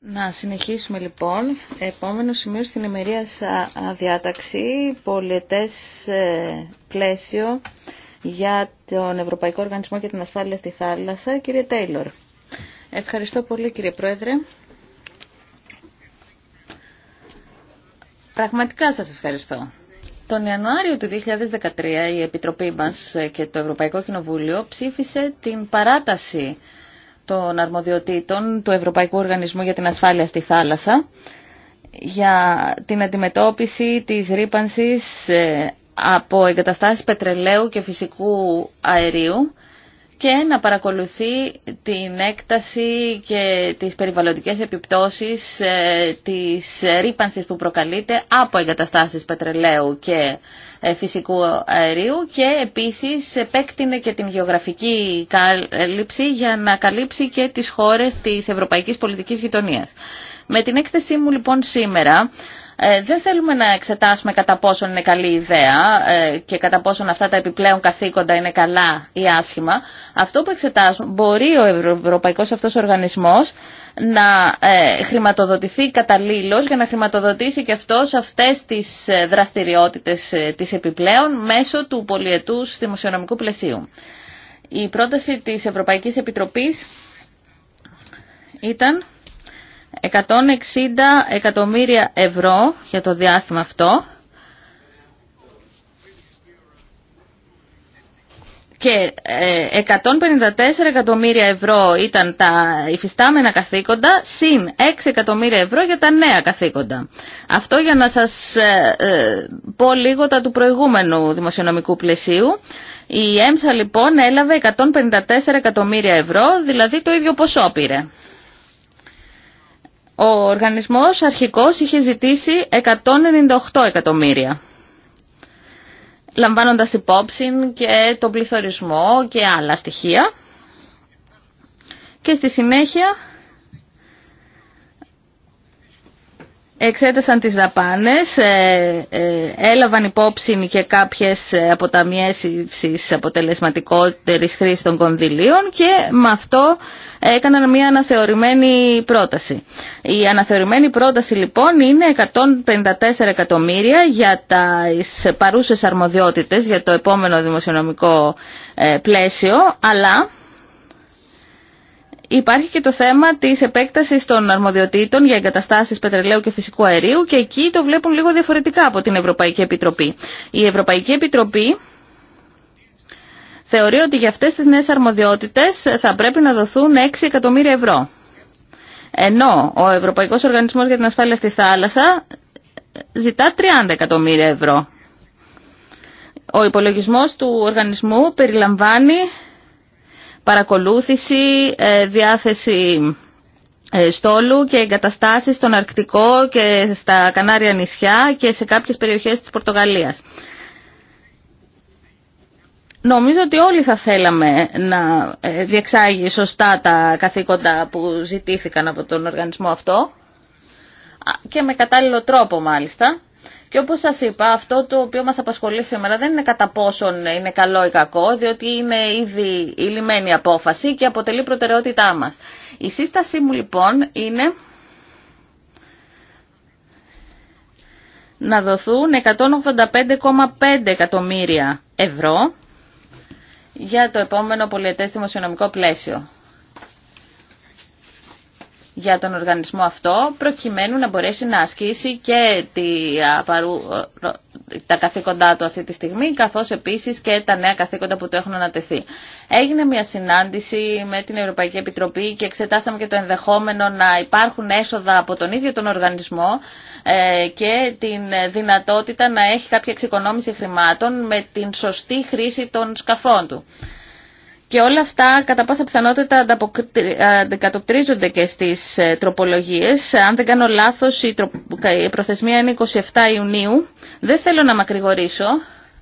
Να συνεχίσουμε λοιπόν. Επόμενο σημείο στην ημερία διάταξη, πολιτέ ε, πλαίσιο για τον Ευρωπαϊκό Οργανισμό για την Ασφάλεια στη Θάλασσα, κύριε Τέιλορ. Ευχαριστώ πολύ κύριε Πρόεδρε. Πραγματικά σας ευχαριστώ. Τον Ιανουάριο του 2013 η Επιτροπή μας και το Ευρωπαϊκό Κοινοβούλιο ψήφισε την παράταση των αρμοδιοτήτων του Ευρωπαϊκού Οργανισμού για την Ασφάλεια στη Θάλασσα για την αντιμετώπιση της ρήπανσης ε, από εγκαταστάσεις πετρελαίου και φυσικού αερίου και να παρακολουθεί την έκταση και τις περιβαλλοντικές επιπτώσεις ε, της ρήπανσης που προκαλείται από εγκαταστάσεις πετρελαίου και ε, φυσικού αερίου και επίσης επέκτηνε και την γεωγραφική κάλυψη για να καλύψει και τις χώρες της ευρωπαϊκής πολιτικής γειτονίας. Με την έκθεσή μου λοιπόν σήμερα ε, δεν θέλουμε να εξετάσουμε κατά πόσον είναι καλή ιδέα ε, και κατά πόσον αυτά τα επιπλέον καθήκοντα είναι καλά ή άσχημα. Αυτό που εξετάζουμε μπορεί ο Ευρωπαϊκός αυτός οργανισμός να ε, χρηματοδοτηθεί καταλήλως για να χρηματοδοτήσει και αυτός αυτές τις δραστηριότητες της επιπλέον μέσω του πολιετούς δημοσιονομικού πλαισίου. Η πρόταση της Ευρωπαϊκής Επιτροπής ήταν 160 εκατομμύρια ευρώ για το διάστημα αυτό και 154 ε, εκατομμύρια ευρώ ήταν τα υφιστάμενα καθήκοντα συν 6 εκατομμύρια ευρώ για τα νέα καθήκοντα. Αυτό για να σας ε, ε, πω λίγο τα του προηγούμενου δημοσιονομικού πλαισίου. Η ΕΜΣΑ λοιπόν έλαβε 154 εκατομμύρια ευρώ, δηλαδή το ίδιο ποσό πήρε. Ο οργανισμός αρχικός είχε ζητήσει 198 εκατομμύρια λαμβάνοντας υπόψη και τον πληθωρισμό και άλλα στοιχεία. Και στη συνέχεια εξέτασαν τις δαπάνες, ε, ε, έλαβαν υπόψη και κάποιες αποταμιέσεις αποτελεσματικότερης χρήσης των κονδυλίων και με αυτό έκαναν μια αναθεωρημένη πρόταση. Η αναθεωρημένη πρόταση λοιπόν είναι 154 εκατομμύρια για τις παρούσες αρμοδιότητες για το επόμενο δημοσιονομικό ε, πλαίσιο, αλλά υπάρχει και το θέμα της επέκτασης των αρμοδιοτήτων για εγκαταστάσεις πετρελαίου και φυσικού αερίου και εκεί το βλέπουν λίγο διαφορετικά από την Ευρωπαϊκή Επιτροπή. Η Ευρωπαϊκή Επιτροπή θεωρεί ότι για αυτές τις νέες αρμοδιότητες θα πρέπει να δοθούν 6 εκατομμύρια ευρώ. Ενώ ο Ευρωπαϊκός Οργανισμός για την Ασφάλεια στη Θάλασσα ζητά 30 εκατομμύρια ευρώ. Ο υπολογισμός του οργανισμού περιλαμβάνει παρακολούθηση, ε, διάθεση ε, στόλου και εγκαταστάσεις στον Αρκτικό και στα Κανάρια νησιά και σε κάποιες περιοχές της Πορτογαλίας. Νομίζω ότι όλοι θα θέλαμε να ε, διεξάγει σωστά τα καθήκοντα που ζητήθηκαν από τον οργανισμό αυτό και με κατάλληλο τρόπο μάλιστα. Και όπως σας είπα, αυτό το οποίο μας απασχολεί σήμερα δεν είναι κατά πόσον είναι καλό ή κακό, διότι είναι ήδη η λιμένη απόφαση και αποτελεί προτεραιότητά μας. Η σύστασή μου λοιπόν είναι να δοθούν 185,5 εκατομμύρια ευρώ για το επόμενο πολιετές δημοσιονομικό πλαίσιο για τον οργανισμό αυτό προκειμένου να μπορέσει να ασκήσει και τη τα καθήκοντά του αυτή τη στιγμή, καθώς επίσης και τα νέα καθήκοντα που του έχουν ανατεθεί. Έγινε μια συνάντηση με την Ευρωπαϊκή Επιτροπή και εξετάσαμε και το ενδεχόμενο να υπάρχουν έσοδα από τον ίδιο τον οργανισμό ε, και την δυνατότητα να έχει κάποια εξοικονόμηση χρημάτων με την σωστή χρήση των σκαφών του. Και όλα αυτά κατά πάσα πιθανότητα αντικατοπτρίζονται και στις ε, τροπολογίες. Αν δεν κάνω λάθος η προθεσμία είναι 27 Ιουνίου. Δεν θέλω να μακρηγορήσω.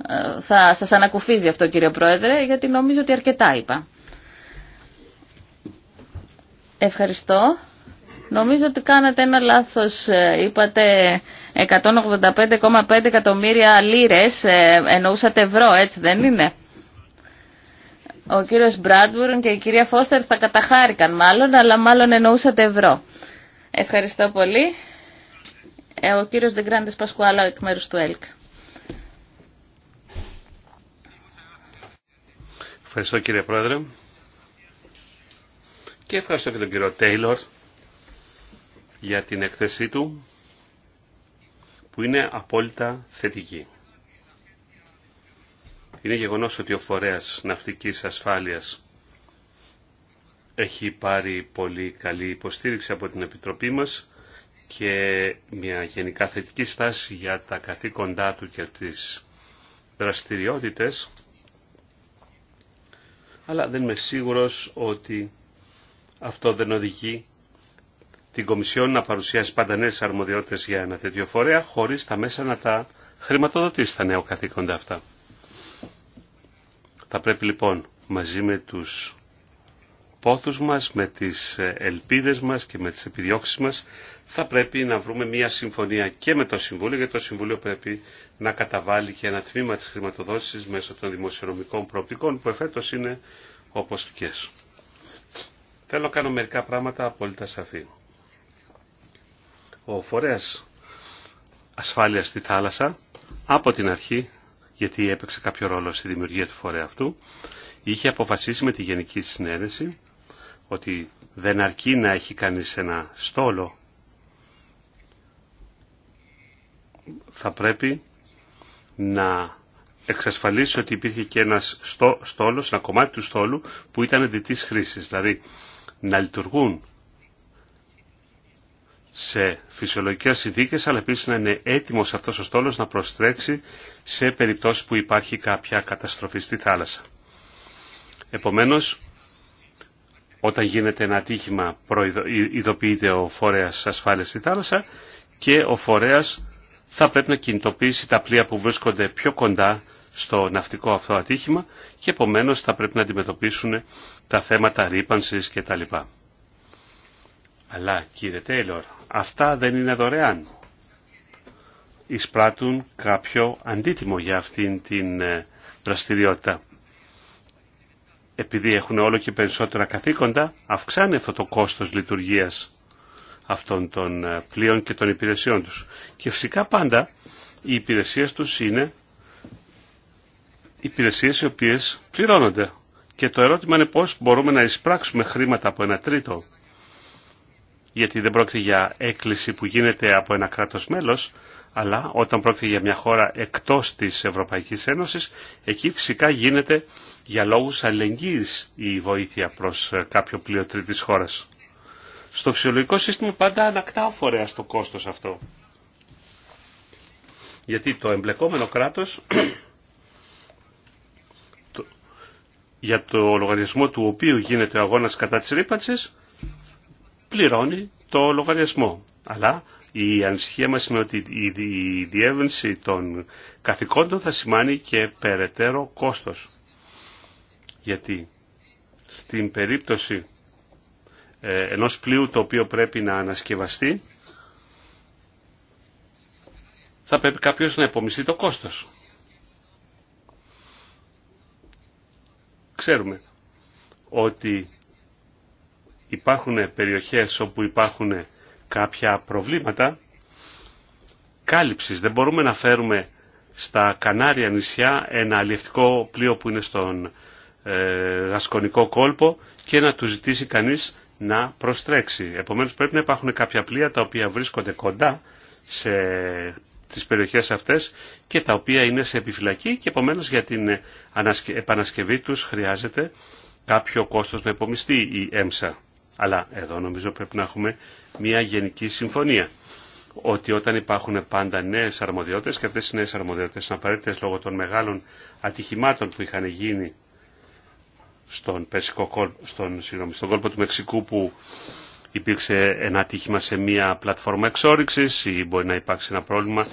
Ε, θα σας ανακουφίζει αυτό κύριε Πρόεδρε γιατί νομίζω ότι αρκετά είπα. Ευχαριστώ. Νομίζω ότι κάνατε ένα λάθος. Ε, είπατε 185,5 εκατομμύρια λίρες. Εννοούσατε ευρώ έτσι δεν είναι. Ο κύριος Μπράντμπουρν και η κυρία Φώστερ θα καταχάρηκαν μάλλον, αλλά μάλλον εννοούσατε ευρώ. Ευχαριστώ πολύ. Ε, ο κύριος Δεγκράντες Πασκουάλα εκ μέρους του ΕΛΚ. Ευχαριστώ κύριε Πρόεδρε. Και ευχαριστώ και τον κύριο Τέιλορ για την έκθεσή του που είναι απόλυτα θετική. Είναι γεγονός ότι ο φορέας ναυτικής ασφάλειας έχει πάρει πολύ καλή υποστήριξη από την Επιτροπή μας και μια γενικά θετική στάση για τα καθήκοντά του και τις δραστηριότητες αλλά δεν είμαι σίγουρος ότι αυτό δεν οδηγεί την Κομισιόν να παρουσιάσει πάντα νέε αρμοδιότητες για ένα τέτοιο φορέα χωρίς τα μέσα να τα χρηματοδοτήσει τα νέα καθήκοντα αυτά. Θα πρέπει λοιπόν μαζί με τους πόθους μας, με τις ελπίδες μας και με τις επιδιώξεις μας θα πρέπει να βρούμε μια συμφωνία και με το Συμβούλιο γιατί το Συμβούλιο πρέπει να καταβάλει και ένα τμήμα της χρηματοδότησης μέσω των δημοσιονομικών προοπτικών που εφέτος είναι οπωσφικές. Θέλω να κάνω μερικά πράγματα απόλυτα σαφή. Ο φορέας ασφάλειας στη θάλασσα από την αρχή γιατί έπαιξε κάποιο ρόλο στη δημιουργία του φορέα αυτού, είχε αποφασίσει με τη Γενική Συνένεση ότι δεν αρκεί να έχει κανείς ένα στόλο, θα πρέπει να εξασφαλίσει ότι υπήρχε και ένας στόλος, ένα κομμάτι του στόλου που ήταν διτής χρήσης, δηλαδή να λειτουργούν σε φυσιολογικές συνθήκες, αλλά επίσης να είναι έτοιμος αυτός ο στόλος να προστρέξει σε περιπτώσεις που υπάρχει κάποια καταστροφή στη θάλασσα. Επομένως, όταν γίνεται ένα ατύχημα, ειδοποιείται ο φορέας ασφάλειας στη θάλασσα και ο φορέας θα πρέπει να κινητοποιήσει τα πλοία που βρίσκονται πιο κοντά στο ναυτικό αυτό ατύχημα και επομένως θα πρέπει να αντιμετωπίσουν τα θέματα ρήπανσης κτλ. Αλλά κύριε Τέιλορ, αυτά δεν είναι δωρεάν. Εισπράττουν κάποιο αντίτιμο για αυτήν την ε, δραστηριότητα. Επειδή έχουν όλο και περισσότερα καθήκοντα, αυξάνει αυτό το κόστος λειτουργίας αυτών των ε, πλοίων και των υπηρεσιών τους. Και φυσικά πάντα οι υπηρεσίες τους είναι υπηρεσίες οι οποίες πληρώνονται. Και το ερώτημα είναι πώς μπορούμε να εισπράξουμε χρήματα από ένα τρίτο γιατί δεν πρόκειται για έκκληση που γίνεται από ένα κράτος μέλος, αλλά όταν πρόκειται για μια χώρα εκτός της Ευρωπαϊκής Ένωσης, εκεί φυσικά γίνεται για λόγους αλληλεγγύης η βοήθεια προς κάποιο πλοίο τρίτης χώρας. Στο φυσιολογικό σύστημα πάντα ανακτά ο φορέας το κόστος αυτό. Γιατί το εμπλεκόμενο κράτος για το λογαριασμό του οποίου γίνεται ο αγώνας κατά της πληρώνει το λογαριασμό. Αλλά η ανησυχία μας είναι ότι η διεύρυνση των καθηκόντων θα σημάνει και περαιτέρω κόστος. Γιατί στην περίπτωση ε, ενός πλοίου το οποίο πρέπει να ανασκευαστεί, θα πρέπει κάποιος να υπομειστεί το κόστος. Ξέρουμε ότι υπάρχουν περιοχές όπου υπάρχουν κάποια προβλήματα κάλυψης. Δεν μπορούμε να φέρουμε στα Κανάρια νησιά ένα αλλιευτικό πλοίο που είναι στον ε, γασκονικό κόλπο και να του ζητήσει κανείς να προστρέξει. Επομένως πρέπει να υπάρχουν κάποια πλοία τα οποία βρίσκονται κοντά σε τις περιοχές αυτές και τα οποία είναι σε επιφυλακή και επομένως για την επανασκευή τους χρειάζεται κάποιο κόστος να υπομειστεί η ΕΜΣΑ. Αλλά εδώ νομίζω πρέπει να έχουμε μια γενική συμφωνία. Ότι όταν υπάρχουν πάντα νέε αρμοδιότητε, και αυτέ οι νέε αρμοδιότητε είναι απαραίτητε λόγω των μεγάλων ατυχημάτων που είχαν γίνει στον, κόλπο, στον, συγγνώμη, στον κόλπο του Μεξικού που υπήρξε ένα ατύχημα σε μια πλατφόρμα εξόριξης ή μπορεί να υπάρξει ένα πρόβλημα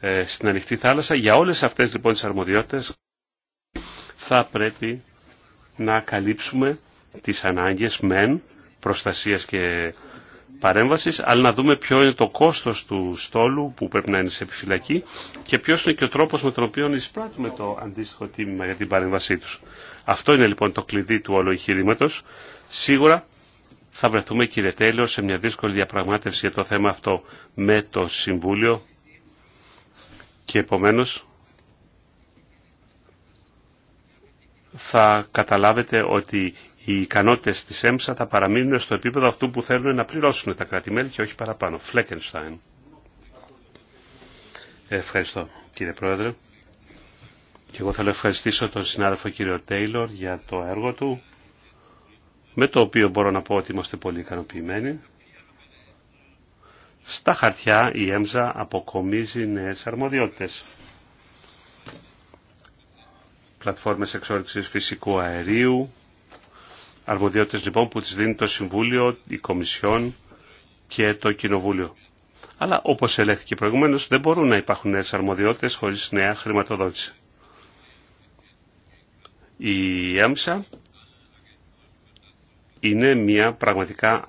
ε, στην ανοιχτή θάλασσα. Για όλες αυτές λοιπόν τις αρμοδιότητες θα πρέπει να καλύψουμε τις ανάγκες μεν προστασίας και παρέμβασης, αλλά να δούμε ποιο είναι το κόστος του στόλου που πρέπει να είναι σε επιφυλακή και ποιος είναι και ο τρόπος με τον οποίο εισπράττουμε το αντίστοιχο τίμημα για την παρέμβασή τους. Αυτό είναι λοιπόν το κλειδί του όλου εγχειρήματο. Σίγουρα θα βρεθούμε κύριε Τέλειο σε μια δύσκολη διαπραγμάτευση για το θέμα αυτό με το Συμβούλιο και επομένως θα καταλάβετε ότι οι ικανότητε της ΕΜΣΑ θα παραμείνουν στο επίπεδο αυτού που θέλουν να πληρώσουν τα κράτη-μέλη και όχι παραπάνω. Φλέκενστάιν. Ευχαριστώ κύριε Πρόεδρε. Και εγώ θέλω να ευχαριστήσω τον συνάδελφο κύριο Τέιλορ για το έργο του, με το οποίο μπορώ να πω ότι είμαστε πολύ ικανοποιημένοι. Στα χαρτιά η ΕΜΖΑ αποκομίζει νέες αρμοδιότητες. Πλατφόρμες εξόρυξης φυσικού αερίου, αρμοδιότητες λοιπόν που τις δίνει το Συμβούλιο, η Κομισιόν και το Κοινοβούλιο. Αλλά όπως ελέγχθηκε προηγουμένως δεν μπορούν να υπάρχουν νέες αρμοδιότητες χωρίς νέα χρηματοδότηση. Η ΕΜΣΑ είναι μια πραγματικά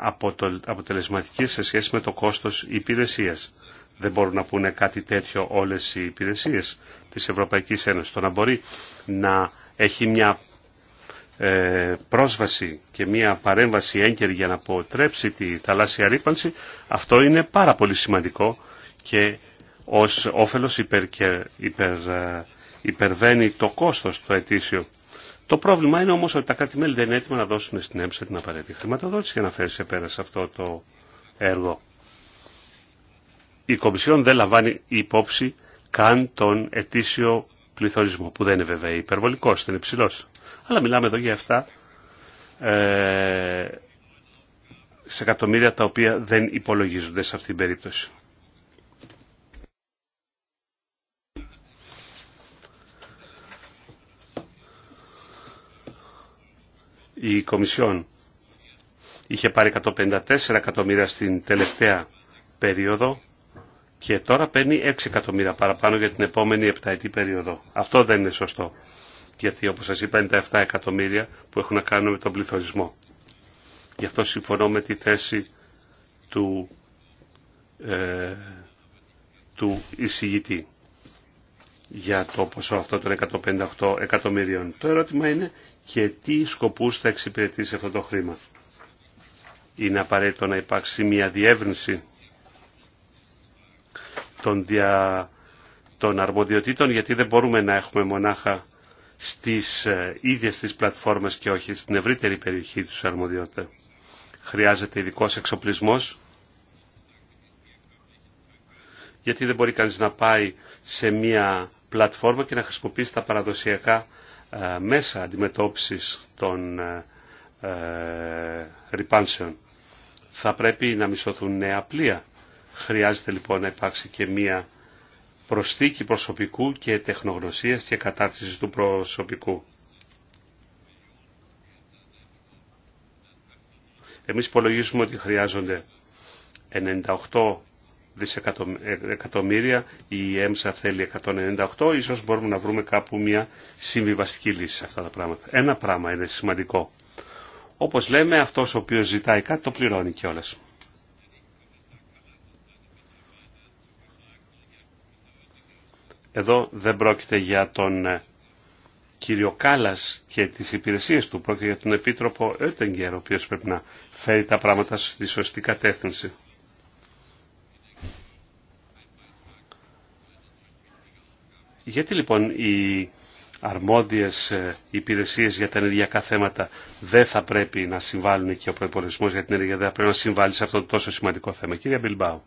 αποτελεσματική σε σχέση με το κόστος υπηρεσίας. Δεν μπορούν να πούνε κάτι τέτοιο όλες οι υπηρεσίες της Ευρωπαϊκής Ένωσης. Το να μπορεί να έχει μια ε, πρόσβαση και μια παρέμβαση έγκαιρη για να αποτρέψει τη θαλάσσια ρήπανση, αυτό είναι πάρα πολύ σημαντικό και ως όφελος υπερ, υπερ, ε, υπερβαίνει το κόστος το ετήσιο. Το πρόβλημα είναι όμως ότι τα κράτη-μέλη δεν είναι έτοιμα να δώσουν στην έμψη την απαραίτητη χρηματοδότηση για να φέρει σε πέρα σε αυτό το έργο. Η Κομισιόν δεν λαμβάνει υπόψη καν τον ετήσιο πληθωρισμό, που δεν είναι βέβαια υπερβολικός, δεν είναι υψηλός αλλά μιλάμε εδώ για αυτά ε, σε εκατομμύρια τα οποία δεν υπολογίζονται σε αυτήν την περίπτωση. Η Κομισιόν είχε πάρει 154 εκατομμύρια στην τελευταία περίοδο και τώρα παίρνει 6 εκατομμύρια παραπάνω για την επόμενη επταετή περίοδο. Αυτό δεν είναι σωστό γιατί όπως σας είπα είναι τα 7 εκατομμύρια που έχουν να κάνουν με τον πληθωρισμό. Γι' αυτό συμφωνώ με τη θέση του, ε, του εισηγητή για το ποσό αυτό των 158 εκατομμύριων. Το ερώτημα είναι και τι σκοπούς θα εξυπηρετήσει αυτό το χρήμα. Είναι απαραίτητο να υπάρξει μια διεύρυνση των, δια... των αρμοδιοτήτων γιατί δεν μπορούμε να έχουμε μονάχα στις ε, ίδιες τις πλατφόρμες και όχι στην ευρύτερη περιοχή του αρμοδιότητα. Χρειάζεται ειδικό εξοπλισμός γιατί δεν μπορεί κανείς να πάει σε μια πλατφόρμα και να χρησιμοποιήσει τα παραδοσιακά ε, μέσα αντιμετώπισης των ε, ρηπάνσεων. Θα πρέπει να μισθωθούν νέα πλοία. Χρειάζεται λοιπόν να υπάρξει και μία προσθήκη προσωπικού και τεχνογνωσίας και κατάρτισης του προσωπικού. Εμείς υπολογίζουμε ότι χρειάζονται 98 δισεκατομμύρια, ε, η ΕΜΣΑ θέλει 198, ίσως μπορούμε να βρούμε κάπου μια συμβιβαστική λύση σε αυτά τα πράγματα. Ένα πράγμα είναι σημαντικό. Όπως λέμε, αυτός ο οποίος ζητάει κάτι το πληρώνει κιόλας. Εδώ δεν πρόκειται για τον ε, κύριο Κάλλας και τις υπηρεσίες του, πρόκειται για τον Επίτροπο Έτεγκερ, ο οποίος πρέπει να φέρει τα πράγματα στη σωστή κατεύθυνση. Γιατί λοιπόν οι αρμόδιες ε, υπηρεσίες για τα ενεργειακά θέματα δεν θα πρέπει να συμβάλλουν και ο προπολογισμό για την ενεργειακά δεν θα πρέπει να συμβάλλει σε αυτό το τόσο σημαντικό θέμα. Κύριε Μπιλμπάου.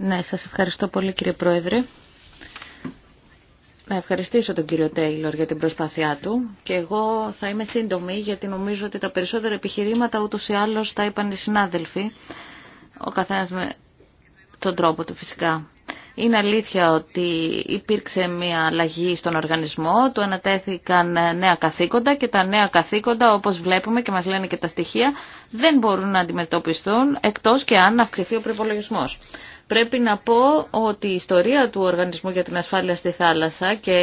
Ναι, σας ευχαριστώ πολύ κύριε Πρόεδρε. Να ευχαριστήσω τον κύριο Τέιλορ για την προσπάθειά του και εγώ θα είμαι σύντομη γιατί νομίζω ότι τα περισσότερα επιχειρήματα ούτως ή άλλως τα είπαν οι συνάδελφοι, ο καθένας με τον τρόπο του φυσικά. Είναι αλήθεια ότι υπήρξε μια αλλαγή στον οργανισμό, του ανατέθηκαν νέα καθήκοντα και τα νέα καθήκοντα όπως βλέπουμε και μας λένε και τα στοιχεία δεν μπορούν να αντιμετωπιστούν εκτός και αν αυξηθεί ο προπολογισμό. Πρέπει να πω ότι η ιστορία του Οργανισμού για την Ασφάλεια στη Θάλασσα και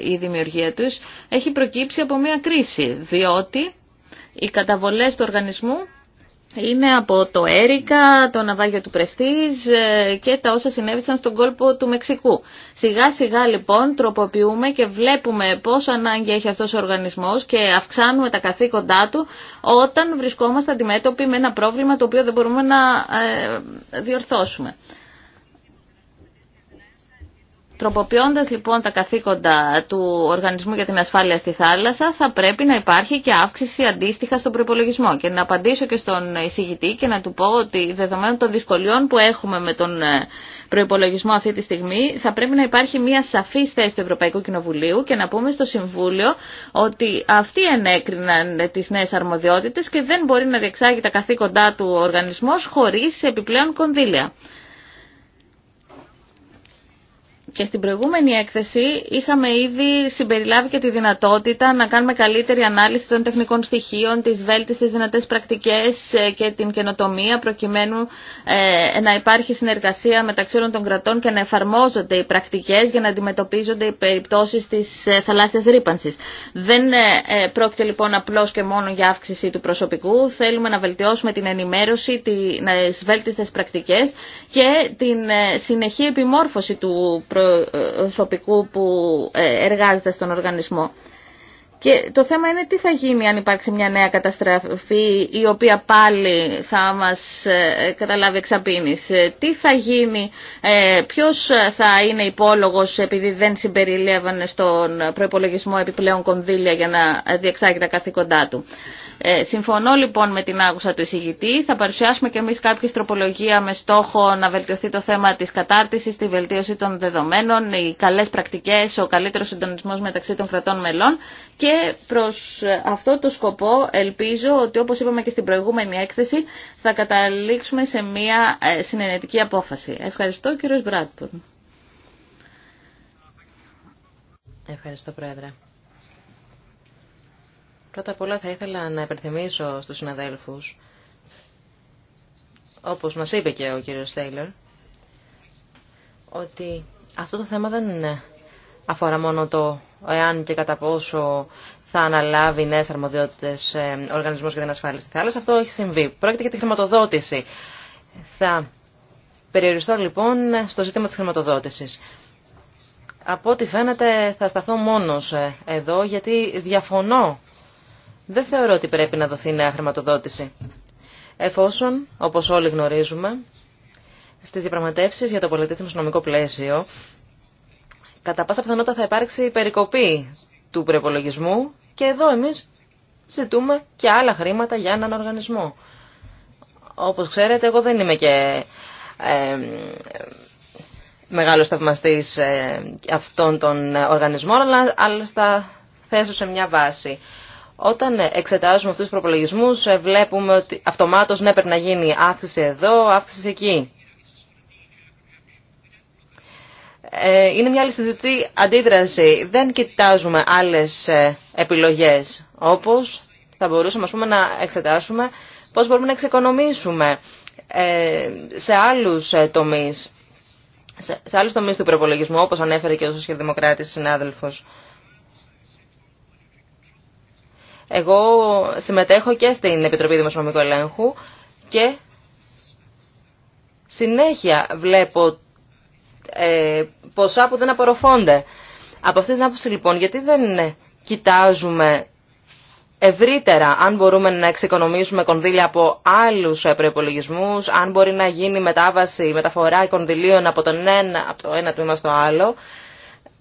η δημιουργία τους έχει προκύψει από μια κρίση, διότι οι καταβολές του οργανισμού είναι από το Έρικα, το ναυάγιο του Πρεστής ε, και τα όσα συνέβησαν στον κόλπο του Μεξικού. Σιγά σιγά λοιπόν τροποποιούμε και βλέπουμε πόσο ανάγκη έχει αυτός ο οργανισμός και αυξάνουμε τα καθήκοντά του όταν βρισκόμαστε αντιμέτωποι με ένα πρόβλημα το οποίο δεν μπορούμε να ε, διορθώσουμε. Τροποποιώντας λοιπόν τα καθήκοντα του Οργανισμού για την Ασφάλεια στη Θάλασσα θα πρέπει να υπάρχει και αύξηση αντίστοιχα στον προπολογισμό. Και να απαντήσω και στον εισηγητή και να του πω ότι δεδομένου των δυσκολιών που έχουμε με τον ε, προπολογισμό αυτή τη στιγμή θα πρέπει να υπάρχει μια σαφή θέση του Ευρωπαϊκού Κοινοβουλίου και να πούμε στο Συμβούλιο ότι αυτοί ενέκριναν τι νέε αρμοδιότητε και δεν μπορεί να διεξάγει τα καθήκοντά του οργανισμό επιπλέον κονδύλια. Και στην προηγούμενη έκθεση είχαμε ήδη συμπεριλάβει και τη δυνατότητα να κάνουμε καλύτερη ανάλυση των τεχνικών στοιχείων, τις βέλτιστες δυνατές πρακτικές ε, και την καινοτομία προκειμένου ε, να υπάρχει συνεργασία μεταξύ όλων των κρατών και να εφαρμόζονται οι πρακτικές για να αντιμετωπίζονται οι περιπτώσεις της ε, θαλάσσιας ρήπανσης. Δεν πρόκειται λοιπόν απλώς και μόνο για αύξηση του προσωπικού. Θέλουμε να βελτιώσουμε την ενημέρωση, τις βέλτιστες πρακτικές και την συνεχή επιμόρφωση του προ προσωπικού που ε, εργάζεται στον οργανισμό. Και το θέμα είναι τι θα γίνει αν υπάρξει μια νέα καταστροφή η οποία πάλι θα μας ε, καταλάβει εξαπίνης. Ε, τι θα γίνει, ποιος θα είναι υπόλογος επειδή δεν συμπεριλέβανε στον προϋπολογισμό επιπλέον κονδύλια για να διεξάγει τα καθήκοντά του. Ε, συμφωνώ λοιπόν με την άγουσα του εισηγητή. Θα παρουσιάσουμε και εμείς κάποιες τροπολογία με στόχο να βελτιωθεί το θέμα της κατάρτισης, τη βελτίωση των δεδομένων, οι καλές πρακτικές, ο καλύτερος συντονισμός μεταξύ των κρατών μελών και προς αυτό το σκοπό ελπίζω ότι όπως είπαμε και στην προηγούμενη έκθεση θα καταλήξουμε σε μια ε, συνενετική απόφαση. Ευχαριστώ κύριος Μπράτπορν. Ευχαριστώ Πρόεδρε. Πρώτα απ' όλα θα ήθελα να υπενθυμίσω στους συναδέλφους, όπως μας είπε και ο κύριος Τέιλερ, ότι αυτό το θέμα δεν αφορά μόνο το εάν και κατά πόσο θα αναλάβει νέε αρμοδιότητε ο ε, Οργανισμό για την Ασφάλεια στη Θάλασσα. Αυτό έχει συμβεί. Πρόκειται για τη χρηματοδότηση. Θα περιοριστώ λοιπόν στο ζήτημα της χρηματοδότησης. Από ό,τι φαίνεται θα σταθώ μόνος ε, εδώ γιατί διαφωνώ δεν θεωρώ ότι πρέπει να δοθεί νέα χρηματοδότηση. Εφόσον, όπως όλοι γνωρίζουμε, στις διαπραγματεύσεις για το πολιτισμο νομικό πλαίσιο, κατά πάσα πιθανότητα θα υπάρξει περικοπή του προπολογισμού και εδώ εμείς ζητούμε και άλλα χρήματα για έναν οργανισμό. Όπως ξέρετε, εγώ δεν είμαι και ε, μεγάλος αυτών των οργανισμών, αλλά, αλλά στα θέσω σε μια βάση. Όταν εξετάζουμε αυτούς τους προπολογισμούς ε, βλέπουμε ότι αυτομάτως ναι πρέπει να γίνει αύξηση εδώ, αύξηση εκεί. Ε, είναι μια ληστητική αντίδραση. Δεν κοιτάζουμε άλλες ε, επιλογές όπως θα μπορούσαμε ας πούμε, να εξετάσουμε πώς μπορούμε να εξοικονομήσουμε σε άλλους τομείς, σε άλλους τομείς του προπολογισμού όπως ανέφερε και ο Σοσιαλδημοκράτης συνάδελφος. Εγώ συμμετέχω και στην Επιτροπή Δημοσιονομικού Ελέγχου και συνέχεια βλέπω ε, ποσά που δεν απορροφώνται. Από αυτή την άποψη λοιπόν, γιατί δεν κοιτάζουμε ευρύτερα αν μπορούμε να εξοικονομήσουμε κονδύλια από άλλους προπολογισμού, αν μπορεί να γίνει μετάβαση, μεταφορά κονδυλίων από, τον ένα, από το ένα τμήμα στο άλλο,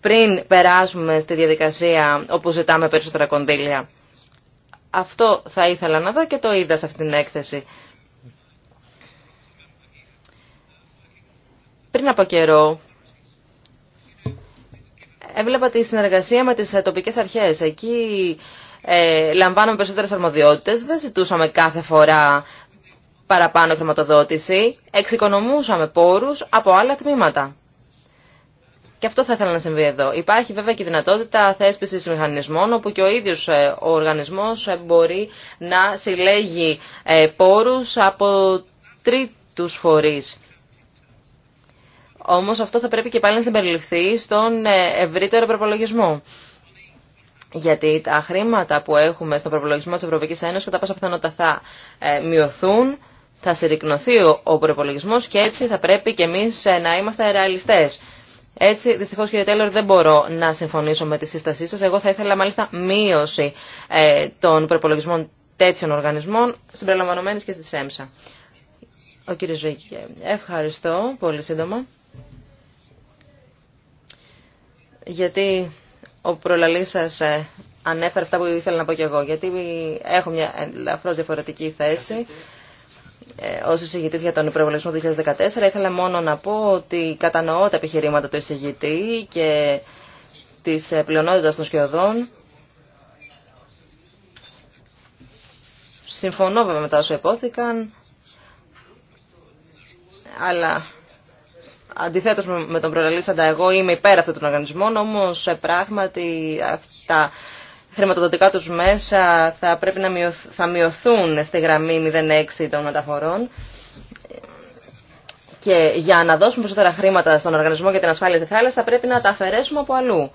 πριν περάσουμε στη διαδικασία όπου ζητάμε περισσότερα κονδύλια. Αυτό θα ήθελα να δω και το είδα σε αυτήν την έκθεση. Πριν από καιρό, έβλεπα τη συνεργασία με τις ε, τοπικές αρχές. Εκεί ε, περισσότερες αρμοδιότητες, δεν ζητούσαμε κάθε φορά παραπάνω χρηματοδότηση, εξοικονομούσαμε πόρους από άλλα τμήματα. Και αυτό θα ήθελα να συμβεί εδώ. Υπάρχει βέβαια και η δυνατότητα θέσπιση μηχανισμών όπου και ο ίδιο ε, ο οργανισμό ε, μπορεί να συλλέγει ε, πόρου από τρίτου φορεί. Όμω αυτό θα πρέπει και πάλι να συμπεριληφθεί στον ευρύτερο προπολογισμό. Γιατί τα χρήματα που έχουμε στον προπολογισμό τη Ευρωπαϊκή Ένωση κατά πάσα πιθανότητα θα μειωθούν, θα συρρυκνωθεί ο προπολογισμό και έτσι θα πρέπει και εμεί να είμαστε ρεαλιστέ έτσι, δυστυχώ κύριε Τέλορ, δεν μπορώ να συμφωνήσω με τη σύστασή σα. Εγώ θα ήθελα μάλιστα μείωση ε, των προπολογισμών τέτοιων οργανισμών, συμπεριλαμβανομένη και στη ΣΕΜΣΑ. Ο κύριος Ζήκη, ευχαριστώ πολύ σύντομα. Γιατί ο προλαλής ε, ανέφερε αυτά που ήθελα να πω κι εγώ. Γιατί έχω μια ελαφρώς διαφορετική θέση. Ε, ως εισηγητής για τον προπολογισμό του 2014 ήθελα μόνο να πω ότι κατανοώ τα επιχειρήματα του εισηγητή και της ε, πλειονότητας των σκιωδών. Συμφωνώ βέβαια με τα όσα υπόθηκαν, αλλά αντιθέτως με τον προλαλήσαντα εγώ είμαι υπέρ αυτών των οργανισμών, όμως ε, πράγματι αυτά χρηματοδοτικά τους μέσα θα πρέπει να θα μειωθούν στη γραμμή 06 των μεταφορών και για να δώσουμε περισσότερα χρήματα στον οργανισμό για την ασφάλεια στη θάλασσα θα πρέπει να τα αφαιρέσουμε από αλλού.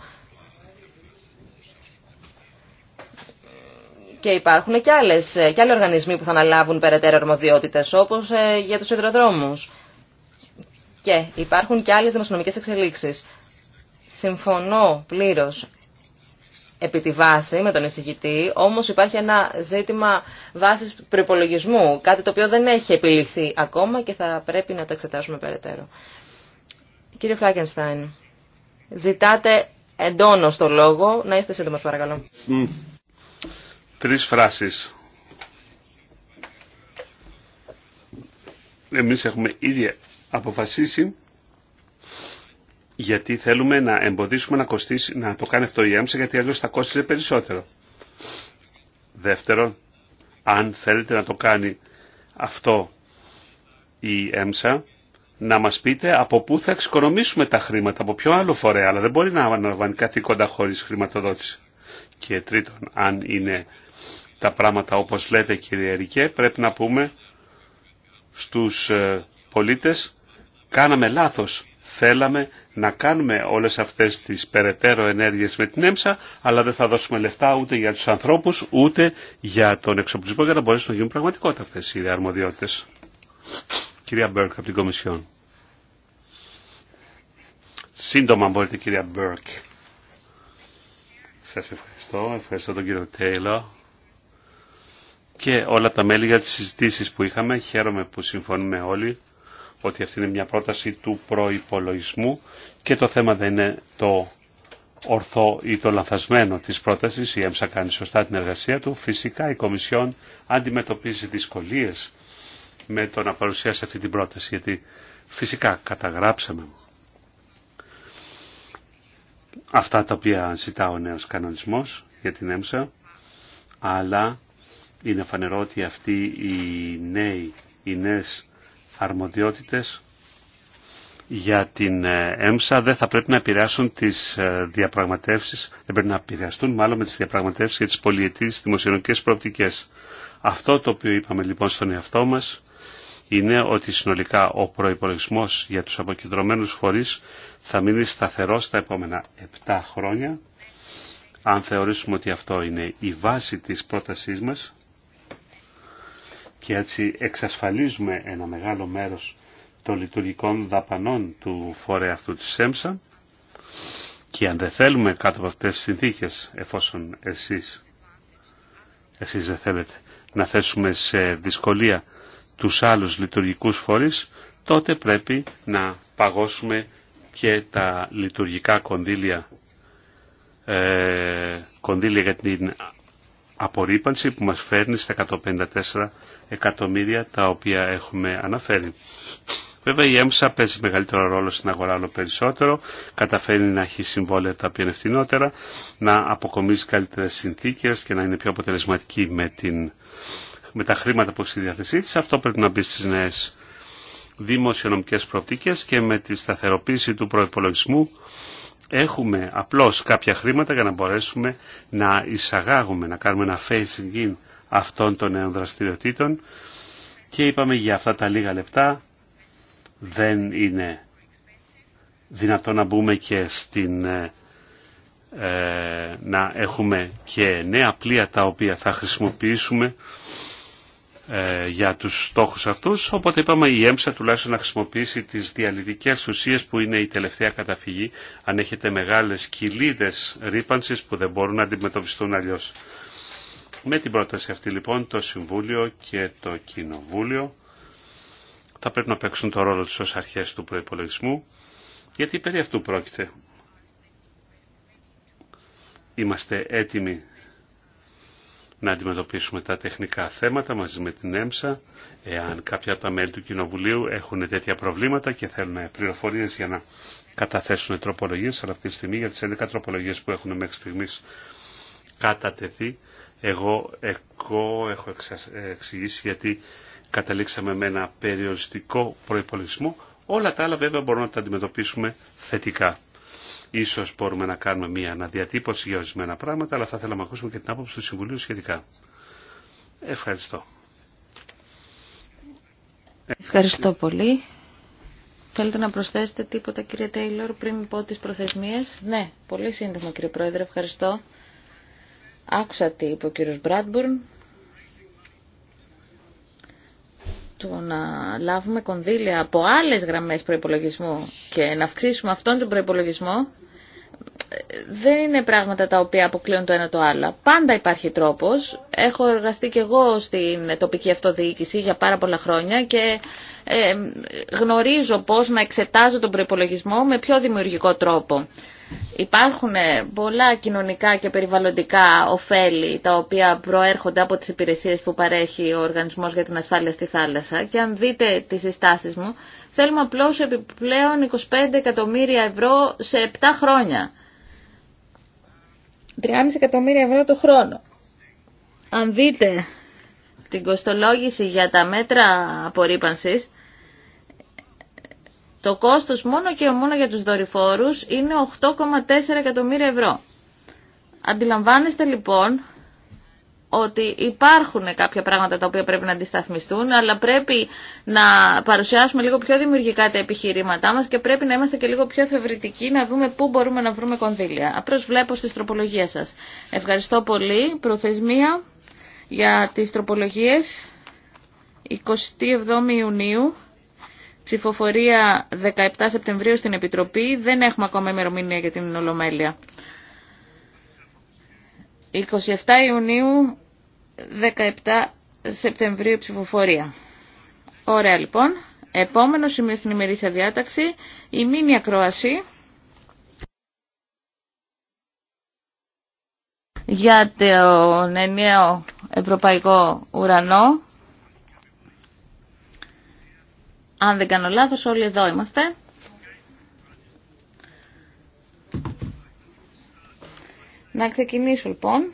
Και υπάρχουν και, άλλες, και άλλοι οργανισμοί που θα αναλάβουν περαιτέρω αρμοδιότητες όπως ε, για τους υδροδρόμου. Και υπάρχουν και άλλες δημοσιονομικές εξελίξεις. Συμφωνώ πλήρως επί τη βάση με τον εισηγητή, όμως υπάρχει ένα ζήτημα βάσης προπολογισμού, κάτι το οποίο δεν έχει επιληθεί ακόμα και θα πρέπει να το εξετάσουμε περαιτέρω. Κύριε Φλάκενστάιν, ζητάτε εντόνως το λόγο, να είστε σύντομος παρακαλώ. Τρεις φράσεις. Εμείς έχουμε ήδη αποφασίσει γιατί θέλουμε να εμποδίσουμε να, κοστίσει, να το κάνει αυτό η έμψη γιατί αλλιώς θα κόστιζε περισσότερο. Δεύτερον, αν θέλετε να το κάνει αυτό η ΕΜΣΑ, να μας πείτε από πού θα εξοικονομήσουμε τα χρήματα, από ποιο άλλο φορέα, αλλά δεν μπορεί να αναλαμβάνει κοντά χωρίς χρηματοδότηση. Και τρίτον, αν είναι τα πράγματα όπως λέτε κύριε Ερικέ, πρέπει να πούμε στους ε, πολίτες, κάναμε λάθος, θέλαμε να κάνουμε όλες αυτές τις περαιτέρω ενέργειες με την έμψα, αλλά δεν θα δώσουμε λεφτά ούτε για τους ανθρώπους, ούτε για τον εξοπλισμό για να μπορέσουν να γίνουν πραγματικότητα αυτές οι αρμοδιότητες. Κυρία Μπέρκ από την Κομισιόν. Σύντομα μπορείτε κυρία Μπέρκ. Σας ευχαριστώ. Ευχαριστώ τον κύριο Τέιλο και όλα τα μέλη για τις συζητήσεις που είχαμε. Χαίρομαι που συμφωνούμε όλοι ότι αυτή είναι μια πρόταση του προϋπολογισμού και το θέμα δεν είναι το ορθό ή το λανθασμένο της πρότασης. Η ΕΜΣΑ κάνει σωστά την εργασία του. Φυσικά η Κομισιόν αντιμετωπίζει δυσκολίες με το να παρουσιάσει αυτή την πρόταση, γιατί φυσικά καταγράψαμε αυτά τα οποία ζητά ο νέος κανονισμός για την ΕΜΣΑ, αλλά είναι φανερό ότι αυτοί οι νέοι, οι νέες αρμοδιότητες για την ΕΜΣΑ δεν θα πρέπει να επηρεάσουν τις ε, διαπραγματεύσεις, δεν πρέπει να επηρεαστούν μάλλον με τις διαπραγματεύσεις για τις πολιετήσεις δημοσιονομικές προοπτικές. Αυτό το οποίο είπαμε λοιπόν στον εαυτό μας είναι ότι συνολικά ο προϋπολογισμός για τους αποκεντρωμένους φορείς θα μείνει σταθερό στα επόμενα 7 χρόνια. Αν θεωρήσουμε ότι αυτό είναι η βάση της πρότασής μας, και έτσι εξασφαλίζουμε ένα μεγάλο μέρος των λειτουργικών δαπανών του φορέα αυτού της ΣΕΜΣΑ και αν δεν θέλουμε κάτω από αυτές τις συνθήκες εφόσον εσείς, εσείς δεν θέλετε να θέσουμε σε δυσκολία τους άλλους λειτουργικούς φορείς τότε πρέπει να παγώσουμε και τα λειτουργικά κονδύλια, ε, κονδύλια για την απορρίπανση που μας φέρνει στα 154 εκατομμύρια τα οποία έχουμε αναφέρει. Βέβαια η έμψα παίζει μεγαλύτερο ρόλο στην αγορά όλο περισσότερο, καταφέρει να έχει συμβόλαια τα οποία είναι φθηνότερα, να αποκομίζει καλύτερες συνθήκες και να είναι πιο αποτελεσματική με, την, με τα χρήματα που έχει στη διάθεσή Αυτό πρέπει να μπει στι νέε δημοσιονομικέ προοπτικές και με τη σταθεροποίηση του προπολογισμού έχουμε απλώς κάποια χρήματα για να μπορέσουμε να εισαγάγουμε, να κάνουμε ένα facing in αυτών των νέων δραστηριοτήτων και είπαμε για αυτά τα λίγα λεπτά δεν είναι δυνατό να μπούμε και στην ε, ε, να έχουμε και νέα πλοία τα οποία θα χρησιμοποιήσουμε ε, για τους στόχους αυτούς, οπότε είπαμε η ΕΜΣΑ τουλάχιστον να χρησιμοποιήσει τις διαλυτικές ουσίες που είναι η τελευταία καταφυγή αν έχετε μεγάλες κοιλίδες ρήπανσης που δεν μπορούν να αντιμετωπιστούν αλλιώς. Με την πρόταση αυτή λοιπόν το Συμβούλιο και το Κοινοβούλιο θα πρέπει να παίξουν το ρόλο τους ως αρχές του προϋπολογισμού γιατί περί αυτού πρόκειται. Είμαστε έτοιμοι να αντιμετωπίσουμε τα τεχνικά θέματα μαζί με την ΕΜΣΑ. Εάν κάποια από τα μέλη του Κοινοβουλίου έχουν τέτοια προβλήματα και θέλουν πληροφορίε για να καταθέσουν τροπολογίες, αλλά αυτή τη στιγμή για τις 11 τροπολογίες που έχουν μέχρι στιγμής κατατεθεί, εγώ, εγώ έχω εξηγήσει γιατί καταλήξαμε με ένα περιοριστικό προϋπολογισμό. Όλα τα άλλα βέβαια μπορούμε να τα αντιμετωπίσουμε θετικά. Ίσως μπορούμε να κάνουμε μια αναδιατύπωση για ορισμένα πράγματα, αλλά θα θέλαμε να ακούσουμε και την άποψη του Συμβουλίου σχετικά. Ευχαριστώ. Ευχαριστώ πολύ. Θέλετε να προσθέσετε τίποτα κύριε Τέιλορ πριν πω τις προθεσμίες. Ναι, πολύ σύντομα κύριε Πρόεδρε, ευχαριστώ. Άκουσα τι είπε ο κύριος Μπράτμπουρν. Το να λάβουμε κονδύλια από άλλες γραμμές προϋπολογισμού και να αυξήσουμε αυτόν τον προπολογισμό δεν είναι πράγματα τα οποία αποκλείουν το ένα το άλλο. Πάντα υπάρχει τρόπος. Έχω εργαστεί και εγώ στην τοπική αυτοδιοίκηση για πάρα πολλά χρόνια και ε, γνωρίζω πώς να εξετάζω τον προπολογισμό με πιο δημιουργικό τρόπο. Υπάρχουν ε, πολλά κοινωνικά και περιβαλλοντικά ωφέλη τα οποία προέρχονται από τις υπηρεσίες που παρέχει ο Οργανισμός για την Ασφάλεια στη Θάλασσα και αν δείτε τις συστάσεις μου θέλουμε απλώς επιπλέον 25 εκατομμύρια ευρώ σε 7 χρόνια. 3,5 εκατομμύρια ευρώ το χρόνο. Αν δείτε την κοστολόγηση για τα μέτρα απορρίπανσης, το κόστος μόνο και μόνο για τους δορυφόρους είναι 8,4 εκατομμύρια ευρώ. Αντιλαμβάνεστε λοιπόν ότι υπάρχουν κάποια πράγματα τα οποία πρέπει να αντισταθμιστούν, αλλά πρέπει να παρουσιάσουμε λίγο πιο δημιουργικά τα επιχειρήματά μας και πρέπει να είμαστε και λίγο πιο εφευρητικοί να δούμε πού μπορούμε να βρούμε κονδύλια. Απλώ βλέπω στις τροπολογίες σας. Ευχαριστώ πολύ. Προθεσμία για τις τροπολογίες 27 Ιουνίου. Ψηφοφορία 17 Σεπτεμβρίου στην Επιτροπή. Δεν έχουμε ακόμα ημερομηνία για την Ολομέλεια. 27 Ιουνίου, 17 Σεπτεμβρίου ψηφοφορία. Ωραία λοιπόν. Επόμενο σημείο στην ημερήσια διάταξη, η μήνυα ακρόαση για τον ενιαίο ευρωπαϊκό ουρανό. Αν δεν κάνω λάθος, όλοι εδώ είμαστε. Να ξεκινήσω λοιπόν.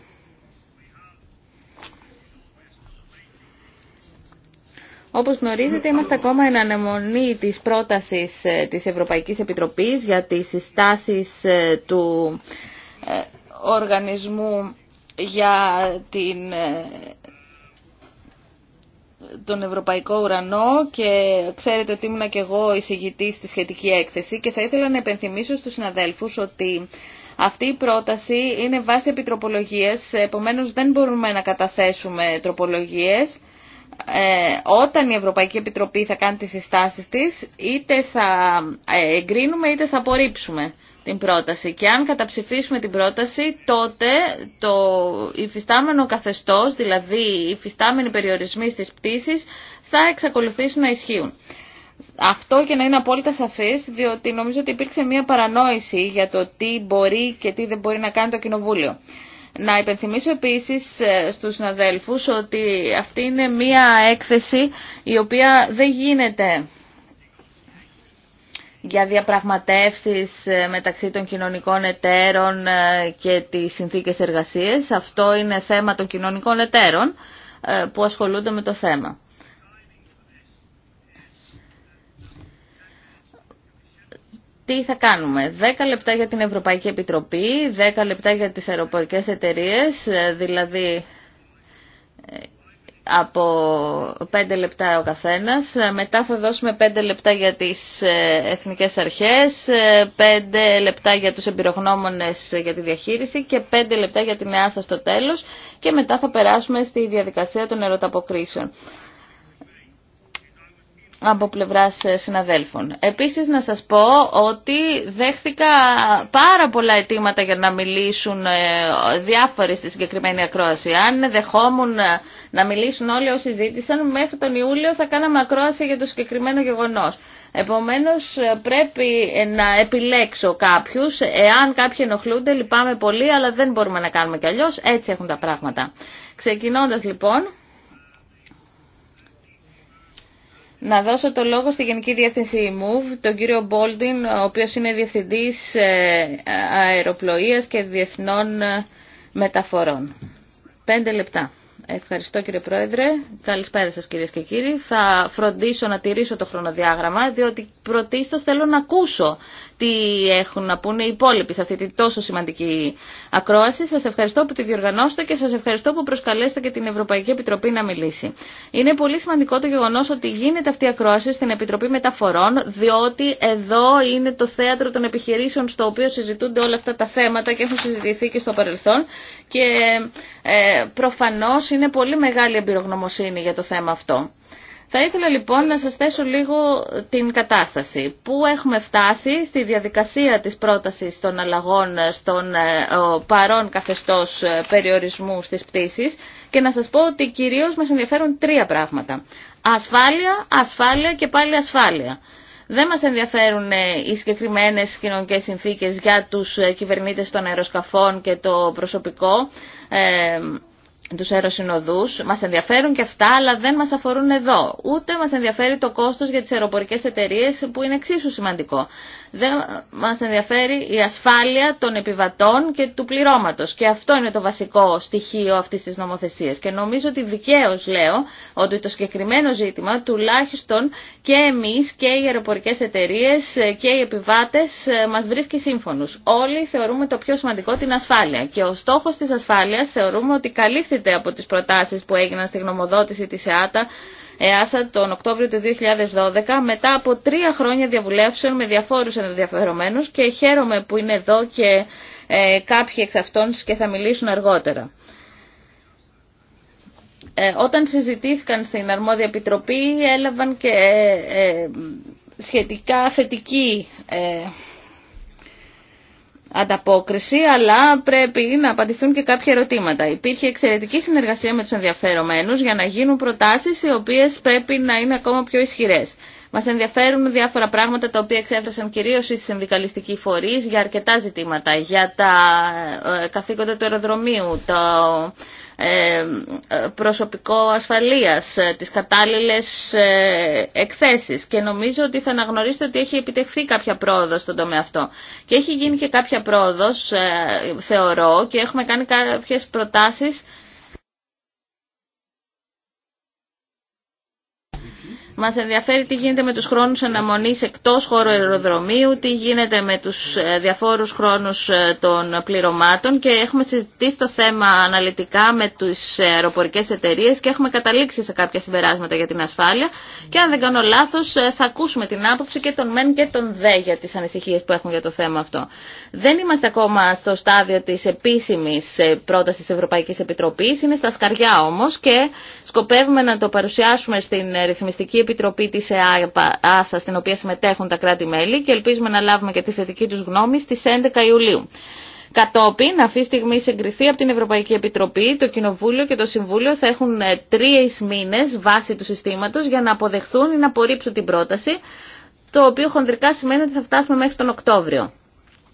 Όπως γνωρίζετε, είμαστε ακόμα εν ανεμονή της πρότασης ε, της Ευρωπαϊκής Επιτροπής για τις συστάσεις ε, του ε, οργανισμού για την, τον Ευρωπαϊκό Ουρανό και ξέρετε ότι ήμουν και εγώ εισηγητής στη σχετική έκθεση και θα ήθελα να επενθυμίσω στους συναδέλφους ότι αυτή η πρόταση είναι βάση επιτροπολογίας επομένως δεν μπορούμε να καταθέσουμε τροπολογίες. Ε, όταν η Ευρωπαϊκή Επιτροπή θα κάνει τις συστάσεις της, είτε θα ε, εγκρίνουμε είτε θα απορρίψουμε την πρόταση. Και αν καταψηφίσουμε την πρόταση, τότε το υφιστάμενο καθεστώς, δηλαδή οι υφιστάμενοι περιορισμοί στις πτήσεις, θα εξακολουθήσουν να ισχύουν. Αυτό και να είναι απόλυτα σαφής, διότι νομίζω ότι υπήρξε μια παρανόηση για το τι μπορεί και τι δεν μπορεί να κάνει το Κοινοβούλιο. Να υπενθυμίσω επίσης ε, στους συναδέλφους ότι αυτή είναι μια έκθεση η οποία δεν γίνεται για διαπραγματεύσεις ε, μεταξύ των κοινωνικών εταίρων ε, και τις συνθήκες εργασίας. Αυτό είναι θέμα των κοινωνικών εταίρων που ασχολούνται με το θέμα. τι θα κάνουμε. 10 λεπτά για την Ευρωπαϊκή Επιτροπή, 10 λεπτά για τις αεροπορικές εταιρείες, ε, δηλαδή ε, από 5 λεπτά ο καθένας. Ε, μετά θα δώσουμε 5 λεπτά για τις εθνικές αρχές, 5 λεπτά για τους εμπειρογνώμονες για τη διαχείριση και 5 λεπτά για την σας στο τέλος και μετά θα περάσουμε στη διαδικασία των ερωταποκρίσεων από πλευράς ε, συναδέλφων. Επίσης να σας πω ότι δέχθηκα πάρα πολλά αιτήματα για να μιλήσουν ε, διάφοροι στη συγκεκριμένη ακρόαση. Αν δεχόμουν ε, να μιλήσουν όλοι όσοι ζήτησαν, μέχρι τον Ιούλιο θα κάναμε ακρόαση για το συγκεκριμένο γεγονός. Επομένως πρέπει να επιλέξω κάποιους. Εάν κάποιοι ενοχλούνται λυπάμαι πολύ αλλά δεν μπορούμε να κάνουμε κι αλλιώς. Έτσι έχουν τα πράγματα. Ξεκινώντας λοιπόν... Να δώσω το λόγο στη Γενική Διεύθυνση MOVE, τον κύριο Μπόλτιν, ο οποίος είναι Διευθυντής ε, Αεροπλοείας και Διεθνών ε, Μεταφορών. Πέντε λεπτά. Ευχαριστώ κύριε Πρόεδρε. Καλησπέρα σας κυρίες και κύριοι. Θα φροντίσω να τηρήσω το χρονοδιάγραμμα, διότι πρωτίστως θέλω να ακούσω τι έχουν να πούνε οι υπόλοιποι σε αυτή τη τόσο σημαντική ακρόαση. Σα ευχαριστώ που τη διοργανώσετε και σα ευχαριστώ που προσκαλέσετε και την Ευρωπαϊκή Επιτροπή να μιλήσει. Είναι πολύ σημαντικό το γεγονό ότι γίνεται αυτή η ακρόαση στην Επιτροπή Μεταφορών, διότι εδώ είναι το θέατρο των επιχειρήσεων στο οποίο συζητούνται όλα αυτά τα θέματα και έχουν συζητηθεί και στο παρελθόν και ε, προφανώς είναι πολύ μεγάλη εμπειρογνωμοσύνη για το θέμα αυτό. Θα ήθελα λοιπόν να σας θέσω λίγο την κατάσταση. Πού έχουμε φτάσει στη διαδικασία της πρότασης των αλλαγών στον ε, παρόν καθεστώς ε, περιορισμού στις πτήσεις και να σας πω ότι κυρίως μας ενδιαφέρουν τρία πράγματα. Ασφάλεια, ασφάλεια και πάλι ασφάλεια. Δεν μας ενδιαφέρουν ε, οι συγκεκριμένες κοινωνικές συνθήκες για τους κυβερνήτες των αεροσκαφών και το προσωπικό τους αεροσυνοδούς. Μας ενδιαφέρουν και αυτά, αλλά δεν μας αφορούν εδώ. Ούτε μας ενδιαφέρει το κόστος για τις αεροπορικές εταιρείες που είναι εξίσου σημαντικό. Δεν μας ενδιαφέρει η ασφάλεια των επιβατών και του πληρώματος. Και αυτό είναι το βασικό στοιχείο αυτής της νομοθεσίας. Και νομίζω ότι δικαίω λέω ότι το συγκεκριμένο ζήτημα τουλάχιστον και εμείς και οι αεροπορικές εταιρείες και οι επιβάτες μας βρίσκει σύμφωνους. Όλοι θεωρούμε το πιο σημαντικό την ασφάλεια. Και ο στόχος της ασφάλειας θεωρούμε ότι καλύφθηκε από τις προτάσεις που έγιναν στη γνωμοδότηση της ΕΑΤΑ ΕΑΣΑ τον Οκτώβριο του 2012 μετά από τρία χρόνια διαβουλεύσεων με διαφόρους ενδιαφερομένους και χαίρομαι που είναι εδώ και ε, κάποιοι εξ αυτών και θα μιλήσουν αργότερα. Ε, όταν συζητήθηκαν στην Αρμόδια Επιτροπή έλαβαν και ε, ε, σχετικά θετική ανταπόκριση, αλλά πρέπει να απαντηθούν και κάποια ερωτήματα. Υπήρχε εξαιρετική συνεργασία με τους ενδιαφερομένους για να γίνουν προτάσεις οι οποίες πρέπει να είναι ακόμα πιο ισχυρές. Μα ενδιαφέρουν διάφορα πράγματα τα οποία εξέφρασαν κυρίω οι συνδικαλιστικοί φορεί για αρκετά ζητήματα. Για τα ε, καθήκοντα του αεροδρομίου, το ε, ε, προσωπικό ασφαλείας, ε, τις κατάλληλες εκθέσεις και νομίζω ότι θα αναγνωρίσετε ότι έχει επιτευχθεί κάποια πρόοδος στον τομέα αυτό. Και έχει γίνει και κάποια πρόοδος, θεωρώ, και έχουμε κάνει κάποιες προτάσεις Μας ενδιαφέρει τι γίνεται με τους χρόνους αναμονής εκτός χώρου αεροδρομίου, τι γίνεται με τους ε, διαφόρους χρόνους ε, των πληρωμάτων και έχουμε συζητήσει το θέμα αναλυτικά με τις αεροπορικές εταιρείες και έχουμε καταλήξει σε κάποια συμπεράσματα για την ασφάλεια και αν δεν κάνω λάθος ε, θα ακούσουμε την άποψη και των ΜΕΝ και των ΔΕ για τις ανησυχίες που έχουν για το θέμα αυτό. Δεν είμαστε ακόμα στο στάδιο της επίσημης πρότασης της Ευρωπαϊκής Επιτροπής, είναι στα σκαριά όμως και σκοπεύουμε να το παρουσιάσουμε στην Ρυθμιστική Επιτροπή της ΕΑΣΑ στην οποία συμμετέχουν τα κράτη-μέλη και ελπίζουμε να λάβουμε και τη θετική τους γνώμη στις 11 Ιουλίου. Κατόπιν, αυτή τη στιγμή συγκριθεί από την Ευρωπαϊκή Επιτροπή, το Κοινοβούλιο και το Συμβούλιο θα έχουν ε, τρει μήνε βάση του συστήματο για να αποδεχθούν ή να απορρίψουν την πρόταση, το οποίο χοντρικά σημαίνει ότι θα φτάσουμε μέχρι τον Οκτώβριο.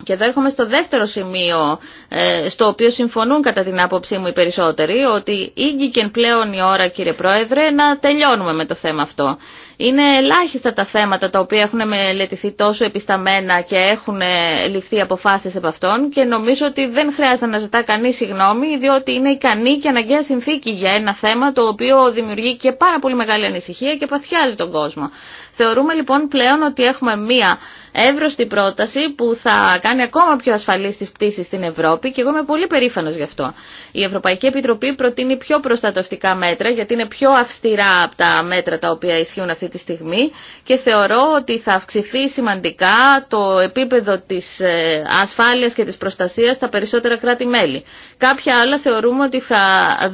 Και εδώ έρχομαι στο δεύτερο σημείο, ε, στο οποίο συμφωνούν κατά την άποψή μου οι περισσότεροι, ότι ήγηκε πλέον η ώρα, κύριε Πρόεδρε, να τελειώνουμε με το θέμα αυτό. Είναι ελάχιστα τα θέματα τα οποία έχουν μελετηθεί τόσο επισταμένα και έχουν ε, ληφθεί αποφάσεις από αυτόν και νομίζω ότι δεν χρειάζεται να ζητά κανεί συγγνώμη διότι είναι ικανή και αναγκαία συνθήκη για ένα θέμα το οποίο δημιουργεί και πάρα πολύ μεγάλη ανησυχία και παθιάζει τον κόσμο. Θεωρούμε λοιπόν πλέον ότι έχουμε μία εύρωστη πρόταση που θα κάνει ακόμα πιο ασφαλή τις πτήσει στην Ευρώπη και εγώ είμαι πολύ περήφανο γι' αυτό. Η Ευρωπαϊκή Επιτροπή προτείνει πιο προστατευτικά μέτρα γιατί είναι πιο αυστηρά από τα μέτρα τα οποία ισχύουν αυτή τη στιγμή και θεωρώ ότι θα αυξηθεί σημαντικά το επίπεδο τη ε, ασφάλεια και τη προστασία στα περισσότερα κράτη-μέλη. Κάποια άλλα θεωρούμε ότι θα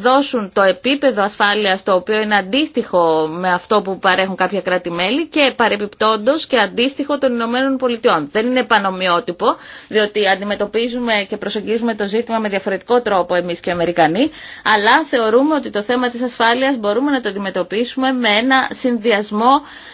δώσουν το επίπεδο ασφάλεια το οποίο είναι αντίστοιχο με αυτό που παρέχουν κάποια κράτη-μέλη και παρεπιπτόντω και αντίστοιχο των ΗΠΑ. Δεν είναι πανομοιότυπο, διότι αντιμετωπίζουμε και προσεγγίζουμε το ζήτημα με διαφορετικό τρόπο εμεί και οι Αμερικανοί, αλλά θεωρούμε ότι το θέμα τη ασφάλεια μπορούμε να το αντιμετωπίσουμε με ένα συνδυασμό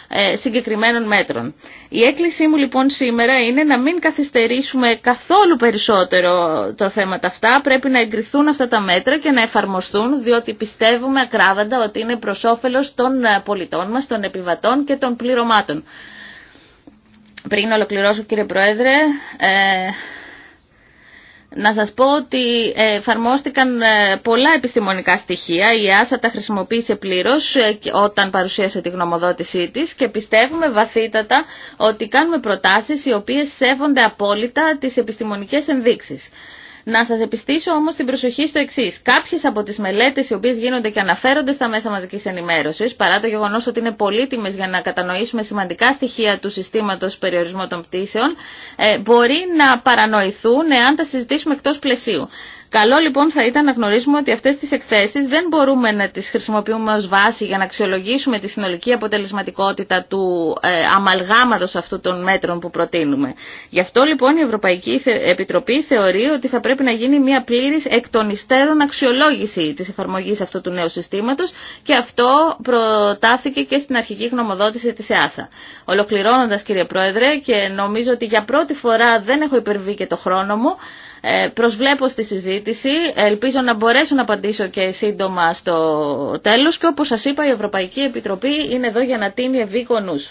ε, συγκεκριμένων μέτρων. Η έκκλησή μου λοιπόν σήμερα είναι να μην καθυστερήσουμε καθόλου περισσότερο το θέματα αυτά. Πρέπει να εγκριθούν αυτά τα μέτρα και να εφαρμοστούν, διότι πιστεύουμε ακράδαντα ότι είναι προ όφελο των ε, πολιτών μα, των επιβατών και των πληρωμάτων. Πριν ολοκληρώσω κύριε Πρόεδρε, ε, να σας πω ότι ε, εφαρμόστηκαν ε, πολλά επιστημονικά στοιχεία. Η ΆΣΑ τα χρησιμοποίησε πλήρως όταν παρουσίασε τη γνωμοδότησή της και πιστεύουμε βαθύτατα ότι κάνουμε προτάσεις οι οποίες σέβονται απόλυτα τις επιστημονικές ενδείξεις. Να σας επιστήσω όμως την προσοχή στο εξή. Κάποιες από τις μελέτες οι οποίες γίνονται και αναφέρονται στα μέσα μαζικής ενημέρωσης, παρά το γεγονός ότι είναι πολύτιμες για να κατανοήσουμε σημαντικά στοιχεία του συστήματος περιορισμού των πτήσεων, ε, μπορεί να παρανοηθούν εάν τα συζητήσουμε εκτός πλαισίου. Καλό λοιπόν θα ήταν να γνωρίσουμε ότι αυτές τις εκθέσεις δεν μπορούμε να τις χρησιμοποιούμε ως βάση για να αξιολογήσουμε τη συνολική αποτελεσματικότητα του ε, αμαλγάματος αυτού των μέτρων που προτείνουμε. Γι' αυτό λοιπόν η Ευρωπαϊκή Επιτροπή θεωρεί ότι θα πρέπει να γίνει μια πλήρης εκ των υστέρων αξιολόγηση της εφαρμογής αυτού του νέου συστήματος και αυτό προτάθηκε και στην αρχική γνωμοδότηση της ΕΑΣΑ. Ολοκληρώνοντας κύριε Πρόεδρε και νομίζω ότι για πρώτη φορά δεν έχω υπερβεί και το χρόνο μου, ε, προσβλέπω στη συζήτηση, ελπίζω να μπορέσω να απαντήσω και σύντομα στο τέλος και όπως σας είπα η Ευρωπαϊκή Επιτροπή είναι εδώ για να τίνει ευήκονους.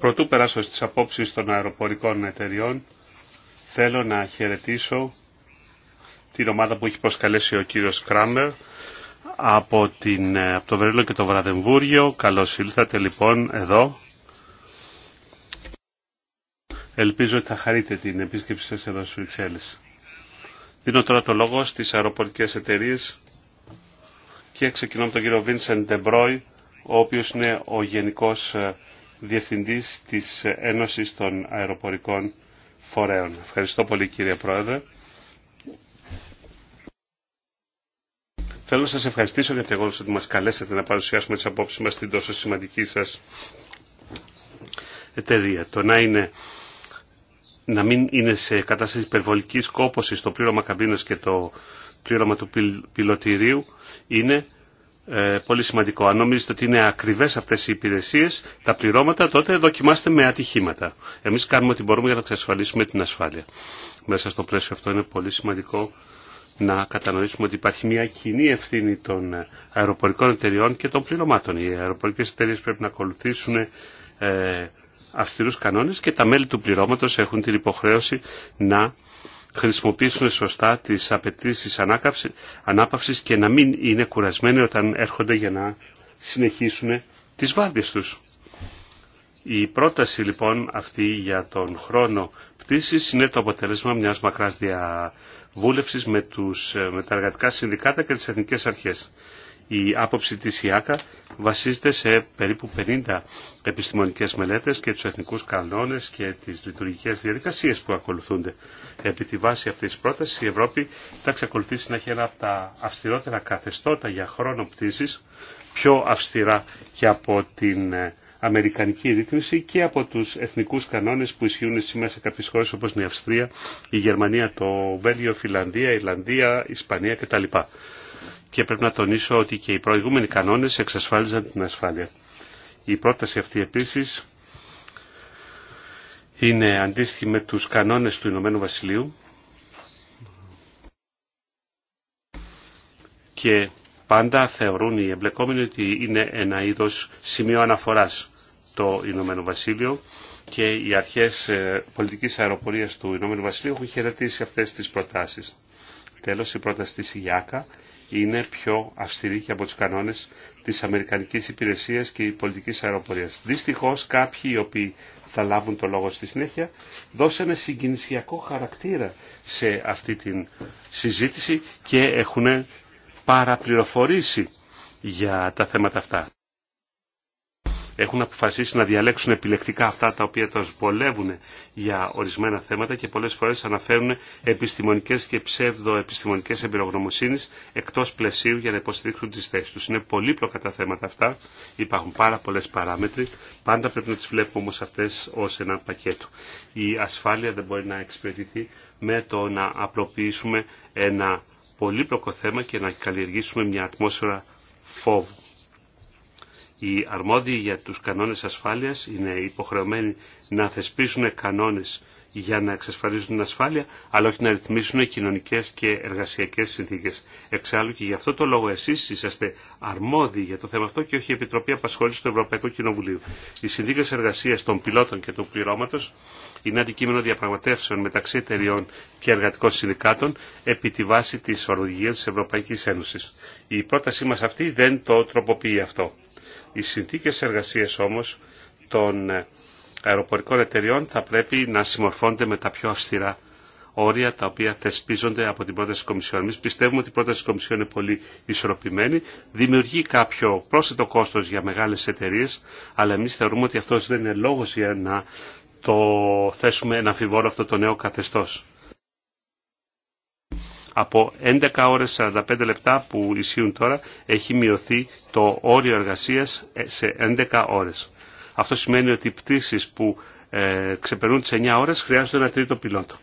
Πρωτού περάσω στις απόψεις των αεροπορικών εταιριών, θέλω να χαιρετήσω την ομάδα που έχει προσκαλέσει ο κύριος Κράμερ από, την, ε, από το Βερολίνο και το Βραδεμβούργιο. Καλώς ήλθατε λοιπόν εδώ. Ελπίζω ότι θα χαρείτε την επίσκεψη σας εδώ στους Βρυξέλλες. Δίνω τώρα το λόγο στις αεροπορικές εταιρείες και ξεκινώ με τον κύριο Βίνσεν Ντεμπρόι, ο οποίος είναι ο Γενικός ε, Διευθυντής της Ένωσης των Αεροπορικών Φορέων. Ευχαριστώ πολύ κύριε Πρόεδρε. Θέλω να σας ευχαριστήσω για το γεγονός ότι μας καλέσατε να παρουσιάσουμε τις απόψεις μας στην τόσο σημαντική σας εταιρεία. Το να είναι να μην είναι σε κατάσταση υπερβολικής κόπωσης το πλήρωμα καμπίνας και το πλήρωμα του πιλωτηρίου είναι ε, πολύ σημαντικό. Αν νομίζετε ότι είναι ακριβές αυτές οι υπηρεσίες, τα πληρώματα, τότε δοκιμάστε με ατυχήματα. Εμείς κάνουμε ό,τι μπορούμε για να εξασφαλίσουμε την ασφάλεια. Μέσα στο πλαίσιο αυτό είναι πολύ σημαντικό να κατανοήσουμε ότι υπάρχει μια κοινή ευθύνη των αεροπορικών εταιριών και των πληρωμάτων. Οι αεροπορικές εταιρείε πρέπει να ακολουθήσουν ε, αυστηρούς κανόνες και τα μέλη του πληρώματος έχουν την υποχρέωση να χρησιμοποιήσουν σωστά τις απαιτήσει ανάπαυσης και να μην είναι κουρασμένοι όταν έρχονται για να συνεχίσουν τις βάρδιες τους. Η πρόταση λοιπόν αυτή για τον χρόνο πτήσης είναι το αποτέλεσμα μιας μακράς διαβούλευσης με, τους, ε, με τα εργατικά συνδικάτα και τις εθνικές αρχές η άποψη της ΙΑΚΑ βασίζεται σε περίπου 50 επιστημονικές μελέτες και τους εθνικούς κανόνες και τις λειτουργικές διαδικασίες που ακολουθούνται. Επί τη βάση αυτής της πρότασης η Ευρώπη θα εξακολουθήσει να έχει ένα από τα αυστηρότερα καθεστώτα για χρόνο πτήσης, πιο αυστηρά και από την ε, αμερικανική ρύθμιση και από τους εθνικούς κανόνες που ισχύουν σήμερα σε κάποιες χώρες όπως η Αυστρία, η Γερμανία, το Βέλγιο, Φιλανδία, Ιρλανδία, Ισπανία κτλ και πρέπει να τονίσω ότι και οι προηγούμενοι κανόνες εξασφάλιζαν την ασφάλεια. Η πρόταση αυτή επίσης είναι αντίστοιχη με τους κανόνες του Ηνωμένου Βασιλείου και πάντα θεωρούν οι εμπλεκόμενοι ότι είναι ένα είδος σημείο αναφοράς το Ηνωμένο Βασίλειο και οι αρχές ε, πολιτικής αεροπορίας του Ηνωμένου Βασιλείου έχουν χαιρετήσει αυτές τις προτάσεις. Τέλος, η πρόταση της ΙΑΚΑ είναι πιο αυστηρή και από τους κανόνες της Αμερικανικής Υπηρεσίας και Πολιτικής Αεροπορίας. Δυστυχώς κάποιοι οι οποίοι θα λάβουν το λόγο στη συνέχεια δώσανε συγκινησιακό χαρακτήρα σε αυτή την συζήτηση και έχουν παραπληροφορήσει για τα θέματα αυτά έχουν αποφασίσει να διαλέξουν επιλεκτικά αυτά τα οποία τους βολεύουν για ορισμένα θέματα και πολλές φορές αναφέρουν επιστημονικές και ψευδοεπιστημονικές εμπειρογνωμοσύνης εκτός πλαισίου για να υποστηρίξουν τις θέσεις τους. Είναι πολύπλοκα τα θέματα αυτά, υπάρχουν πάρα πολλές παράμετροι, πάντα πρέπει να τις βλέπουμε όμως αυτές ως ένα πακέτο. Η ασφάλεια δεν μπορεί να εξυπηρετηθεί με το να απλοποιήσουμε ένα πολύπλοκο θέμα και να καλλιεργήσουμε μια ατμόσφαιρα φόβου οι αρμόδιοι για τους κανόνες ασφάλειας είναι υποχρεωμένοι να θεσπίσουν κανόνες για να εξασφαλίζουν την ασφάλεια, αλλά όχι να ρυθμίσουν κοινωνικές και εργασιακές συνθήκες. Εξάλλου και γι' αυτό το λόγο εσείς είσαστε αρμόδιοι για το θέμα αυτό και όχι η Επιτροπή Απασχόλησης του Ευρωπαϊκού Κοινοβουλίου. Οι συνθήκες εργασίας των πιλότων και του πληρώματος είναι αντικείμενο διαπραγματεύσεων μεταξύ εταιριών και εργατικών συνδικάτων επί τη βάση της ορολογίας της Ευρωπαϊκής Ένωσης. Η πρότασή μας αυτή δεν το τροποποιεί αυτό. Οι συνθήκες εργασίας όμως των αεροπορικών εταιριών θα πρέπει να συμμορφώνται με τα πιο αυστηρά όρια τα οποία θεσπίζονται από την πρόταση της Κομισιόν. Εμείς πιστεύουμε ότι η πρόταση της Κομισιόν είναι πολύ ισορροπημένη, δημιουργεί κάποιο πρόσθετο κόστος για μεγάλες εταιρείες, αλλά εμείς θεωρούμε ότι αυτός δεν είναι λόγος για να το θέσουμε ένα αμφιβόλο αυτό το νέο καθεστώς από 11 ώρες 45 λεπτά που ισχύουν τώρα έχει μειωθεί το όριο εργασίας ε, σε 11 ώρες. Αυτό σημαίνει ότι οι πτήσεις που ε, ξεπερνούν τις 9 ώρες χρειάζονται ένα τρίτο πιλότο.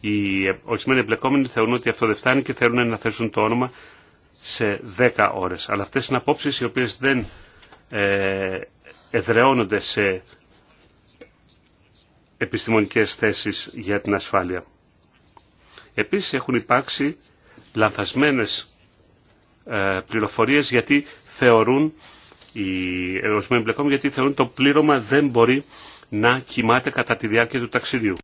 Οι ε, ορισμένοι εμπλεκόμενοι θεωρούν ότι αυτό δεν φτάνει και θέλουν να θέσουν το όνομα σε 10 ώρες. Αλλά αυτές είναι απόψεις οι οποίες δεν ε, εδρεώνονται σε επιστημονικές θέσεις για την ασφάλεια. Επίσης έχουν υπάρξει λανθασμένες ε, πληροφορίες γιατί θεωρούν οι ερωσμένοι μπλεκόμενοι γιατί θεωρούν το πλήρωμα δεν μπορεί να κοιμάται κατά τη διάρκεια του ταξιδιού.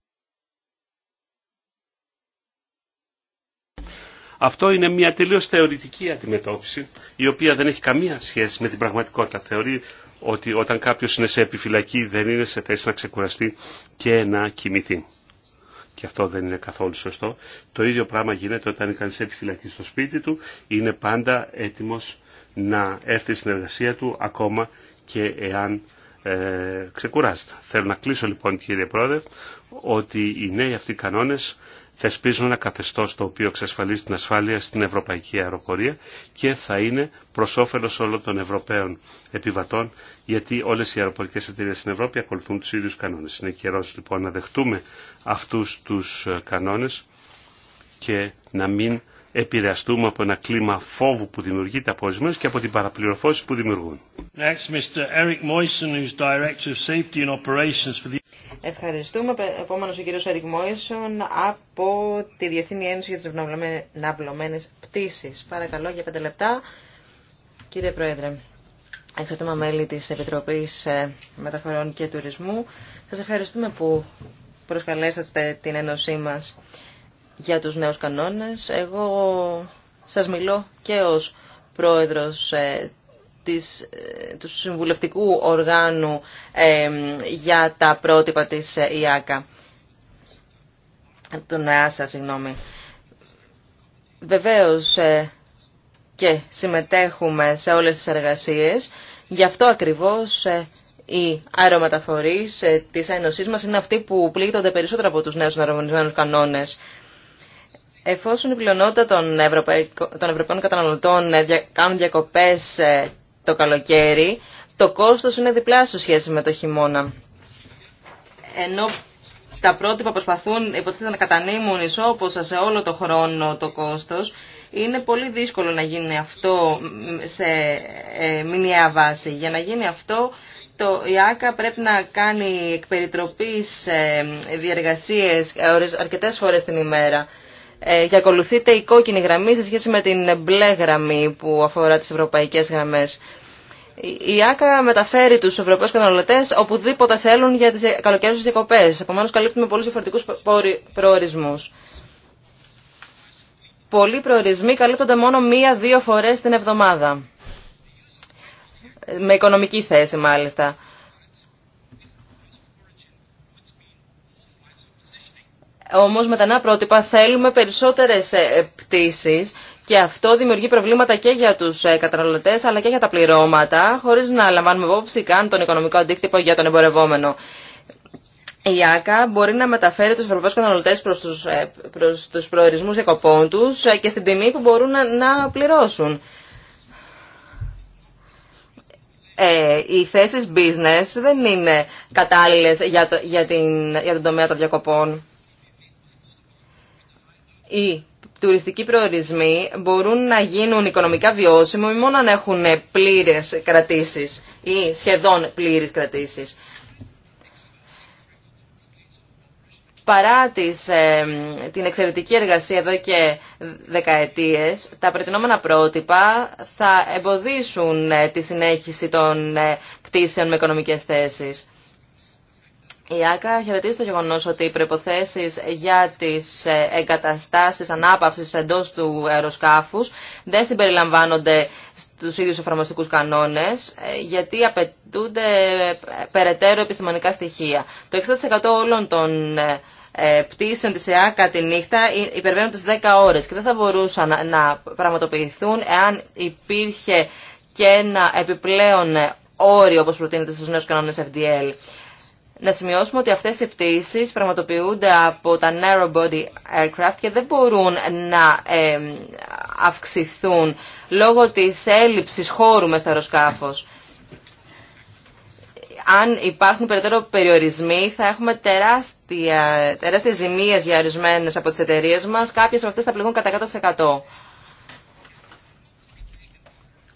Αυτό είναι μια τελείως θεωρητική αντιμετώπιση, η οποία δεν έχει καμία σχέση με την πραγματικότητα. Θεωρεί ότι όταν κάποιος είναι σε επιφυλακή δεν είναι σε θέση να ξεκουραστεί και να κοιμηθεί. Και αυτό δεν είναι καθόλου σωστό. Το ίδιο πράγμα γίνεται όταν είναι κανείς επιφυλακή στο σπίτι του. Είναι πάντα έτοιμος να έρθει στην εργασία του ακόμα και εάν ε, ξεκουράζεται. Θέλω να κλείσω λοιπόν κύριε Πρόεδρε ότι οι νέοι αυτοί κανόνες θεσπίζουν ένα καθεστώς το οποίο εξασφαλίζει την ασφάλεια στην ευρωπαϊκή αεροπορία και θα είναι προς όφελος όλων των Ευρωπαίων επιβατών γιατί όλες οι αεροπορικές εταιρείες στην Ευρώπη ακολουθούν τους ίδιους κανόνες. Είναι καιρός λοιπόν να δεχτούμε αυτούς τους ε, κανόνες και να μην επηρεαστούμε από ένα κλίμα φόβου που δημιουργείται από ορισμένου και από την παραπληροφόρηση που δημιουργούν. Next, Mr. Eric Director of Safety Ευχαριστούμε. Επόμενο ο κύριο από τη Διεθνή Ένωση για τι Ναυλωμένε Πτήσει. Παρακαλώ για πέντε λεπτά. Κύριε Πρόεδρε, εξωτήμα μέλη τη Επιτροπή ε, Μεταφορών και Τουρισμού, σα ευχαριστούμε που προσκαλέσατε την Ένωσή μα για τους νέους κανόνες. Εγώ σα μιλώ και ως πρόεδρος ε, ε, του συμβουλευτικού οργάνου για τα πρότυπα της ε, ΙΑΚΑ. Τον συγγνώμη. Βεβαίως ε, και συμμετέχουμε σε όλες τις εργασίες. Γι' αυτό ακριβώς ε, οι αερομεταφορείς της Ένωσής μας είναι αυτοί που πλήττονται περισσότερο από τους νέους αερομονισμένους κανόνες. Εφόσον η πλειονότητα των, Ευρωπαίων καταναλωτών κάνουν διακοπές το καλοκαίρι, το κόστος είναι διπλάσιο σχέση με το χειμώνα. Ενώ τα πρότυπα προσπαθούν υποτίθεται να κατανείμουν ισόποσα σε όλο το χρόνο το κόστος, είναι πολύ δύσκολο να γίνει αυτό σε ε, μηνιαία βάση. Για να γίνει αυτό, το άκα πρέπει να κάνει εκπεριτροπής ε, διεργασίες ε, αρκετές φορές την ημέρα. Ε, και ακολουθείται η κόκκινη γραμμή σε σχέση με την μπλε γραμμή που αφορά τις ευρωπαϊκές γραμμές. Η ΆΚΑ μεταφέρει τους ευρωπαίους καταναλωτές οπουδήποτε θέλουν για τις καλοκαίρινες διακοπές. Επομένως καλύπτουμε πολλούς διαφορετικούς προορισμούς. Πολλοί προορισμοί καλύπτονται μόνο μία-δύο φορές την εβδομάδα. Ε, με οικονομική θέση μάλιστα. όμως με τα νέα πρότυπα θέλουμε περισσότερες ε, πτήσεις και αυτό δημιουργεί προβλήματα και για τους ε, καταναλωτές αλλά και για τα πληρώματα χωρίς να λαμβάνουμε υπόψη καν τον οικονομικό αντίκτυπο για τον εμπορευόμενο. Η ΆΚΑ μπορεί να μεταφέρει τους ευρωπαίους καταναλωτές προς τους, ε, προς προορισμούς διακοπών τους και στην τιμή που μπορούν να, πληρώσουν. Ε, οι θέσεις business δεν είναι κατάλληλες για, το, για, για τον τομέα των διακοπών οι τουριστικοί προορισμοί μπορούν να γίνουν οικονομικά βιώσιμοι μόνο αν έχουν πλήρες κρατήσεις ή σχεδόν πλήρες κρατήσεις. Παρά τις, ε, την εξαιρετική εργασία εδώ και δεκαετίες, τα προτινόμενα πρότυπα θα εμποδίσουν ε, τη συνέχιση των ε, κτήσεων με οικονομικές θέσεις. Η ΆΚΑ χαιρετίζει το γεγονός ότι οι προϋποθέσεις για τις ε, εγκαταστάσεις ανάπαυσης εντός του αεροσκάφους δεν συμπεριλαμβάνονται στους ίδιους εφαρμοστικούς κανόνες ε, γιατί απαιτούνται ε, περαιτέρω επιστημονικά στοιχεία. Το 60% όλων των πτήσεων της ΕΑΚΑ τη νύχτα υπερβαίνουν τις 10 ώρες και δεν θα μπορούσαν να πραγματοποιηθούν εάν υπήρχε και ένα επιπλέον όριο όπως προτείνεται στους νέους κανόνες FDL να σημειώσουμε ότι αυτές οι πτήσεις πραγματοποιούνται από τα narrow body aircraft και δεν μπορούν να αυξηθούν λόγω της έλλειψης χώρου μες στο αεροσκάφος. Αν υπάρχουν περαιτέρω περιορισμοί θα έχουμε τεράστια, τεράστιες ζημίες για ορισμένε από τις εταιρείες μας. Κάποιες από αυτές θα πληγούν κατά 100%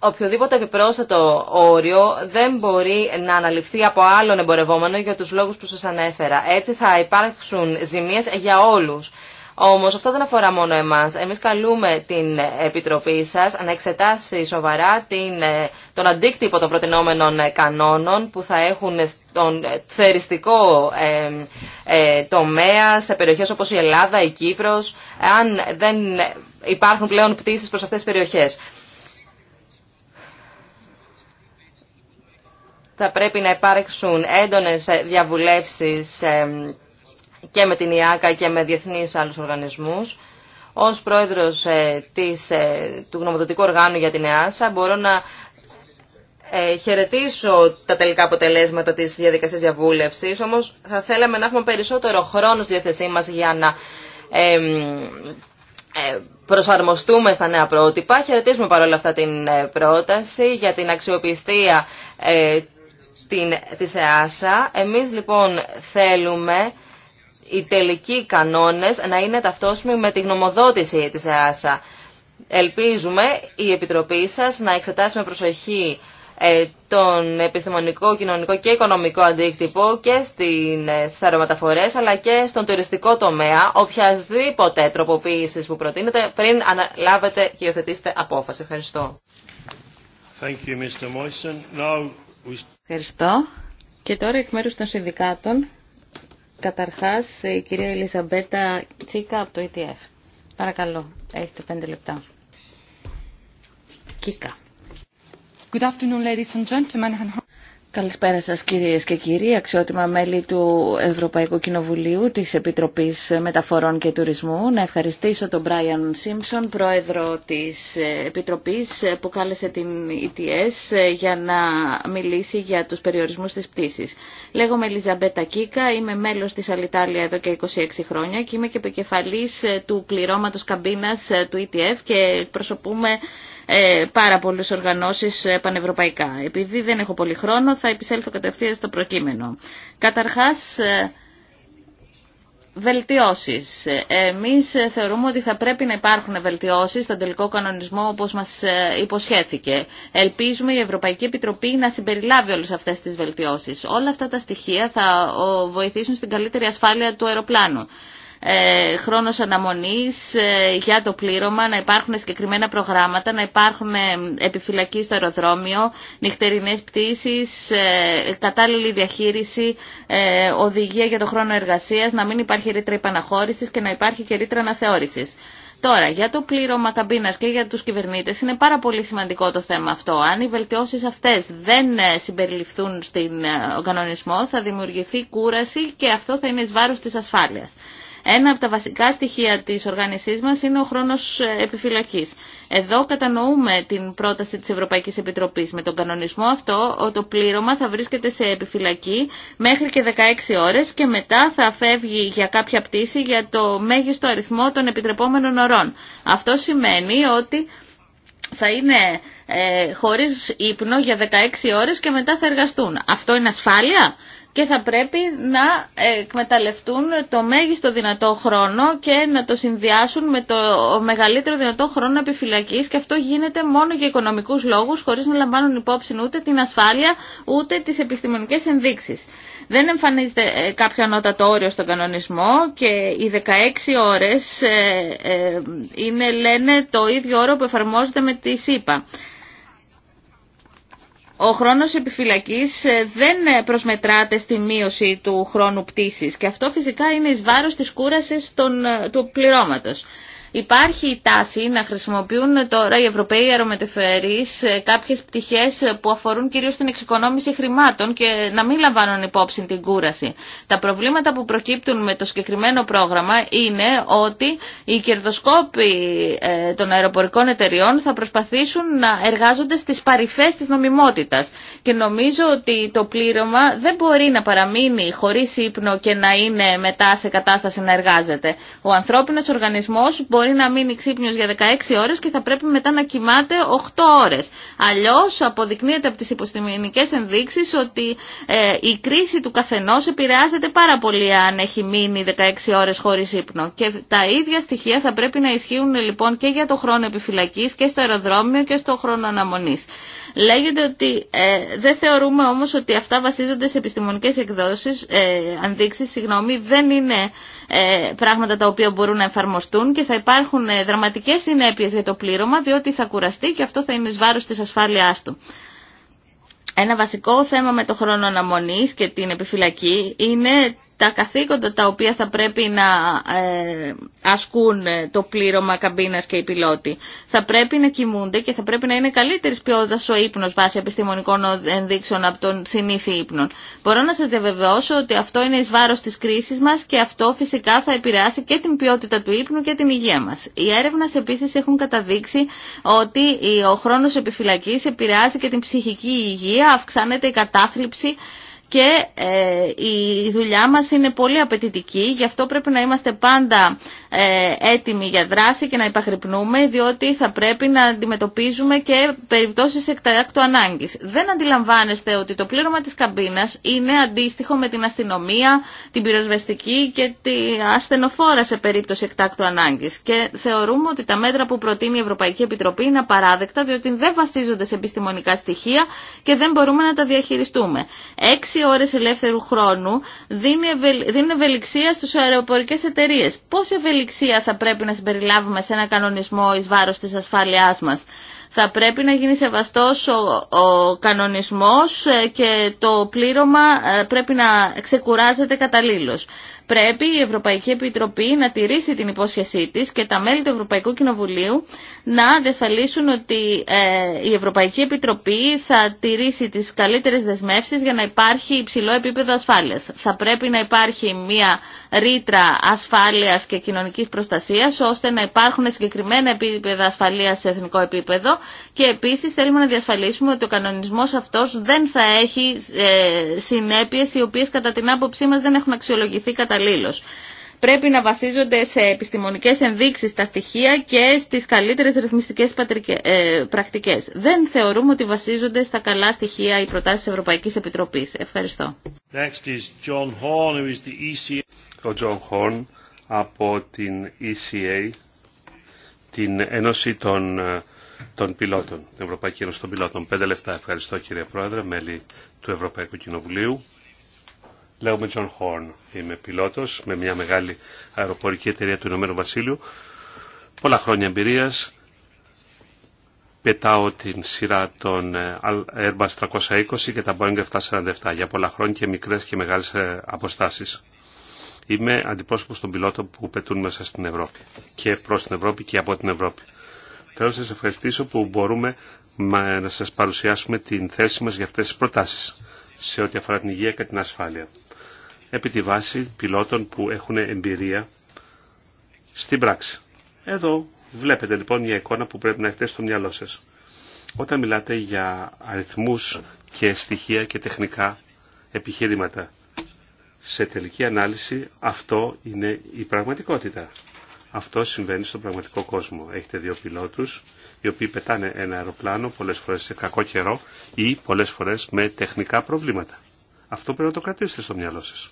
οποιοδήποτε επιπρόσθετο όριο δεν μπορεί να αναλυφθεί από άλλον εμπορευόμενο για τους λόγους που σας ανέφερα. Έτσι θα υπάρξουν ζημίες για όλους. Όμως αυτό δεν αφορά μόνο εμάς. Εμείς καλούμε την Επιτροπή σας να εξετάσει σοβαρά ε, τον αντίκτυπο των προτινόμενων κανόνων που θα έχουν στον θεριστικό ε, ε, τομέα σε περιοχές όπως η Ελλάδα, η Κύπρος, αν δεν υπάρχουν πλέον πτήσεις προς αυτές τις περιοχές. Θα πρέπει να υπάρξουν έντονες διαβουλεύσεις και με την ΙΑΚΑ και με διεθνείς άλλους οργανισμούς. Ως πρόεδρος ε, της, ε, του γνωμοδοτικού οργάνου για την ΕΑΣΑ μπορώ να ε, χαιρετήσω τα τελικά αποτελέσματα της διαδικασίας διαβούλευσης, όμως θα θέλαμε να έχουμε περισσότερο χρόνο στη διάθεσή μας για να προσαρμοστούμε στα νέα πρότυπα. Χαιρετίζουμε παρόλα αυτά την πρόταση για την αξιοπιστία την, της ΕΑΣΑ. Εμείς λοιπόν θέλουμε οι τελικοί κανόνες να είναι ταυτόσιμοι με τη γνωμοδότηση της ΕΑΣΑ. Ελπίζουμε η Επιτροπή σας να εξετάσει με προσοχή ε, τον επιστημονικό, κοινωνικό και οικονομικό αντίκτυπο και ε, στις αερομεταφορές αλλά και στον τουριστικό τομέα οποιασδήποτε τροποποίησης που προτείνετε πριν αναλάβετε και υιοθετήσετε απόφαση. Ευχαριστώ. Thank Ευχαριστώ. Και τώρα εκ μέρους των συνδικάτων, καταρχάς η κυρία Ελισαμπέτα Τσίκα από το ETF. Παρακαλώ, έχετε πέντε λεπτά. Κίκα. Good afternoon, ladies and gentlemen. Καλησπέρα σας κυρίες και κύριοι, αξιότιμα μέλη του Ευρωπαϊκού Κοινοβουλίου της Επιτροπής Μεταφορών και Τουρισμού. Να ευχαριστήσω τον Brian Simpson, πρόεδρο της Επιτροπής που κάλεσε την ETS ε για να μιλήσει για τους περιορισμούς της πτήσης. Λέγομαι Ελιζαμπέτα Κίκα, είμαι μέλος της Αλιτάλια εδώ και 26 χρόνια και είμαι και επικεφαλής του πληρώματος καμπίνας του ETF ε και προσωπούμε ε, πάρα πολλές οργανώσεις ε, πανευρωπαϊκά. Επειδή δεν έχω πολύ χρόνο θα επισέλθω κατευθείαν στο προκείμενο. Καταρχάς ε, βελτιώσεις. Εμείς θεωρούμε ότι θα πρέπει να υπάρχουν βελτιώσεις στον τελικό κανονισμό όπως μας υποσχέθηκε. Ελπίζουμε η Ευρωπαϊκή Επιτροπή να συμπεριλάβει όλες αυτές τις βελτιώσεις. Όλα αυτά τα στοιχεία θα βοηθήσουν στην καλύτερη ασφάλεια του αεροπλάνου. Ε, χρόνος αναμονής ε, για το πλήρωμα, να υπάρχουν συγκεκριμένα προγράμματα, να υπάρχουν ε, επιφυλακή στο αεροδρόμιο, νυχτερινές πτήσεις, κατάλληλη διαχείριση, οδηγία για το χρόνο εργασίας, να μην υπάρχει ρήτρα υπαναχώρησης και να υπάρχει και ρήτρα αναθεώρησης. Τώρα, για το πλήρωμα καμπίνας και για τους κυβερνήτες είναι πάρα πολύ σημαντικό το θέμα αυτό. Αν οι βελτιώσεις αυτές δεν συμπεριληφθούν στην κανονισμό θα δημιουργηθεί κούραση και αυτό θα είναι εις βάρος της ένα από τα βασικά στοιχεία της οργάνωσής μας είναι ο χρόνος ε, επιφυλακής. Εδώ κατανοούμε την πρόταση της Ευρωπαϊκής Επιτροπής. Με τον κανονισμό αυτό το πλήρωμα θα βρίσκεται σε επιφυλακή μέχρι και 16 ώρες και μετά θα φεύγει για κάποια πτήση για το μέγιστο αριθμό των επιτρεπόμενων ωρών. Αυτό σημαίνει ότι θα είναι ε, χωρίς ύπνο για 16 ώρες και μετά θα εργαστούν. Αυτό είναι ασφάλεια και θα πρέπει να εκμεταλλευτούν το μέγιστο δυνατό χρόνο και να το συνδυάσουν με το μεγαλύτερο δυνατό χρόνο επιφυλακής και αυτό γίνεται μόνο για οικονομικούς λόγους χωρίς να λαμβάνουν υπόψη ούτε την ασφάλεια ούτε τις επιστημονικές ενδείξεις. Δεν εμφανίζεται ε, κάποιο ανώτατο όριο στον κανονισμό και οι 16 ώρες ε, ε, είναι λένε το ίδιο όρο που εφαρμόζεται με τη ΣΥΠΑ ο χρόνος επιφυλακής ε, δεν ε, προσμετράται στη μείωση του χρόνου πτήσης και αυτό φυσικά είναι εις βάρος της κούρασης ε, του πληρώματος. Υπάρχει η τάση να χρησιμοποιούν τώρα οι Ευρωπαίοι αερομετεφερείς ε, κάποιες πτυχές που αφορούν κυρίως την εξοικονόμηση χρημάτων και να μην λαμβάνουν υπόψη την κούραση. Τα προβλήματα που προκύπτουν με το συγκεκριμένο πρόγραμμα είναι ότι οι κερδοσκόποι ε, των αεροπορικών εταιριών θα προσπαθήσουν να εργάζονται στις παρυφές της νομιμότητας και νομίζω ότι το πλήρωμα δεν μπορεί να παραμείνει χωρίς ύπνο και να είναι μετά σε κατάσταση να εργάζεται. Ο ανθρώπινος οργανισμός μπορεί να μείνει ξύπνιος για 16 ώρες και θα πρέπει μετά να κοιμάται 8 ώρες. Αλλιώς αποδεικνύεται από τις υποστημινικές ενδείξεις ότι ε, η κρίση του καθενός επηρεάζεται πάρα πολύ αν έχει μείνει 16 ώρες χωρίς ύπνο. Και τα ίδια στοιχεία θα πρέπει να ισχύουν λοιπόν και για το χρόνο επιφυλακής και στο αεροδρόμιο και στο χρόνο αναμονής. Λέγεται ότι ε, δεν θεωρούμε όμως ότι αυτά βασίζονται σε επιστημονικές εκδόσεις, ε, ανδείξεις, συγγνώμη, δεν είναι ε, πράγματα τα οποία μπορούν να εφαρμοστούν και θα υπάρχουν ε, δραματικές συνέπειες για το πλήρωμα διότι θα κουραστεί και αυτό θα είναι σβάρος βάρος της ασφάλειάς του. Ένα βασικό θέμα με το χρόνο αναμονής και την επιφυλακή είναι τα καθήκοντα τα οποία θα πρέπει να ε, ασκούν ε, το πλήρωμα καμπίνας και οι πιλότοι. Θα πρέπει να κοιμούνται και θα πρέπει να είναι καλύτερη ποιότητα ο ύπνο βάσει επιστημονικών ενδείξεων από τον συνήθι ύπνο. Μπορώ να σα διαβεβαιώσω ότι αυτό είναι ει βάρο τη κρίση μα και αυτό φυσικά θα επηρεάσει και την ποιότητα του ύπνου και την υγεία μα. Οι έρευνε επίση έχουν καταδείξει ότι ο χρόνο επιφυλακή επηρεάζει και την ψυχική υγεία, αυξάνεται η κατάθλιψη και ε, η δουλειά μας είναι πολύ απαιτητική, γι' αυτό πρέπει να είμαστε πάντα ε, έτοιμοι για δράση και να υπαχρυπνούμε, διότι θα πρέπει να αντιμετωπίζουμε και περιπτώσεις εκτάκτου ανάγκης. Δεν αντιλαμβάνεστε ότι το πλήρωμα της καμπίνας είναι αντίστοιχο με την αστυνομία, την πυροσβεστική και τη ασθενοφόρα σε περίπτωση εκτάκτου ανάγκης. Και θεωρούμε ότι τα μέτρα που προτείνει η Ευρωπαϊκή Επιτροπή είναι απαράδεκτα, διότι δεν βασίζονται σε επιστημονικά στοιχεία και δεν μπορούμε να τα διαχειριστούμε. Έξι ώρες ελεύθερου χρόνου δίνουν ευελιξία στους αεροπορικές εταιρείες. Πόση ευελιξία θα πρέπει να συμπεριλάβουμε σε ένα κανονισμό εις βάρος της ασφάλειάς μας. Θα πρέπει να γίνει σεβαστός ο, ο κανονισμός ε, και το πλήρωμα ε, πρέπει να ξεκουράζεται καταλήλως πρέπει η Ευρωπαϊκή Επιτροπή να τηρήσει την υπόσχεσή της και τα μέλη του Ευρωπαϊκού Κοινοβουλίου να διασφαλίσουν ότι ε, η Ευρωπαϊκή Επιτροπή θα τηρήσει τις καλύτερες δεσμεύσεις για να υπάρχει υψηλό επίπεδο ασφάλειας. Θα πρέπει να υπάρχει μια ρήτρα ασφάλειας και κοινωνικής προστασίας ώστε να υπάρχουν συγκεκριμένα επίπεδα ασφαλείας σε εθνικό επίπεδο και επίσης θέλουμε να διασφαλίσουμε ότι ο κανονισμός αυτός δεν θα έχει ε, συνέπειες οι οποίες κατά την άποψή μας δεν έχουν αξιολογηθεί κατά Πρέπει να βασίζονται σε επιστημονικές ενδείξεις τα στοιχεία και στις καλύτερες ρυθμιστικές ε, πρακτικές. Δεν θεωρούμε ότι βασίζονται στα καλά στοιχεία οι προτάσεις της Ευρωπαϊκής Επιτροπής. Ευχαριστώ. Next is John Horn, who is the ECA. Ο John Horn από την ECA, την Ένωση των, ε, των Πιλότων, την Ευρωπαϊκή Ένωση των Πιλότων. Πέντε λεπτά. Ευχαριστώ κύριε Πρόεδρε, μέλη του Ευρωπαϊκού Κοινοβουλίου. Λέγομαι Τζον Χόρν. Είμαι πιλότος με μια μεγάλη αεροπορική εταιρεία του Ηνωμένου Βασίλειου. Πολλά χρόνια εμπειρίας. Πετάω την σειρά των ε, Airbus 320 και τα Boeing 747 για πολλά χρόνια και μικρές και μεγάλες ε, αποστάσεις. Είμαι αντιπρόσωπος των πιλότων που πετούν μέσα στην Ευρώπη και προς την Ευρώπη και από την Ευρώπη. Θέλω να σας ευχαριστήσω που μπορούμε να σας παρουσιάσουμε την θέση μας για αυτές τις προτάσεις σε ό,τι αφορά την υγεία και την ασφάλεια επί τη βάση πιλότων που έχουν εμπειρία στην πράξη. Εδώ βλέπετε λοιπόν μια εικόνα που πρέπει να έχετε στο μυαλό σας. Όταν μιλάτε για αριθμούς και στοιχεία και τεχνικά επιχειρήματα, σε τελική ανάλυση αυτό είναι η πραγματικότητα. Αυτό συμβαίνει στον πραγματικό κόσμο. Έχετε δύο πιλότους οι οποίοι πετάνε ένα αεροπλάνο πολλές φορές σε κακό καιρό ή πολλές φορές με τεχνικά προβλήματα. Αυτό πρέπει να το κρατήσετε στο μυαλό σας.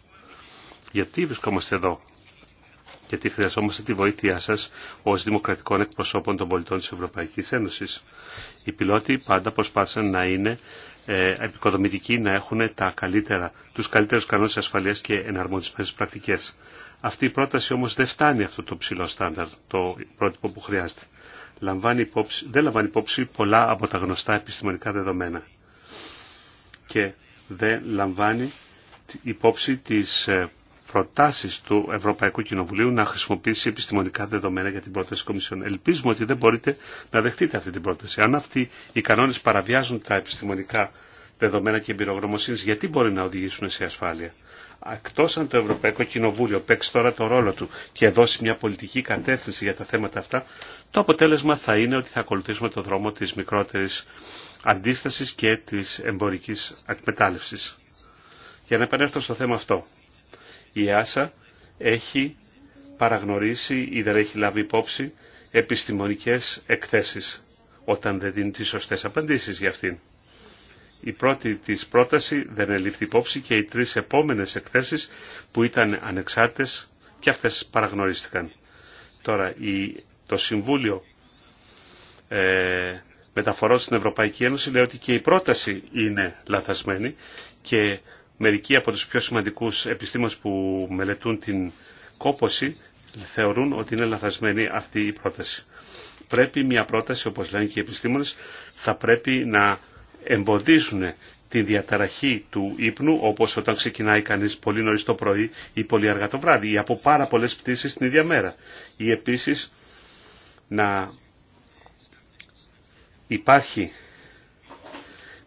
Γιατί βρισκόμαστε εδώ. Γιατί χρειαζόμαστε τη βοήθειά σα ω δημοκρατικών εκπροσώπων των πολιτών τη Ευρωπαϊκή Ένωση. Οι πιλότοι πάντα προσπάθησαν να είναι ε, επικοδομητικοί, να έχουν τα καλύτερα, τους καλύτερους κανόνες ασφαλείας και εναρμονισμένες πρακτικέ. Αυτή η πρόταση όμω δεν φτάνει αυτό το ψηλό στάνταρ, το πρότυπο που χρειάζεται. Λαμβάνει υπόψη, δεν λαμβάνει υπόψη πολλά από τα γνωστά επιστημονικά δεδομένα. Και δεν λαμβάνει υπόψη τις ε, προτάσεις του Ευρωπαϊκού Κοινοβουλίου να χρησιμοποιήσει επιστημονικά δεδομένα για την πρόταση Κομισιόν. Ελπίζουμε ότι δεν μπορείτε να δεχτείτε αυτή την πρόταση. Αν αυτοί οι κανόνες παραβιάζουν τα επιστημονικά δεδομένα και εμπειρογνωμοσύνης, γιατί μπορεί να οδηγήσουν σε ασφάλεια. Εκτό αν το Ευρωπαϊκό Κοινοβούλιο παίξει τώρα το ρόλο του και δώσει μια πολιτική κατεύθυνση για τα θέματα αυτά, το αποτέλεσμα θα είναι ότι θα ακολουθήσουμε το δρόμο της μικρότερης αντίστασης και της εμπορικής εκμετάλλευσης. Για να επανέλθω στο θέμα αυτό η ΆΣΑ έχει παραγνωρίσει ή δεν έχει λάβει υπόψη επιστημονικές εκθέσεις όταν δεν δίνει τις σωστές απαντήσεις για αυτήν. Η πρώτη της πρόταση δεν ελήφθη υπόψη και οι τρεις επόμενες εκθέσεις που ήταν ανεξάρτητες και αυτές παραγνωρίστηκαν. Τώρα η, το Συμβούλιο ε, Μεταφορών στην Ευρωπαϊκή Ένωση λέει ότι και η πρόταση είναι λαθασμένη και Μερικοί από τους πιο σημαντικούς επιστήμονες που μελετούν την κόπωση θεωρούν ότι είναι λαθασμένη αυτή η πρόταση. Πρέπει μια πρόταση, όπως λένε και οι επιστήμονες, θα πρέπει να εμποδίζουν την διαταραχή του ύπνου, όπως όταν ξεκινάει κανείς πολύ νωρίς το πρωί ή πολύ αργά το βράδυ ή από πάρα πολλές πτήσεις την ίδια μέρα. Ή επίσης να υπάρχει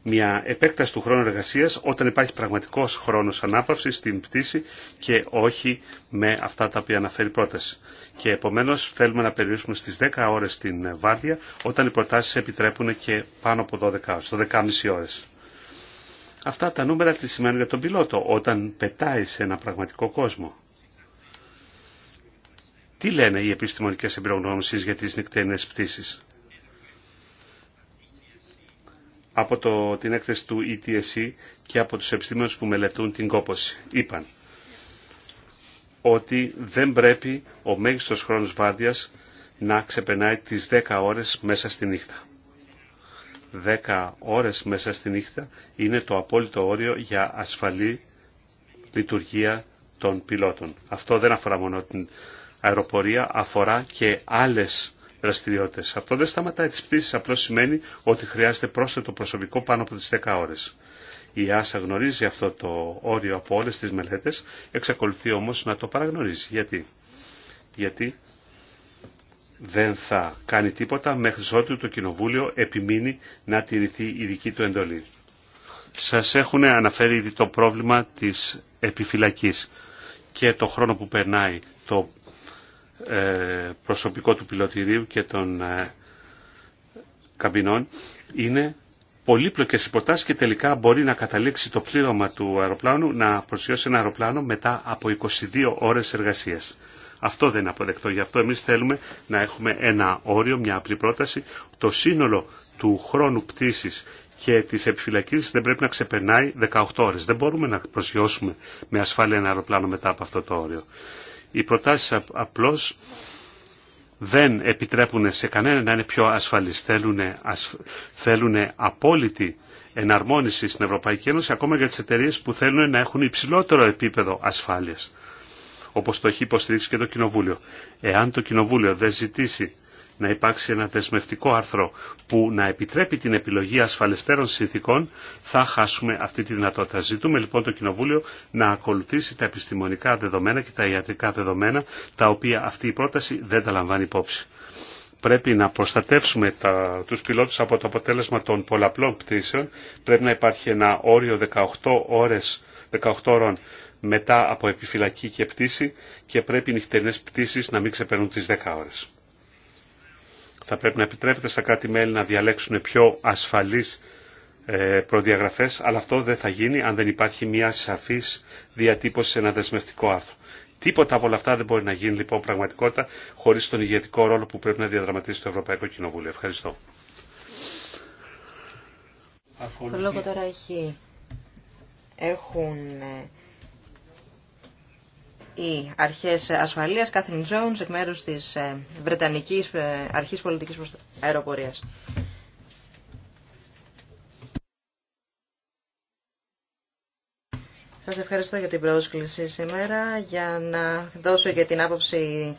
μια επέκταση του χρόνου εργασίας όταν υπάρχει πραγματικός χρόνος ανάπαυσης στην πτήση και όχι με αυτά τα οποία αναφέρει η πρόταση. Και επομένως θέλουμε να περιορίσουμε στις 10 ώρες την βάρδια όταν οι προτάσεις επιτρέπουν και πάνω από 12 ώρες, το 12,5 ώρες. Αυτά τα νούμερα τι σημαίνουν για τον πιλότο όταν πετάει σε ένα πραγματικό κόσμο. Τι λένε οι επιστημονικές εμπειρογνώμησεις για τις νυχτερινές πτήσεις. από το, την έκθεση του ETSE και από τους επιστήμονες που μελετούν την κόπωση. Είπαν ότι δεν πρέπει ο μέγιστος χρόνος βάρδιας να ξεπερνάει τις 10 ώρες μέσα στη νύχτα. 10 ώρες μέσα στη νύχτα είναι το απόλυτο όριο για ασφαλή λειτουργία των πιλότων. Αυτό δεν αφορά μόνο την αεροπορία, αφορά και άλλες αυτό δεν σταματάει τι πτήσει, απλώς σημαίνει ότι χρειάζεται πρόσθετο προσωπικό πάνω από τι 10 ώρε. Η ΆΣΑ γνωρίζει αυτό το όριο από όλε τι μελέτε, εξακολουθεί όμω να το παραγνωρίζει. Γιατί, Γιατί δεν θα κάνει τίποτα μέχρι ότου το Κοινοβούλιο επιμείνει να τηρηθεί η δική του εντολή. Σας έχουν αναφέρει ήδη το πρόβλημα της επιφυλακής και το χρόνο που περνάει το ε, προσωπικό του πιλωτηρίου και των ε, καμπινών είναι πολύπλοκες υποτάσεις και τελικά μπορεί να καταλήξει το πλήρωμα του αεροπλάνου να προσιώσει ένα αεροπλάνο μετά από 22 ώρες εργασίας. Αυτό δεν είναι αποδεκτό. Γι' αυτό εμείς θέλουμε να έχουμε ένα όριο, μια απλή πρόταση. Το σύνολο του χρόνου πτήσης και της επιφυλακής δεν πρέπει να ξεπερνάει 18 ώρες. Δεν μπορούμε να προσγειώσουμε με ασφάλεια ένα αεροπλάνο μετά από αυτό το όριο. Οι προτάσεις απλώς δεν επιτρέπουν σε κανένα να είναι πιο ασφαλής. Θέλουν, απόλυτη εναρμόνιση στην Ευρωπαϊκή Ένωση ακόμα για τις εταιρείες που θέλουν να έχουν υψηλότερο επίπεδο ασφάλειας όπως το έχει υποστηρίξει και το Κοινοβούλιο. Εάν το Κοινοβούλιο δεν ζητήσει να υπάρξει ένα δεσμευτικό άρθρο που να επιτρέπει την επιλογή ασφαλεστέρων συνθήκων, θα χάσουμε αυτή τη δυνατότητα. Ζητούμε λοιπόν το Κοινοβούλιο να ακολουθήσει τα επιστημονικά δεδομένα και τα ιατρικά δεδομένα, τα οποία αυτή η πρόταση δεν τα λαμβάνει υπόψη. Πρέπει να προστατεύσουμε τα, τους πιλότους από το αποτέλεσμα των πολλαπλών πτήσεων. Πρέπει να υπάρχει ένα όριο 18 ώρες, 18 μετά από επιφυλακή και πτήση και πρέπει οι νυχτερινές πτήσεις να μην ξεπερνούν τις 10 ώρες. Θα πρέπει να επιτρέπεται στα κράτη-μέλη να διαλέξουν πιο ασφαλείς ε, προδιαγραφές, αλλά αυτό δεν θα γίνει αν δεν υπάρχει μια σαφής διατύπωση σε ένα δεσμευτικό άρθρο. Τίποτα από όλα αυτά δεν μπορεί να γίνει λοιπόν πραγματικότητα χωρίς τον ηγετικό ρόλο που πρέπει να διαδραματίσει το Ευρωπαϊκό Κοινοβούλιο. Ευχαριστώ. Το λόγο τώρα έχει, έχουν ε, οι αρχέ ασφαλείας, Κάθριν Jones, εκ μέρους της ε, Βρετανικής ε, Αρχής Πολιτικής Αεροπορίας. Σας ευχαριστώ για την πρόσκληση σήμερα για να δώσω και την άποψη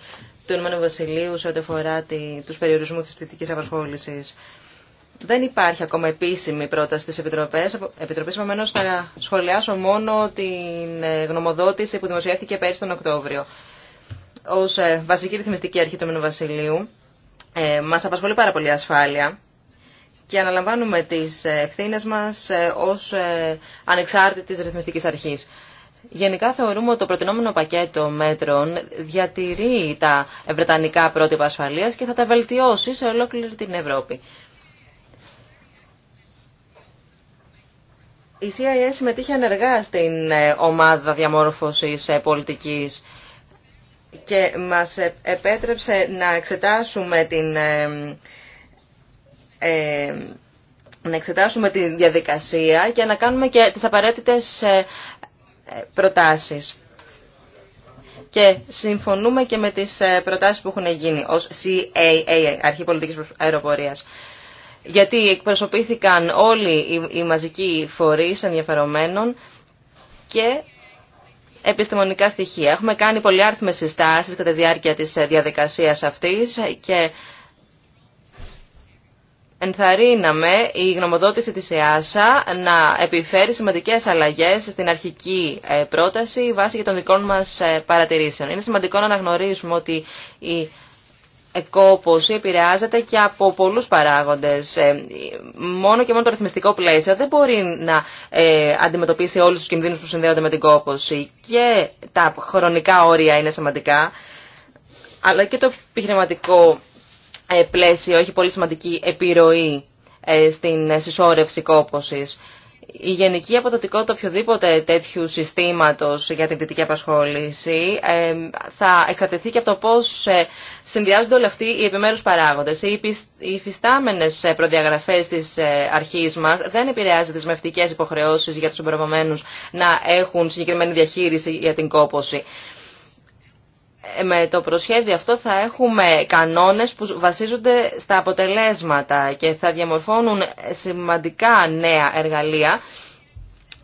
του Ηνωμένου Βασιλείου σε ό,τι αφορά τους περιορισμούς της πτυτικής απασχόλησης. Δεν υπάρχει ακόμα επίσημη πρόταση της Επιτροπής, Επιτροπής επομένως θα σχολιάσω μόνο την ε, γνωμοδότηση που δημοσιεύθηκε πέρυσι τον Οκτώβριο. Ως ε, βασική ρυθμιστική αρχή του Βασιλείου ε, μας απασχολεί πάρα πολύ ασφάλεια και αναλαμβάνουμε τις ε, ευθύνε μας ως ανεξάρτητης ρυθμιστικής αρχής. Γενικά θεωρούμε ότι το προτινόμενο πακέτο μέτρων διατηρεί τα βρετανικά πρότυπα ασφαλείας και θα τα βελτιώσει σε ολόκληρη την Ευρώπη. η CIA συμμετείχε ενεργά στην ε, ομάδα διαμόρφωσης ε, πολιτικής και μας ε, επέτρεψε να εξετάσουμε την... να εξετάσουμε τη διαδικασία και να κάνουμε και τις απαραίτητες προτάσεις. Και συμφωνούμε και με τις προτάσεις που έχουν γίνει ως CAA, Αρχή Πολιτικής Αεροπορίας γιατί εκπροσωπήθηκαν όλοι οι μαζικοί φορείς ενδιαφερομένων και επιστημονικά στοιχεία. Έχουμε κάνει πολυάριθμες συστάσεις κατά τη διάρκεια της ε, διαδικασίας αυτής και ενθαρρύναμε η γνωμοδότηση της ΕΑΣΑ να επιφέρει σημαντικές αλλαγές στην αρχική ε, πρόταση βάσει και των δικών μας ε, παρατηρήσεων. Είναι σημαντικό να αναγνωρίσουμε ότι η κόπος επηρεάζεται και από πολλούς παράγοντες. Ε, μόνο και μόνο το ρυθμιστικό πλαίσιο δεν μπορεί να ε, αντιμετωπίσει όλους τους κινδύνους που συνδέονται με την κόπωση. Και τα χρονικά όρια είναι σημαντικά, αλλά και το επιχειρηματικό ε, πλαίσιο έχει πολύ σημαντική επιρροή στην συσσόρευση κόπωσης. Η γενική αποδοτικότητα οποιοδήποτε τέτοιου συστήματος για την κριτική απασχόληση θα εξαρτηθεί και από το πώς ε, συνδυάζονται όλοι αυτοί οι επιμέρους παράγοντες. Οι υφιστάμενες ε, προδιαγραφές της ε, αρχής μας δεν επηρεάζει μευτικές υποχρεώσεις για τους εμπορευομένους να έχουν συγκεκριμένη διαχείριση για την κόποση. Ε, με το προσχέδιο αυτό θα έχουμε κανόνες που βασίζονται στα αποτελέσματα και θα διαμορφώνουν σημαντικά νέα εργαλεία.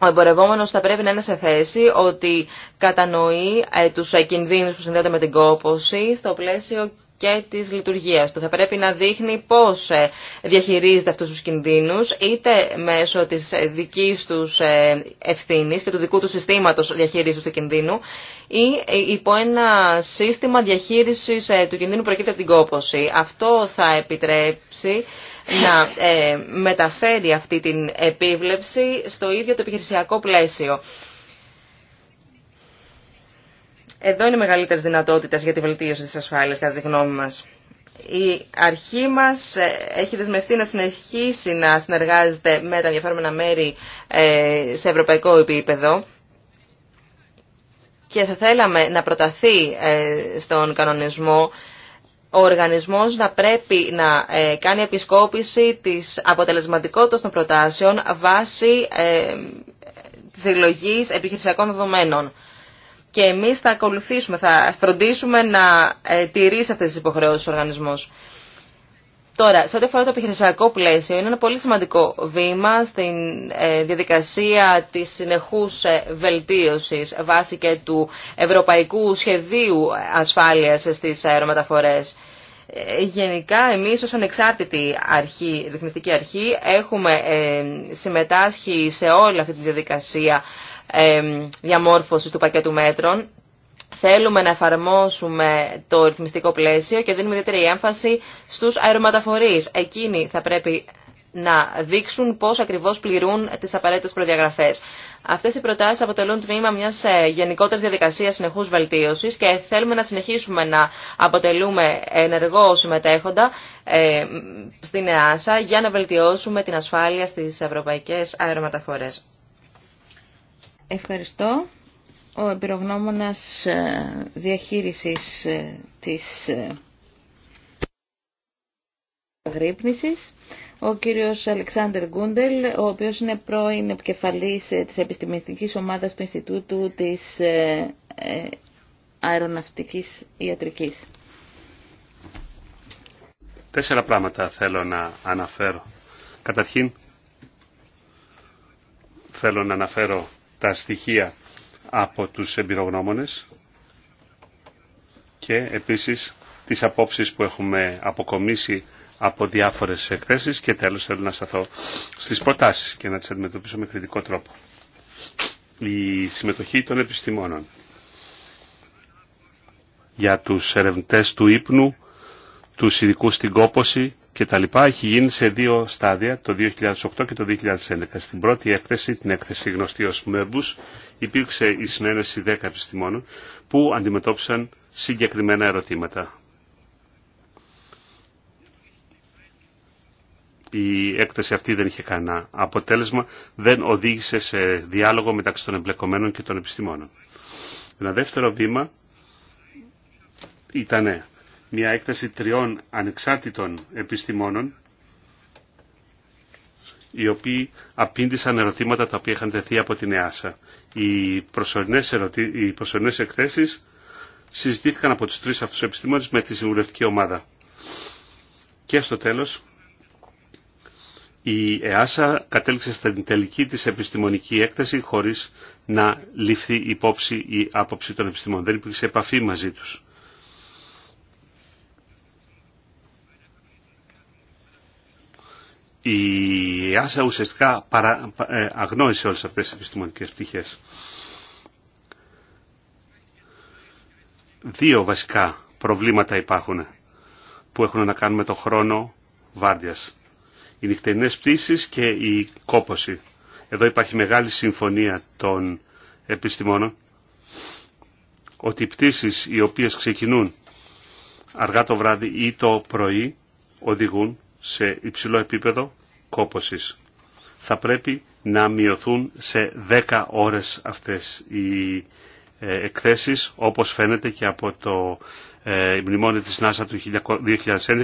Ο εμπορευόμενος θα πρέπει να είναι σε θέση ότι κατανοεί ε, τους κινδύνους που συνδέονται με την κόπωση στο πλαίσιο και τη λειτουργίας του. Θα πρέπει να δείχνει πώς ε, διαχειρίζεται αυτού του κινδύνου, είτε μέσω της δικής του ε, ευθύνη και του δικού του συστήματος διαχείρισης του κινδύνου, ή ε, υπό ένα σύστημα διαχείρισης του κινδύνου προκύπτει από την κόπωση. Αυτό θα επιτρέψει να μεταφέρει αυτή την επίβλεψη στο ίδιο το επιχειρησιακό πλαίσιο. Εδώ είναι οι μεγαλύτερε δυνατότητε για τη βελτίωση της ασφάλειας, κατά τη γνώμη μα. Η αρχή μας ε, έχει δεσμευτεί να συνεχίσει να συνεργάζεται με τα ενδιαφέρομενα μέρη ε, σε ευρωπαϊκό επίπεδο και θα θέλαμε να προταθεί ε, στον κανονισμό ο οργανισμός να πρέπει να κάνει επισκόπηση της αποτελεσματικότητας των προτάσεων βάσει της συλλογής επιχειρησιακών δεδομένων και εμείς θα ακολουθήσουμε, θα φροντίσουμε να ε, τηρήσει αυτές τις υποχρεώσεις ο οργανισμός. Τώρα, σε ό,τι αφορά το επιχειρησιακό πλαίσιο, είναι ένα πολύ σημαντικό βήμα στην ε, διαδικασία της συνεχούς ε, βελτίωσης βάσει και του Ευρωπαϊκού Σχεδίου Ασφάλειας στις αερομεταφορές. Γενικά, εμείς ως ανεξάρτητη αρχή, ρυθμιστική αρχή, έχουμε συμμετάσχει σε όλη αυτή τη διαδικασία διαμόρφωσης του πακέτου μέτρων. Θέλουμε να εφαρμόσουμε το ρυθμιστικό πλαίσιο και δίνουμε ιδιαίτερη έμφαση στους αερομεταφορείς. Εκείνοι θα πρέπει να δείξουν πώς ακριβώς πληρούν τις απαραίτητες προδιαγραφές. Αυτές οι προτάσεις αποτελούν τμήμα μιας ε, γενικότερης διαδικασίας συνεχούς βελτίωσης και θέλουμε να συνεχίσουμε να αποτελούμε ενεργό συμμετέχοντα ε, στην ΕΑΣΑ για να βελτιώσουμε την ασφάλεια στις ευρωπαϊκές αερομεταφορές. Ευχαριστώ. Ο εμπειρογνώμονας ε, διαχείρισης ε, της ε, Γρύπνησης, ο κύριος Αλεξάνδρ Γκούντελ, ο οποίος είναι πρώην επικεφαλής της επιστημιστικής ομάδας του Ινστιτούτου της Αεροναυτικής Ιατρικής. Τέσσερα πράγματα θέλω να αναφέρω. Καταρχήν, θέλω να αναφέρω τα στοιχεία από τους εμπειρογνώμονες και επίσης τις απόψεις που έχουμε αποκομίσει από διάφορες εκθέσεις και τέλος θέλω να σταθώ στις προτάσεις και να τις αντιμετωπίσω με κριτικό τρόπο. Η συμμετοχή των επιστημόνων για τους ερευνητές του ύπνου, τους ειδικού στην κόποση, και τα λοιπά έχει γίνει σε δύο στάδια, το 2008 και το 2011. Στην πρώτη έκθεση, την έκθεση γνωστή ως ΜΕΜΠΟΥΣ, υπήρξε η συνένεση 10 επιστημόνων που αντιμετώπισαν συγκεκριμένα ερωτήματα. Η έκθεση αυτή δεν είχε κανένα αποτέλεσμα, δεν οδήγησε σε διάλογο μεταξύ των εμπλεκομένων και των επιστημόνων. Ένα δεύτερο βήμα ήταν μια έκταση τριών ανεξάρτητων επιστημόνων οι οποίοι απήντησαν ερωτήματα τα οποία είχαν τεθεί από την ΕΑΣΑ. Οι προσωρινές, ερωτη... οι προσωρινές εκθέσεις συζητήθηκαν από τους τρεις αυτούς επιστήμονες με τη συμβουλευτική ομάδα. Και στο τέλος η ΕΑΣΑ κατέληξε στην τελική της επιστημονική έκθεση χωρίς να ληφθεί υπόψη η άποψη των επιστημόνων. Δεν υπήρξε επαφή μαζί τους. η ΆΣΑ ουσιαστικά παρα, ε, αγνώρισε όλες αυτές τις επιστημονικές πτυχές. Δύο βασικά προβλήματα υπάρχουν που έχουν να κάνουν με το χρόνο βάρδιας. Οι νυχτερινές πτήσεις και η κόποση. Εδώ υπάρχει μεγάλη συμφωνία των επιστημόνων ότι οι πτήσεις οι οποίες ξεκινούν αργά το βράδυ ή το πρωί οδηγούν σε υψηλό επίπεδο κόπωσης. Θα πρέπει να μειωθούν σε 10 ώρες αυτές οι ε, εκθέσεις, όπως φαίνεται και από το ε, μνημόνιο της NASA του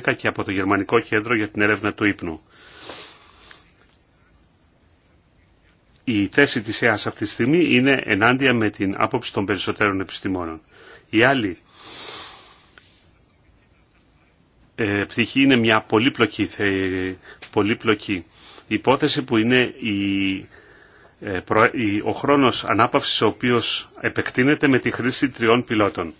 2011 και από το Γερμανικό Κέντρο για την Έρευνα του ύπνου. Η θέση της ΕΑΣ αυτή τη στιγμή είναι ενάντια με την άποψη των περισσότερων επιστημόνων. Η άλλη ε, πτυχή είναι μια πολύπλοκη, πολύπλοκη υπόθεση που είναι ε, η, ο χρόνος ανάπαυσης ο οποίος επεκτείνεται με τη χρήση τριών πιλότων.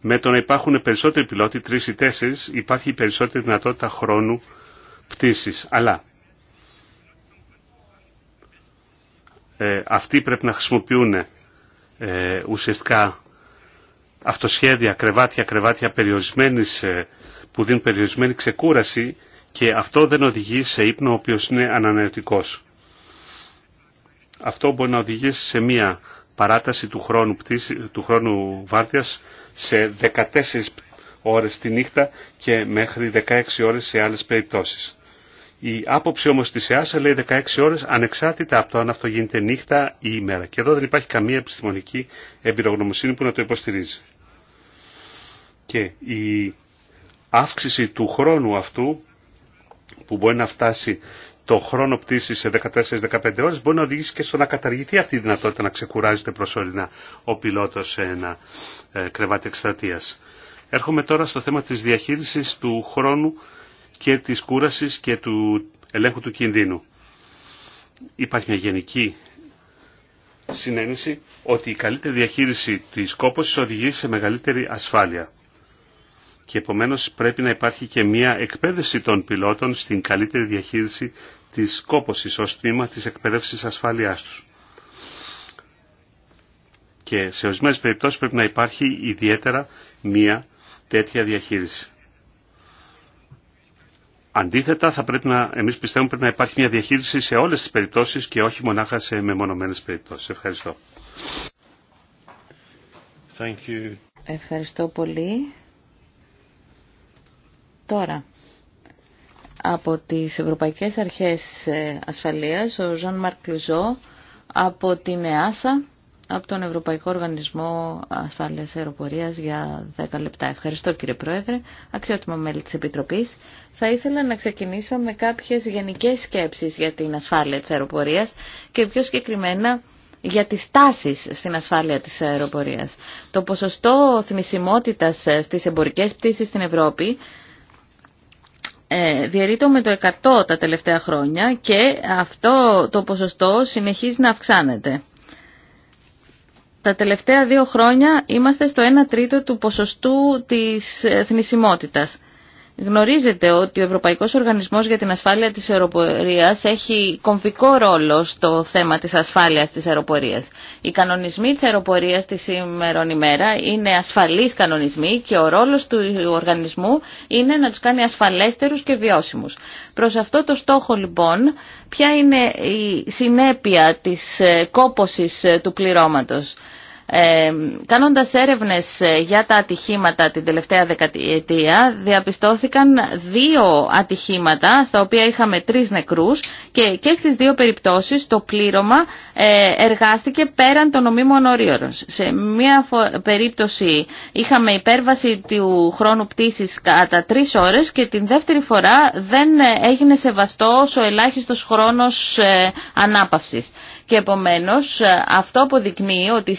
Με το να υπάρχουν περισσότεροι πιλότοι, τρεις ή τέσσερις, υπάρχει περισσότερη δυνατότητα χρόνου πτήσης. Αλλά ε, αυτοί πρέπει να χρησιμοποιούν ε, ουσιαστικά αυτοσχέδια, κρεβάτια, κρεβάτια περιορισμένης ε, που δίνουν περιορισμένη ξεκούραση και αυτό δεν οδηγεί σε ύπνο ο οποίος είναι ανανεωτικός. Αυτό μπορεί να οδηγήσει σε μία παράταση του χρόνου, πτήση, του χρόνου βάρδιας σε 14 ώρες τη νύχτα και μέχρι 16 ώρες σε άλλες περιπτώσεις. Η άποψη όμως της ΕΑΣΑ λέει 16 ώρες ανεξάρτητα από το αν αυτό γίνεται νύχτα ή ημέρα. Και εδώ δεν υπάρχει καμία επιστημονική εμπειρογνωμοσύνη που να το υποστηρίζει. Και η αύξηση του χρόνου αυτού που μπορεί να φτάσει το χρόνο πτήση σε 14-15 ώρες μπορεί να οδηγήσει και στο να καταργηθεί αυτή η δυνατότητα να ξεκουράζεται προσωρινά ο πιλότος σε ένα ε, κρεβάτι εκστρατείας. Έρχομαι τώρα στο θέμα της διαχείρισης του χρόνου και της κούρασης και του ελέγχου του κινδύνου. Υπάρχει μια γενική συνένεση ότι η καλύτερη διαχείριση της κόπωσης οδηγεί σε μεγαλύτερη ασφάλεια και επομένως πρέπει να υπάρχει και μια εκπαίδευση των πιλότων στην καλύτερη διαχείριση της κόπωσης ως τμήμα της εκπαίδευσης ασφάλειάς τους. Και σε ορισμένε περιπτώσεις πρέπει να υπάρχει ιδιαίτερα μια τέτοια διαχείριση. Αντίθετα, θα πρέπει να, εμείς πιστεύουμε πρέπει να υπάρχει μια διαχείριση σε όλες τις περιπτώσεις και όχι μονάχα σε μεμονωμένες περιπτώσεις. Ευχαριστώ. Thank you. Ευχαριστώ πολύ. Τώρα, από τις Ευρωπαϊκές Αρχές ε, Ασφαλείας, ο Ζαν Μαρκ από την ΕΑΣΑ, από τον Ευρωπαϊκό Οργανισμό Ασφάλειας Αεροπορίας για 10 λεπτά. Ευχαριστώ κύριε Πρόεδρε, αξιότιμο μέλη της Επιτροπής. Θα ήθελα να ξεκινήσω με κάποιες γενικές σκέψεις για την ασφάλεια της αεροπορίας και πιο συγκεκριμένα για τις τάσεις στην ασφάλεια της αεροπορίας. Το ποσοστό θνησιμότητας ε, στις εμπορικές πτήσεις στην Ευρώπη ε, διαιρείται με το 100 τα τελευταία χρόνια και αυτό το ποσοστό συνεχίζει να αυξάνεται. Τα τελευταία δύο χρόνια είμαστε στο 1 τρίτο του ποσοστού της ε, θνησιμότητας. Γνωρίζετε ότι ο Ευρωπαϊκός Οργανισμός για την Ασφάλεια της Αεροπορίας έχει κομβικό ρόλο στο θέμα της ασφάλειας της αεροπορίας. Οι κανονισμοί της αεροπορίας τη σήμερα ημέρα είναι ασφαλείς κανονισμοί και ο ρόλος του οργανισμού είναι να τους κάνει ασφαλέστερους και βιώσιμους. Προς αυτό το στόχο λοιπόν, ποια είναι η συνέπεια της ε, κόπωσης ε, του πληρώματος. Ε, κάνοντας έρευνες ε, για τα ατυχήματα την τελευταία δεκαετία διαπιστώθηκαν δύο ατυχήματα στα οποία είχαμε τρεις νεκρούς και, και στις δύο περιπτώσεις το πλήρωμα ε, εργάστηκε πέραν των νομίμων ορίων. Σε μία περίπτωση είχαμε υπέρβαση του χρόνου πτήσης κατά τρεις ώρες και την δεύτερη φορά δεν ε, έγινε σεβαστός ο ελάχιστος χρόνος ε, ανάπαυσης. Και επομένως αυτό αποδεικνύει ότι η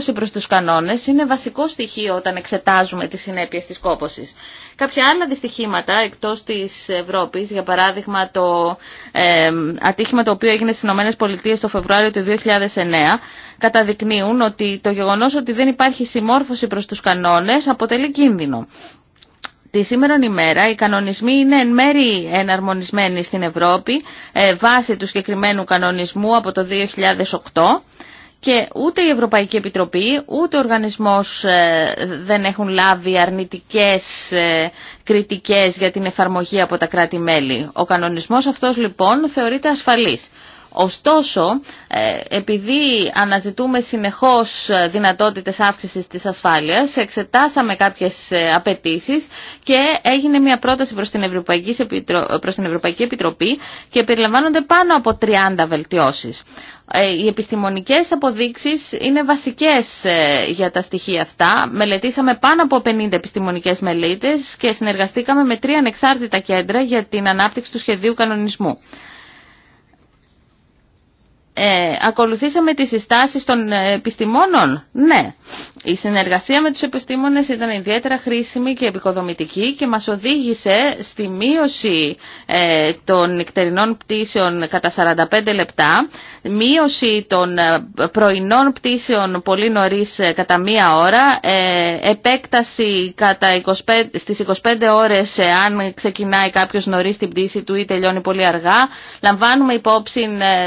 συμμόρφωση προς τους κανόνες είναι βασικό στοιχείο όταν εξετάζουμε τι συνέπειε τη κόπωσης. Κάποια άλλα δυστυχήματα εκτός της Ευρώπης, για παράδειγμα το ε, ατύχημα το οποίο έγινε στις ΗΠΑ το Φεβρουάριο του 2009, καταδεικνύουν ότι το γεγονός ότι δεν υπάρχει συμμόρφωση προς τους κανόνες αποτελεί κίνδυνο. Τη σήμερα ημέρα οι κανονισμοί είναι εν μέρη εναρμονισμένοι στην Ευρώπη ε, βάσει του συγκεκριμένου κανονισμού από το 2008 και ούτε η Ευρωπαϊκή Επιτροπή ούτε ο οργανισμός ε, δεν έχουν λάβει αρνητικές ε, κριτικές για την εφαρμογή από τα κράτη-μέλη. Ο κανονισμός αυτός λοιπόν θεωρείται ασφαλής. Ωστόσο, ε, επειδή αναζητούμε συνεχώς ε, δυνατότητες αύξησης της ασφάλειας, εξετάσαμε κάποιες ε, απαιτήσει και έγινε μια πρόταση προς την, Ευρωπαϊκή, Επιτροπή και περιλαμβάνονται πάνω από 30 βελτιώσεις. Οι επιστημονικές αποδείξεις είναι βασικές για τα στοιχεία αυτά. Μελετήσαμε πάνω από 50 επιστημονικές μελέτες και συνεργαστήκαμε με τρία ανεξάρτητα κέντρα για την ανάπτυξη του σχεδίου κανονισμού. Ε, ακολουθήσαμε τις συστάσεις των επιστημόνων. Ναι. Η συνεργασία με τους επιστήμονες ήταν ιδιαίτερα χρήσιμη και επικοδομητική και μας οδήγησε στη μείωση ε, των νυχτερινών πτήσεων κατά 45 λεπτά, μείωση των ε, πρωινών πτήσεων πολύ νωρίς ε, κατά μία ώρα, επέκταση κατά 25, στις 25 ώρες αν ξεκινάει κάποιος νωρίς την πτήση του ή τελειώνει πολύ αργά, λαμβάνουμε υπόψη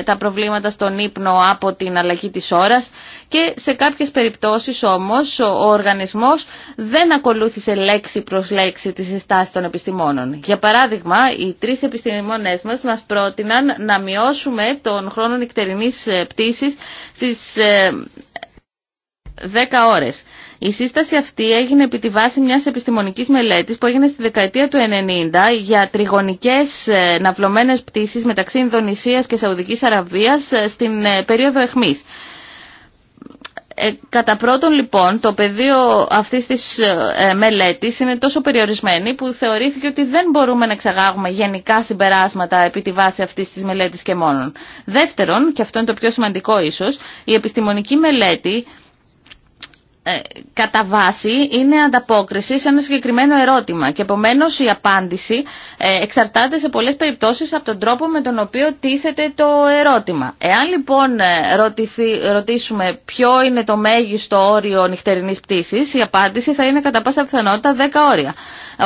τα προβλήματα στον ύπνο από την αλλαγή της ώρας και σε κάποιες περιπτώσεις όμως ο οργανισμός δεν ακολούθησε λέξη προς λέξη τις συστάσεις των επιστημόνων. Για παράδειγμα, οι τρεις επιστημονές μας μας πρότειναν να μειώσουμε τον χρόνο νυχτερινής ε, πτήσης στις 10 ε, ώρες. Η σύσταση αυτή έγινε επί τη βάση μιας επιστημονικής μελέτης που έγινε στη δεκαετία του 90 για τριγωνικές ε, ναυλωμένες πτήσεις μεταξύ Ινδονησίας και Σαουδικής Αραβίας στην περίοδο εχμής. Ε, κατά πρώτον λοιπόν το πεδίο αυτής της ε, ε, μελέτης είναι τόσο περιορισμένη που θεωρήθηκε ότι δεν μπορούμε να εξαγάγουμε γενικά συμπεράσματα επί τη βάση αυτής της μελέτης και μόνον. Δεύτερον, και αυτό είναι το πιο σημαντικό ίσως, η επιστημονική μελέτη ε, κατά βάση είναι ανταπόκριση σε ένα συγκεκριμένο ερώτημα και επομένως η απάντηση ε, εξαρτάται σε πολλές περιπτώσεις από τον τρόπο με τον οποίο τίθεται το ερώτημα. Εάν λοιπόν ε, ρωτήσουμε ποιο είναι το μέγιστο όριο νυχτερινής πτήσης, η απάντηση θα είναι κατά πάσα πιθανότητα 10 όρια.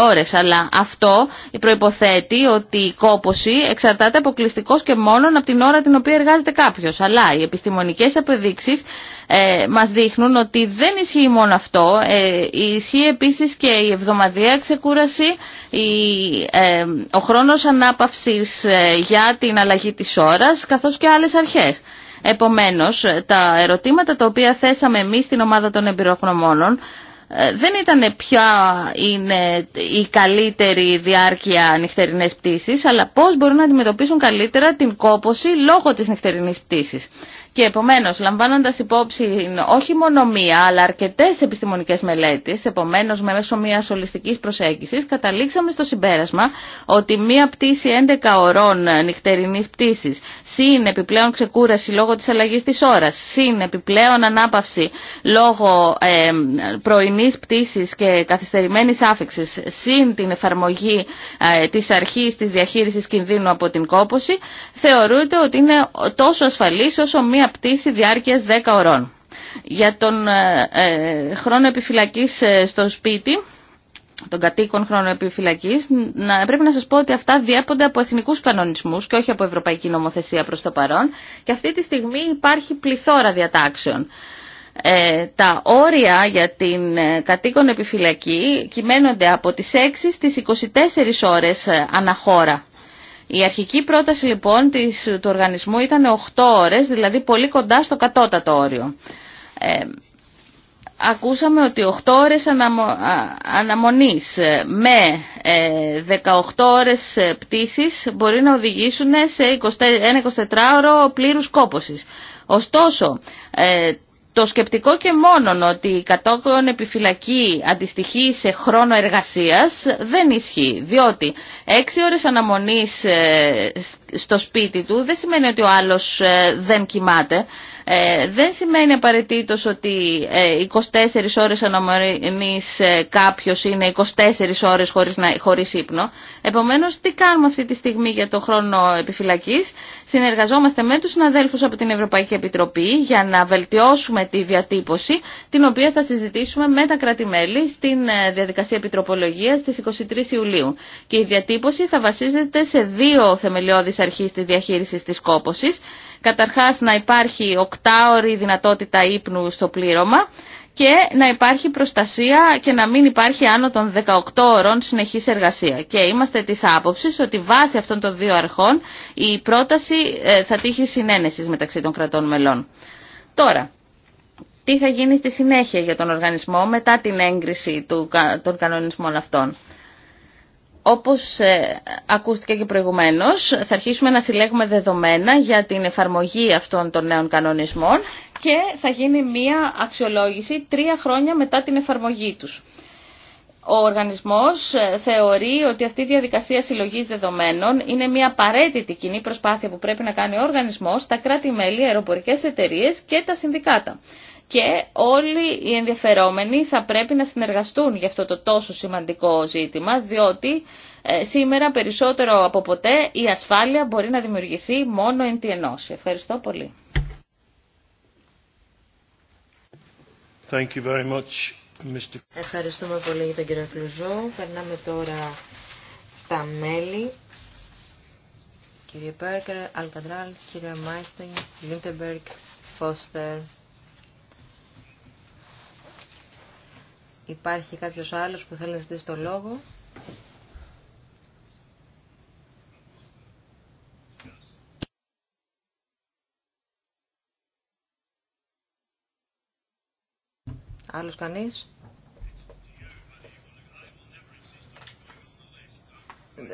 Ώρες, αλλά αυτό προϋποθέτει ότι η κόποση εξαρτάται αποκλειστικώς και μόνο από την ώρα την οποία εργάζεται κάποιος. Αλλά οι επιστημονικές αποδείξεις ε, μας δείχνουν ότι δεν ισχύει μόνο αυτό. Ε, ισχύει επίσης και η εβδομαδιαία ξεκούραση, η, ε, ο χρόνος ανάπαυσης ε, για την αλλαγή της ώρας, καθώς και άλλες αρχές. Επομένως, τα ερωτήματα τα οποία θέσαμε εμείς στην ομάδα των εμπειρογνωμόνων ε, δεν ήταν ποια είναι η καλύτερη διάρκεια νυχτερινές πτήσεις, αλλά πώς μπορούν να αντιμετωπίσουν καλύτερα την κόποση λόγω της νυχτερινής πτήσης. Και επομένως, λαμβάνοντας υπόψη όχι μόνο μία, αλλά αρκετές επιστημονικές μελέτες, επομένως με μέσω μιας ολιστικής προσέγγισης, καταλήξαμε στο συμπέρασμα ότι μία πτήση 11 ωρών νυχτερινής πτήσης, συν επιπλέον ξεκούραση λόγω της αλλαγής της ώρας, συν επιπλέον ανάπαυση λόγω ε, πρωινής πτήσης και καθυστερημένης άφηξης, συν την εφαρμογή ε, της αρχής της διαχείρισης κινδύνου από την κόπωση, θεωρούνται ότι είναι τόσο ασφαλής όσο μία μία πτήση διάρκειας 10 ωρών. Για τον ε, ε, χρόνο επιφυλακής ε, στο σπίτι, τον κατοίκον χρόνο επιφυλακή, να, πρέπει να σα πω ότι αυτά διέπονται από εθνικού κανονισμού και όχι από ευρωπαϊκή νομοθεσία προ το παρόν. Και αυτή τη στιγμή υπάρχει πληθώρα διατάξεων. τα όρια για την κατοίκον επιφυλακή κυμαίνονται από τις 6 στις 24 ώρες αναχώρα. Η αρχική πρόταση λοιπόν του οργανισμού ήταν 8 ώρες, δηλαδή πολύ κοντά στο κατώτατο όριο. Ε, ακούσαμε ότι 8 ώρες αναμο, αναμονής ε, με ε, 18 ώρες ε, πτήσεις μπορεί να οδηγήσουν σε 20, ένα 24ωρο πλήρους κόπωσης. Ωστόσο, ε, το σκεπτικό και μόνον ότι η κατόκον επιφυλακή αντιστοιχεί σε χρόνο εργασίας δεν ισχύει, διότι έξι ώρες αναμονής ε, στο σπίτι του δεν σημαίνει ότι ο άλλος ε, δεν κοιμάται. Ε, δεν σημαίνει απαραίτητο ότι 24 ε, ώρες αναμονής ε, κάποιος είναι 24 ώρες χωρίς, χωρίς ύπνο. Επομένως, τι κάνουμε αυτή τη στιγμή για το χρόνο επιφυλακής. Συνεργαζόμαστε με τους συναδέλφους από την Ευρωπαϊκή Επιτροπή για να βελτιώσουμε τη διατύπωση, την οποία θα συζητήσουμε με τα κράτη-μέλη στην διαδικασία επιτροπολογίας στις 23 Ιουλίου. Και η διατύπωση θα βασίζεται σε δύο θεμελιώδεις αρχής της διαχείρισης της κόπωσης Καταρχάς να υπάρχει οκτάωρη δυνατότητα ύπνου στο πλήρωμα και να υπάρχει προστασία και να μην υπάρχει άνω των 18 ώρων συνεχής εργασία. Και είμαστε της άποψης ότι βάσει αυτών των δύο αρχών η πρόταση ε, θα τύχει συνένεσης μεταξύ των κρατών μελών. Τώρα, τι θα γίνει στη συνέχεια για τον οργανισμό μετά την έγκριση των κανονισμών αυτών όπως ε, ακούστηκε και προηγουμένως, θα αρχίσουμε να συλλέγουμε δεδομένα για την εφαρμογή αυτών των νέων κανονισμών και θα γίνει μία αξιολόγηση τρία χρόνια μετά την εφαρμογή τους. Ο οργανισμός ε, θεωρεί ότι αυτή η διαδικασία συλλογής δεδομένων είναι μια απαραίτητη κοινή προσπάθεια που πρέπει να κάνει ο οργανισμός, τα κράτη-μέλη, αεροπορικές εταιρείες και τα συνδικάτα και όλοι οι ενδιαφερόμενοι θα πρέπει να συνεργαστούν για αυτό το τόσο σημαντικό ζήτημα, διότι ε, σήμερα περισσότερο από ποτέ η ασφάλεια μπορεί να δημιουργηθεί μόνο εν τη ενώση. Ευχαριστώ πολύ. Thank you Ευχαριστούμε πολύ για τον κύριο Κλουζό. Περνάμε τώρα στα μέλη. Κύριε Πέρκερ, Αλκαντράλ, κύριε Μάιστινγκ, Λίντεμπεργκ, Φώστερ. Υπάρχει κάποιος άλλος που θέλει να ζητήσει το λόγο. Άλλος κανείς.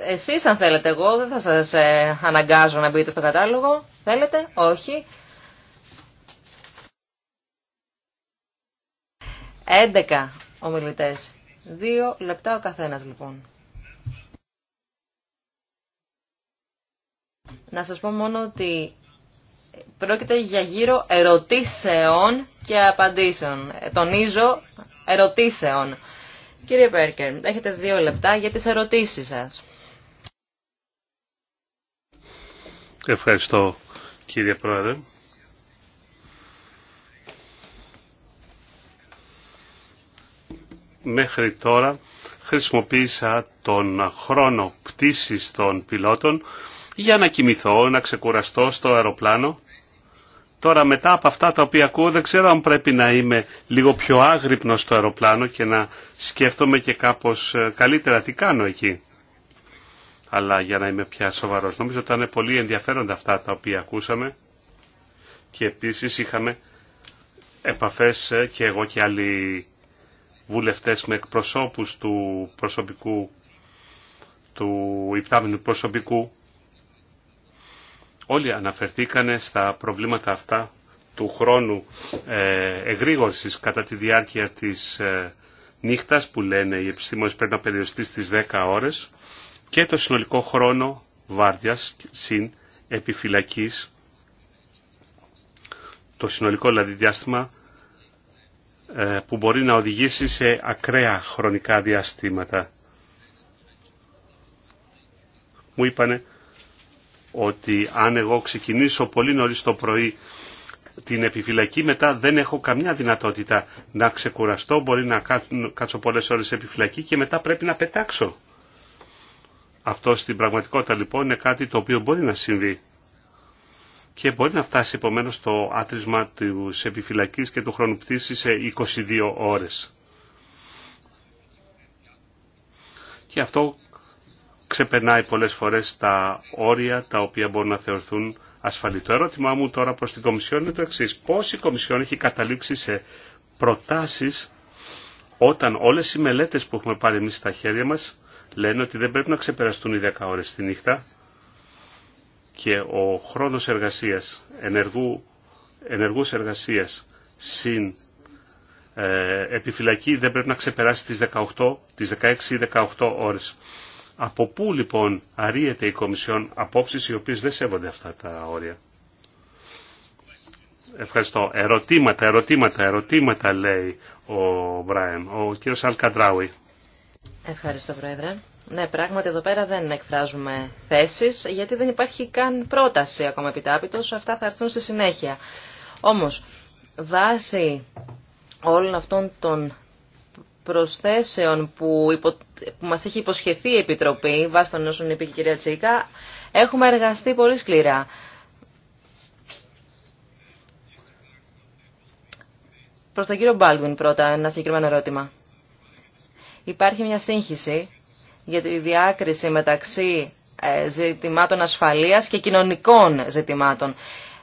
Εσείς αν θέλετε εγώ, δεν θα σας ε, αναγκάζω να μπείτε στο κατάλογο. Θέλετε, όχι. 11 ομιλητές. Δύο λεπτά ο καθένας λοιπόν. Να σας πω μόνο ότι πρόκειται για γύρω ερωτήσεων και απαντήσεων. Τονίζω ερωτήσεων. Κύριε Πέρκερ, έχετε δύο λεπτά για τις ερωτήσεις σας. Ευχαριστώ κύριε Πρόεδρε. μέχρι τώρα χρησιμοποίησα τον χρόνο πτήσης των πιλότων για να κοιμηθώ, να ξεκουραστώ στο αεροπλάνο. Τώρα μετά από αυτά τα οποία ακούω δεν ξέρω αν πρέπει να είμαι λίγο πιο άγρυπνος στο αεροπλάνο και να σκέφτομαι και κάπως ε, καλύτερα τι κάνω εκεί. Αλλά για να είμαι πια σοβαρός. Νομίζω ότι ήταν πολύ ενδιαφέροντα αυτά τα οποία ακούσαμε και επίσης είχαμε επαφές ε, και εγώ και άλλοι βουλευτές με εκπροσώπους του προσωπικού, του προσωπικού. Όλοι αναφερθήκανε στα προβλήματα αυτά του χρόνου ε, εγρήγορσης κατά τη διάρκεια της ε, νύχτας που λένε οι επιστήμονες πρέπει να περιοριστεί στις 10 ώρες και το συνολικό χρόνο βάρδιας συν επιφυλακής το συνολικό δηλαδή διάστημα ε, που μπορεί να οδηγήσει σε ακραία χρονικά διαστήματα. Μου είπανε ότι αν εγώ ξεκινήσω πολύ νωρίς το πρωί την επιφυλακή μετά δεν έχω καμιά δυνατότητα να ξεκουραστώ, μπορεί να κάτσω πολλές ώρες επιφυλακή και μετά πρέπει να πετάξω. Αυτό στην πραγματικότητα λοιπόν είναι κάτι το οποίο μπορεί να συμβεί και μπορεί να φτάσει επομένω το άτρισμα της επιφυλακής και του χρόνου πτήσης σε 22 ώρες. Και αυτό ξεπερνάει πολλές φορές τα όρια τα οποία μπορούν να θεωρηθούν ασφαλή. Το ερώτημά μου τώρα προς την Κομισιόν είναι το εξής. Πώς η Κομισιόν έχει καταλήξει σε προτάσεις όταν όλες οι μελέτες που έχουμε πάρει εμείς στα χέρια μας λένε ότι δεν πρέπει να ξεπεραστούν οι 10 ώρες τη νύχτα και ο χρόνος εργασίας, ενεργού, ενεργούς εργασίας συν ε, επιφυλακή δεν πρέπει να ξεπεράσει τις, 18, τις 16 ή 18 ώρες. Από πού λοιπόν αρίεται η Κομισιόν απόψεις οι οποίες δεν σέβονται αυτά τα όρια. Ευχαριστώ. Ερωτήματα, ερωτήματα, ερωτήματα λέει ο Μπράιν, ο κύριος Αλκαντράουι. Ευχαριστώ Πρόεδρε. Ναι, πράγματι εδώ πέρα δεν εκφράζουμε θέσεις, γιατί δεν υπάρχει καν πρόταση ακόμα επιτάπητος, αυτά θα έρθουν στη συνέχεια. Όμως, βάσει όλων αυτών των προσθέσεων που, υπο... μας έχει υποσχεθεί η Επιτροπή, βάσει των όσων είπε η κυρία Τσίκα, έχουμε εργαστεί πολύ σκληρά. Προς τον κύριο Μπάλγουιν πρώτα ένα συγκεκριμένο ερώτημα. Υπάρχει μια σύγχυση για τη διάκριση μεταξύ ε, ζητημάτων ασφαλείας και κοινωνικών ζητημάτων.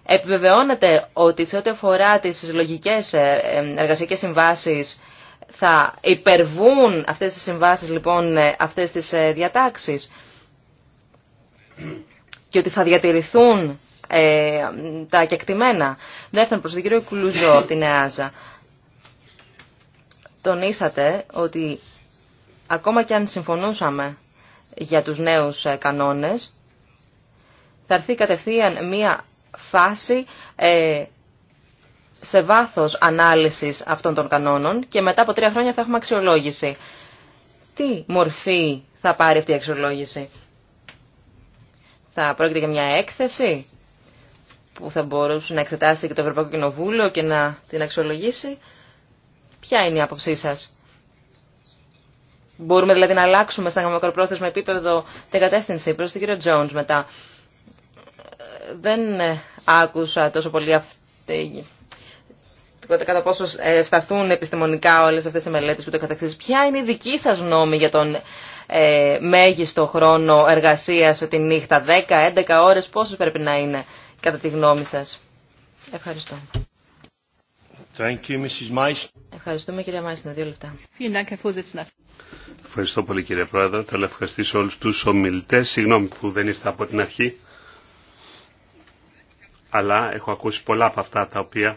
Επιβεβαιώνεται ότι σε ό,τι αφορά τις συλλογικές ε, ε, εργασιακές συμβάσεις θα υπερβούν αυτές τις συμβάσεις λοιπόν αυτές τις διατάξεις και ότι θα διατηρηθούν τα κεκτημένα. Δεύτερον, προς τον κύριο Κουλουζό από την ΕΑΖΑ. Τονίσατε ότι ακόμα και αν συμφωνούσαμε για τους νέους ε, κανόνες, θα έρθει κατευθείαν μία φάση ε, σε βάθος ανάλυσης αυτών των κανόνων και μετά από τρία χρόνια θα έχουμε αξιολόγηση. Τι μορφή θα πάρει αυτή η αξιολόγηση. Θα πρόκειται για μια έκθεση που θα μπορούσε να εξετάσει και το Ευρωπαϊκό Κοινοβούλιο και να την αξιολογήσει. Ποια είναι η άποψή σας. Μπορούμε δηλαδή να αλλάξουμε σαν μακροπρόθεσμο επίπεδο την κατεύθυνση προς τον κύριο Τζόντς μετά. Δεν ε, άκουσα τόσο πολύ αυτή, κατά πόσο ε, σταθούν επιστημονικά όλες αυτές οι μελέτες που το καταξίζει. Ποια είναι η δική σας γνώμη για τον ε, μέγιστο χρόνο εργασίας τη νύχτα, 10-11 ώρες, πόσες πρέπει να είναι κατά τη γνώμη σας. Ευχαριστώ. Ευχαριστούμε κυρία Μάισνα. Δύο λεπτά. Ευχαριστώ πολύ κύριε Πρόεδρε. Θέλω να ευχαριστήσω όλου του ομιλητέ. Συγγνώμη που δεν ήρθα από την αρχή. Αλλά έχω ακούσει πολλά από αυτά τα οποία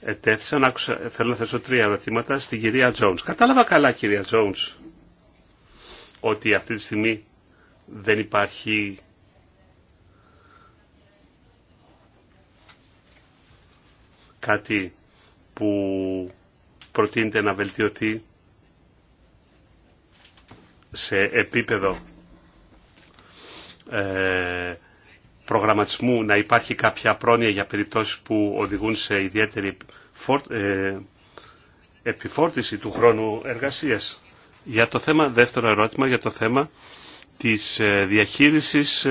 ετέθησαν. Άκουσα, θέλω να θέσω τρία ερωτήματα στην κυρία Τζόουν. Κατάλαβα καλά κυρία Τζόουν, ότι αυτή τη στιγμή δεν υπάρχει κάτι που προτείνεται να βελτιωθεί σε επίπεδο ε, προγραμματισμού να υπάρχει κάποια πρόνοια για περιπτώσεις που οδηγούν σε ιδιαίτερη ε, επιφόρτιση του χρόνου εργασίας. Για το θέμα, δεύτερο ερώτημα, για το θέμα της ε, διαχείρισης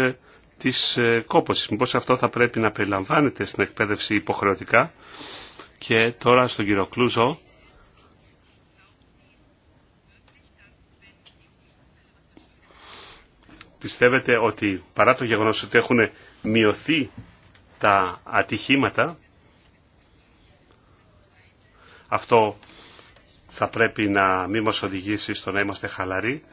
της κόπωσης. Μήπως αυτό θα πρέπει να περιλαμβάνεται στην εκπαίδευση υποχρεωτικά και τώρα στον κύριο Κλούζο. Πιστεύετε ότι παρά το γεγονός ότι έχουν μειωθεί τα ατυχήματα, αυτό θα πρέπει να μη μας οδηγήσει στο να είμαστε χαλαροί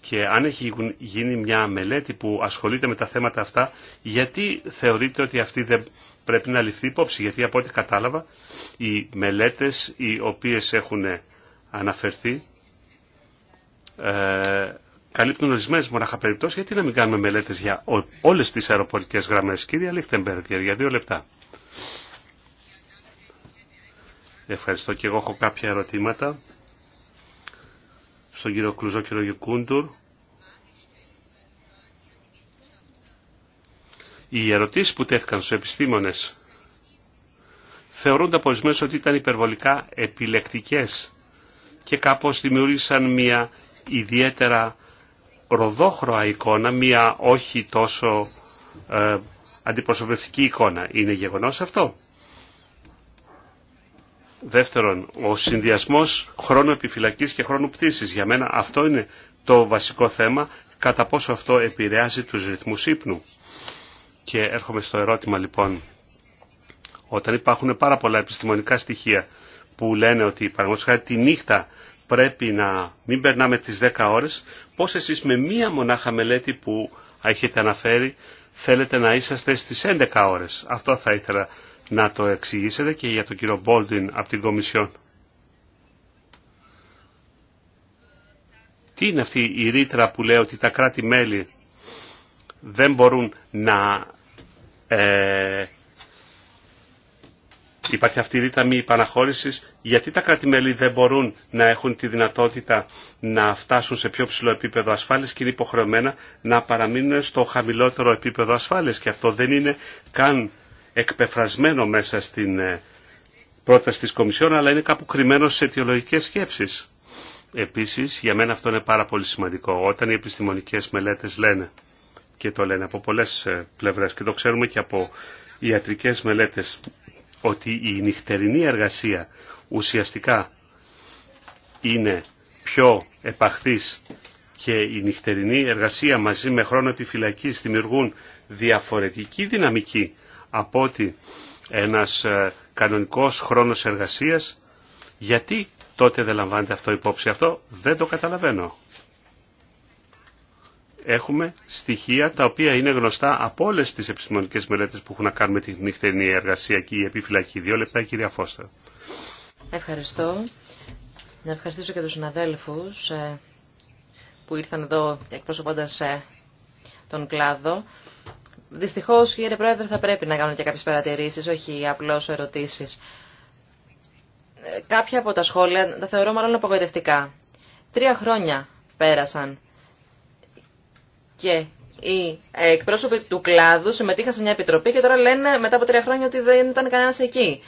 και αν έχει γίνει μια μελέτη που ασχολείται με τα θέματα αυτά, γιατί θεωρείτε ότι αυτή δεν πρέπει να ληφθεί υπόψη, γιατί από ό,τι κατάλαβα οι μελέτες οι οποίες έχουν αναφερθεί ε, καλύπτουν ορισμένε μονάχα περιπτώσει, γιατί να μην κάνουμε μελέτες για όλες τις αεροπορικές γραμμές. Κύριε Λίχτεμπεργκερ, για δύο λεπτά. Ευχαριστώ και εγώ έχω κάποια ερωτήματα στον κύριο Κλουζό και τον κύριο Κούντουρ. Οι ερωτήσεις που τέθηκαν στους επιστήμονες θεωρούνται από ότι ήταν υπερβολικά επιλεκτικές και κάπως δημιούργησαν μια ιδιαίτερα ροδόχρωα εικόνα, μια όχι τόσο ε, αντιπροσωπευτική εικόνα. Είναι γεγονός αυτό. Δεύτερον, ο συνδυασμός χρόνου επιφυλακής και χρόνου πτήσης. Για μένα αυτό είναι το βασικό θέμα, κατά πόσο αυτό επηρεάζει τους ρυθμούς ύπνου. Και έρχομαι στο ερώτημα λοιπόν. Όταν υπάρχουν πάρα πολλά επιστημονικά στοιχεία που λένε ότι παραγωγικά τη νύχτα πρέπει να μην περνάμε τις 10 ώρες, πώς εσείς με μία μονάχα μελέτη που έχετε αναφέρει θέλετε να είσαστε στις 11 ώρες. Αυτό θα ήθελα να το εξηγήσετε και για τον κύριο Μπόλτιν από την Κομισιόν. Τι είναι αυτή η ρήτρα που λέει ότι τα κράτη-μέλη δεν μπορούν να... Ε, υπάρχει αυτή η ρήτα μη υπαναχώρησης. Γιατί τα κρατη δεν μπορούν να έχουν τη δυνατότητα να φτάσουν σε πιο ψηλό επίπεδο ασφάλειας και είναι υποχρεωμένα να παραμείνουν στο χαμηλότερο επίπεδο ασφάλειας. Και αυτό δεν είναι καν εκπεφρασμένο μέσα στην ε, πρόταση της Κομισιόν, αλλά είναι κάπου κρυμμένο σε αιτιολογικές σκέψεις. Επίσης, για μένα αυτό είναι πάρα πολύ σημαντικό. Όταν οι επιστημονικές μελέτες λένε και το λένε από πολλές ε, πλευρές και το ξέρουμε και από ιατρικές μελέτες ότι η νυχτερινή εργασία ουσιαστικά είναι πιο επαχθής και η νυχτερινή εργασία μαζί με χρόνο επιφυλακής δημιουργούν διαφορετική δυναμική από ότι ένας ε, κανονικός χρόνος εργασίας. Γιατί τότε δεν λαμβάνεται αυτό υπόψη. Αυτό δεν το καταλαβαίνω έχουμε στοιχεία τα οποία είναι γνωστά από όλες τις επιστημονικές μελέτες που έχουν να κάνουν με τη νυχτερινή και ή επιφυλακή. Δύο λεπτά, κυρία Φώστα. Ευχαριστώ. Να ευχαριστήσω και τους συναδέλφους ε, που ήρθαν εδώ εκπροσωπώντας ε, τον κλάδο. Δυστυχώς, κύριε Πρόεδρε, θα πρέπει να κάνω και κάποιες παρατηρήσεις, όχι απλώς ερωτήσεις. Ε, κάποια από τα σχόλια τα θεωρώ μάλλον απογοητευτικά. Τρία χρόνια πέρασαν και οι ε, εκπρόσωποι του κλάδου συμμετείχαν σε μια επιτροπή και τώρα λένε μετά από τρία χρόνια ότι δεν ήταν κανένα εκεί.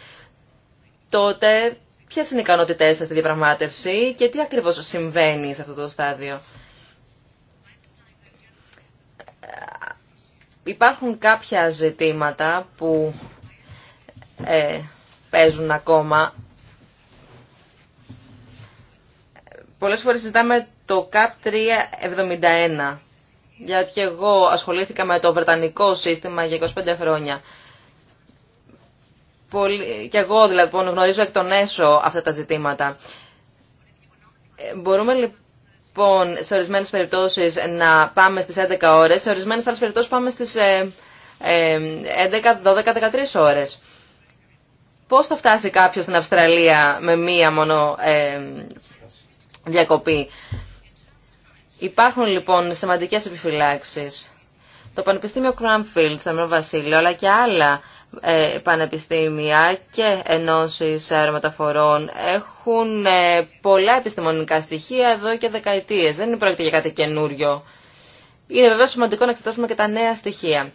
Τότε ποιε είναι οι ικανότητέ σα στη διαπραγμάτευση και τι ακριβώ συμβαίνει σε αυτό το στάδιο. Ε, υπάρχουν κάποια ζητήματα που ε, παίζουν ακόμα. Πολλές φορές συζητάμε το ΚΑΠ 371 γιατί και εγώ ασχολήθηκα με το βρετανικό σύστημα για 25 χρόνια. και εγώ δηλαδή γνωρίζω εκ των έσω αυτά τα ζητήματα. Ε, μπορούμε λοιπόν σε ορισμένες περιπτώσεις να πάμε στις 11 ώρες, σε ορισμένες άλλες περιπτώσεις πάμε στις 11, 12, 13 ώρες. Πώς θα φτάσει κάποιος στην Αυστραλία με μία μόνο ε, διακοπή. Υπάρχουν λοιπόν σημαντικές επιφυλάξεις. Το Πανεπιστήμιο Κραμφίλτ, Σαμρό Βασίλειο, αλλά και άλλα ε, πανεπιστήμια και ενώσει αερομεταφορών έχουν ε, πολλά επιστημονικά στοιχεία εδώ και δεκαετίες. Δεν είναι πρόκειται για κάτι καινούριο. Είναι βέβαια σημαντικό να εξετάσουμε και τα νέα στοιχεία.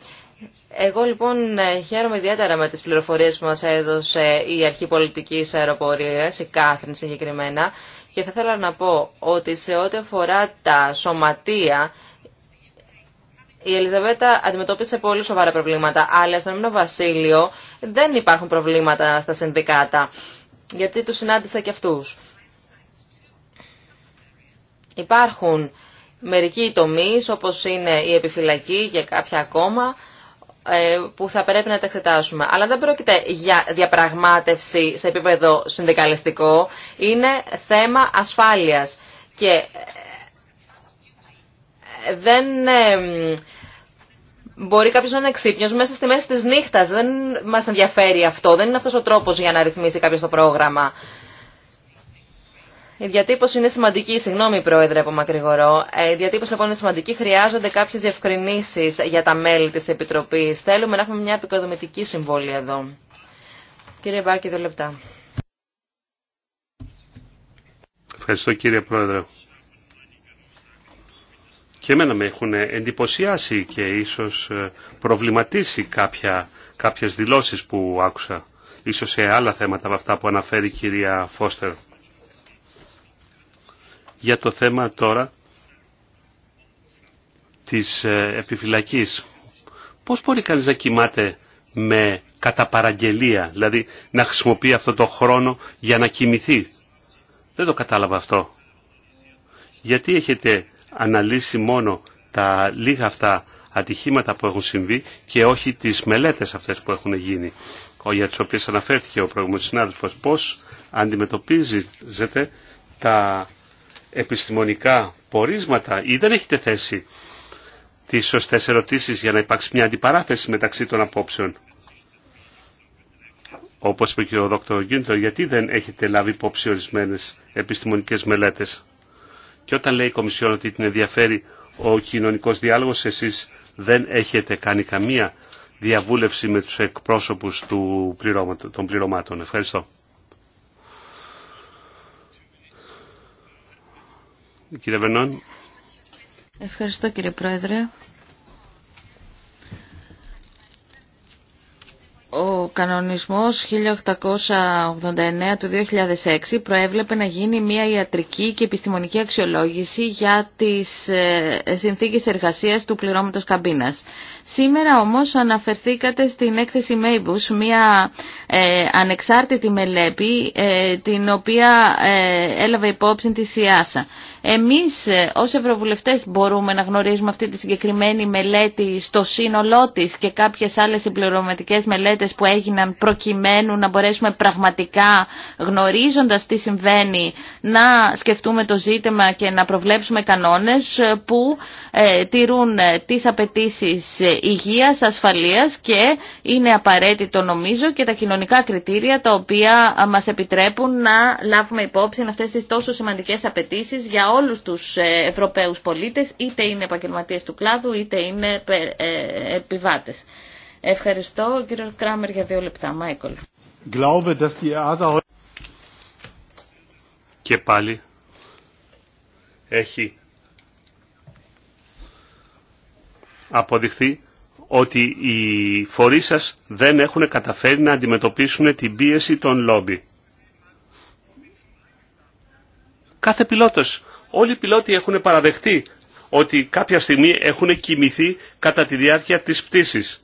Εγώ λοιπόν ε, χαίρομαι ιδιαίτερα με τις πληροφορίες που μας έδωσε η Αρχή Πολιτικής Αεροπορίας, η Κάθριν συγκεκριμένα, και θα ήθελα να πω ότι σε ό,τι αφορά τα σωματεία, η Ελιζαβέτα αντιμετώπισε πολύ σοβαρά προβλήματα, αλλά στον Βασίλειο δεν υπάρχουν προβλήματα στα συνδικάτα, γιατί τους συνάντησα και αυτούς. Υπάρχουν μερικοί τομείς, όπως είναι η επιφυλακή και κάποια ακόμα, ε, που θα πρέπει να τα εξετάσουμε. Αλλά δεν πρόκειται για διαπραγμάτευση σε επίπεδο συνδικαλιστικό. Είναι θέμα ασφάλειας. Και ε, δεν ε, μπορεί κάποιο να είναι ξύπνιο μέσα στη μέση της νύχτας. Δεν μας ενδιαφέρει αυτό. Δεν είναι αυτός ο τρόπος για να ρυθμίσει κάποιο το πρόγραμμα. Η διατύπωση είναι σημαντική. Συγγνώμη, Πρόεδρε, από μακρηγορώ. Ε, η διατύπωση λοιπόν είναι σημαντική. Χρειάζονται κάποιε διευκρινήσει για τα μέλη τη Επιτροπή. Θέλουμε να έχουμε μια επικοδομητική συμβόλη εδώ. Κύριε Μπάρκη, δύο λεπτά. Ευχαριστώ, κύριε Πρόεδρε. Και εμένα με έχουν εντυπωσιάσει και ίσως ε, προβληματίσει κάποια, κάποιες δηλώσεις που άκουσα. Ίσως σε άλλα θέματα από αυτά που αναφέρει η κυρία Φώστερ για το θέμα τώρα της ε, επιφυλακής. Πώς μπορεί κανείς να κοιμάται με καταπαραγγελία, δηλαδή να χρησιμοποιεί αυτό το χρόνο για να κοιμηθεί. Δεν το κατάλαβα αυτό. Γιατί έχετε αναλύσει μόνο τα λίγα αυτά ατυχήματα που έχουν συμβεί και όχι τις μελέτες αυτές που έχουν γίνει, για τις οποίες αναφέρθηκε ο προηγούμενος συνάδελφος. Πώς αντιμετωπίζετε τα επιστημονικά πορίσματα ή δεν έχετε θέσει τις σωστές ερωτήσεις για να υπάρξει μια αντιπαράθεση μεταξύ των απόψεων. Όπως είπε και ο Δόκτωρ Γκίντερ, γιατί δεν έχετε λάβει υπόψη ορισμένε επιστημονικές μελέτες. Και όταν λέει η Κομισιόν ότι την ενδιαφέρει ο κοινωνικός διάλογος, εσείς δεν έχετε κάνει καμία διαβούλευση με τους εκπρόσωπους του των πληρωμάτων. Ευχαριστώ. Ευχαριστώ κύριε Πρόεδρε. Ο κανονισμός 1889 του 2006 προέβλεπε να γίνει μια ιατρική και επιστημονική αξιολόγηση για τις ε, συνθήκες εργασίας του πληρώματος καμπίνας. Σήμερα όμως αναφερθήκατε στην έκθεση Μέιμπους, μια ε, ανεξάρτητη μελέπη ε, την οποία έλαβε υπόψη τη ΣΥΑΣΑ. Εμείς ε, ως Ευρωβουλευτές μπορούμε να γνωρίζουμε αυτή τη συγκεκριμένη μελέτη στο σύνολό της και κάποιες άλλες συμπληρωματικές μελέτες που έγιναν προκειμένου να μπορέσουμε πραγματικά γνωρίζοντας τι συμβαίνει να σκεφτούμε το ζήτημα και να προβλέψουμε κανόνες ε, που ε, τηρούν ε, τις απαιτήσει υγείας, ασφαλείας και είναι απαραίτητο νομίζω και τα κοινωνικά κριτήρια τα οποία μας επιτρέπουν να λάβουμε υπόψη αυτές τις τόσο σημαντικές απαιτήσει για όλους τους ε, Ευρωπαίους πολίτες, είτε είναι επαγγελματίες του κλάδου, είτε είναι ε, ε, επιβάτες. Ευχαριστώ, κύριο Κράμερ, για δύο λεπτά. Μάικολ. Και πάλι έχει αποδειχθεί ότι οι φορείς σας δεν έχουν καταφέρει να αντιμετωπίσουν την πίεση των λόμπι. Κάθε πιλότος Όλοι οι πιλότοι έχουν παραδεχτεί ότι κάποια στιγμή έχουν κοιμηθεί κατά τη διάρκεια της πτήσης.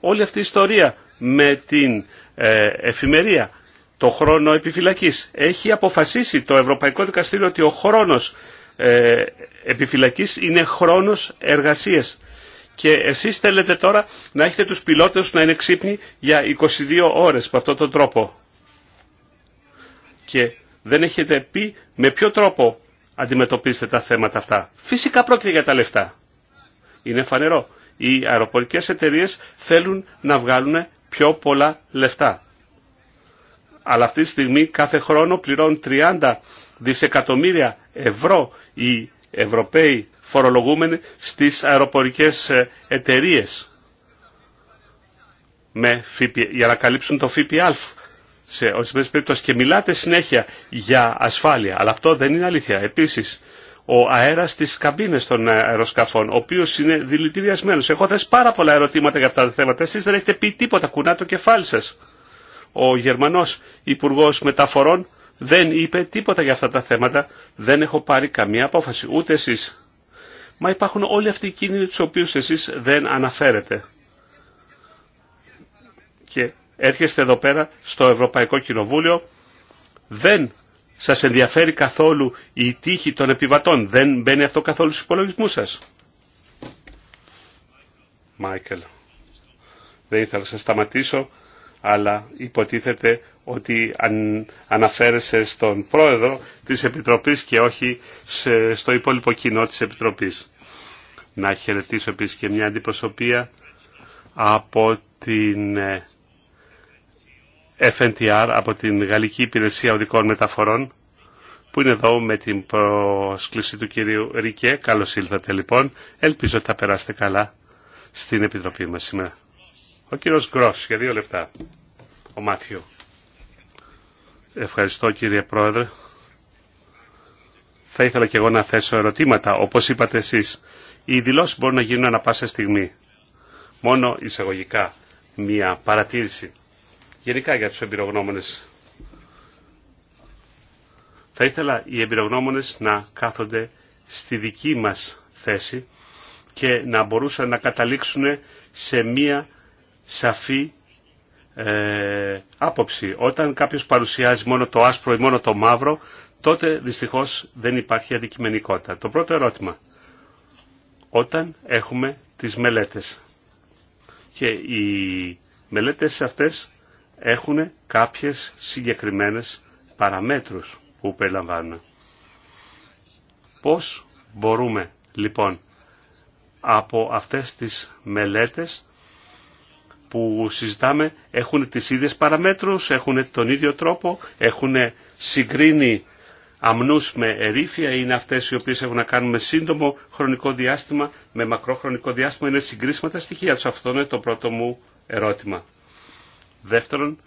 Όλη αυτή η ιστορία με την ε, εφημερία, το χρόνο επιφυλακής, έχει αποφασίσει το Ευρωπαϊκό Δικαστήριο ότι ο χρόνος ε, επιφυλακής είναι χρόνος εργασίας. Και εσείς θέλετε τώρα να έχετε τους πιλότες να είναι ξύπνοι για 22 ώρες με αυτόν τον τρόπο. Και δεν έχετε πει με ποιο τρόπο Αντιμετωπίστε τα θέματα αυτά. Φυσικά πρόκειται για τα λεφτά. Είναι φανερό. Οι αεροπορικές εταιρείες θέλουν να βγάλουν πιο πολλά λεφτά. Αλλά αυτή τη στιγμή κάθε χρόνο πληρώνουν 30 δισεκατομμύρια ευρώ οι Ευρωπαίοι φορολογούμενοι στις αεροπορικές ε, εταιρείες με, για να καλύψουν το ΦΠΑ σε ορισμένε περιπτώσει και μιλάτε συνέχεια για ασφάλεια, αλλά αυτό δεν είναι αλήθεια. Επίση, ο αέρα στι καμπίνε των αεροσκαφών, ο οποίο είναι δηλητηριασμένο. Έχω θέσει πάρα πολλά ερωτήματα για αυτά τα θέματα. Εσεί δεν έχετε πει τίποτα, κουνά το κεφάλι σα. Ο Γερμανό Υπουργό Μεταφορών δεν είπε τίποτα για αυτά τα θέματα. Δεν έχω πάρει καμία απόφαση, ούτε εσεί. Μα υπάρχουν όλοι αυτοί οι κίνδυνοι του οποίου εσεί δεν αναφέρετε. Και έρχεστε εδώ πέρα στο Ευρωπαϊκό Κοινοβούλιο, δεν σας ενδιαφέρει καθόλου η τύχη των επιβατών, δεν μπαίνει αυτό καθόλου στους υπολογισμούς σας. Μάικελ, δεν ήθελα να σας σταματήσω, αλλά υποτίθεται ότι αν αναφέρεσαι στον πρόεδρο της Επιτροπής και όχι στο υπόλοιπο κοινό της Επιτροπής. Να χαιρετήσω επίσης και μια αντιπροσωπεία από την ε, FNTR από την Γαλλική Υπηρεσία Οδικών Μεταφορών που είναι εδώ με την προσκλήση του κυρίου Ρικέ. Καλώς ήλθατε λοιπόν. Ελπίζω ότι θα περάσετε καλά στην Επιτροπή μας σήμερα. Ο κύριος Γκρός για δύο λεπτά. Ο Μάθιο. Ευχαριστώ κύριε Πρόεδρε. Θα ήθελα και εγώ να θέσω ερωτήματα. Όπως είπατε εσείς, οι δηλώσεις μπορούν να γίνουν ανα πάσα στιγμή. Μόνο εισαγωγικά μία παρατήρηση γενικά για τους εμπειρογνώμονες. Θα ήθελα οι εμπειρογνώμονες να κάθονται στη δική μας θέση και να μπορούσαν να καταλήξουν σε μία σαφή ε, άποψη. Όταν κάποιος παρουσιάζει μόνο το άσπρο ή μόνο το μαύρο, τότε δυστυχώς δεν υπάρχει αντικειμενικότητα. Το πρώτο ερώτημα. Όταν έχουμε τις μελέτες και οι μελέτες αυτές έχουν κάποιες συγκεκριμένες παραμέτρους που περιλαμβάνουν. Πώς μπορούμε λοιπόν από αυτές τις μελέτες που συζητάμε έχουν τις ίδιες παραμέτρους, έχουν τον ίδιο τρόπο, έχουν συγκρίνει αμνούς με ερήφια, είναι αυτές οι οποίες έχουν να κάνουν με σύντομο χρονικό διάστημα, με μακρό χρονικό διάστημα, είναι συγκρίσιμα στοιχεία Αυτό είναι το πρώτο μου ερώτημα. Δεύτερον,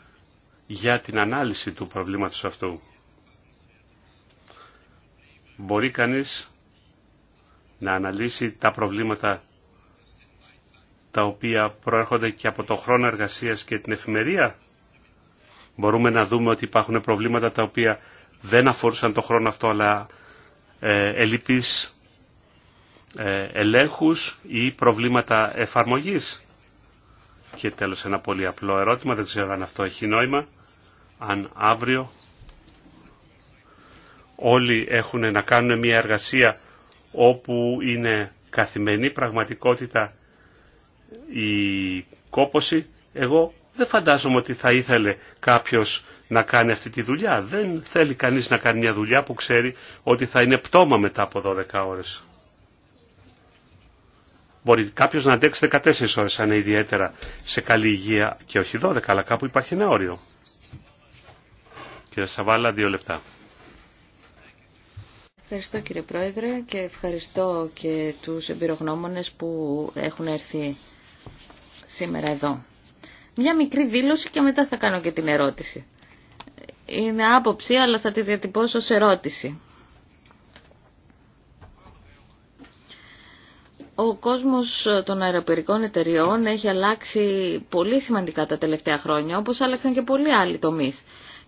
για την ανάλυση του προβλήματος αυτού. Μπορεί κανείς να αναλύσει τα προβλήματα τα οποία προέρχονται και από το χρόνο εργασίας και την εφημερία. Μπορούμε να δούμε ότι υπάρχουν προβλήματα τα οποία δεν αφορούσαν το χρόνο αυτό, αλλά ε, ελλειπείς ε, ή προβλήματα εφαρμογής. Και τέλος ένα πολύ απλό ερώτημα, δεν ξέρω αν αυτό έχει νόημα. Αν αύριο όλοι έχουν να κάνουν μια εργασία όπου είναι καθημερινή πραγματικότητα η κόποση, εγώ δεν φαντάζομαι ότι θα ήθελε κάποιος να κάνει αυτή τη δουλειά. Δεν θέλει κανείς να κάνει μια δουλειά που ξέρει ότι θα είναι πτώμα μετά από 12 ώρες. Μπορεί κάποιο να αντέξει 14 ώρε αν είναι ιδιαίτερα σε καλή υγεία και όχι 12, αλλά κάπου υπάρχει ένα όριο. Κύριε Σαβάλα, δύο λεπτά. Ευχαριστώ κύριε Πρόεδρε και ευχαριστώ και τους εμπειρογνώμονες που έχουν έρθει σήμερα εδώ. Μια μικρή δήλωση και μετά θα κάνω και την ερώτηση. Είναι άποψη αλλά θα τη διατυπώσω σε ερώτηση. Ο κόσμος των αεροπερικών εταιριών έχει αλλάξει πολύ σημαντικά τα τελευταία χρόνια, όπως άλλαξαν και πολλοί άλλοι τομείς.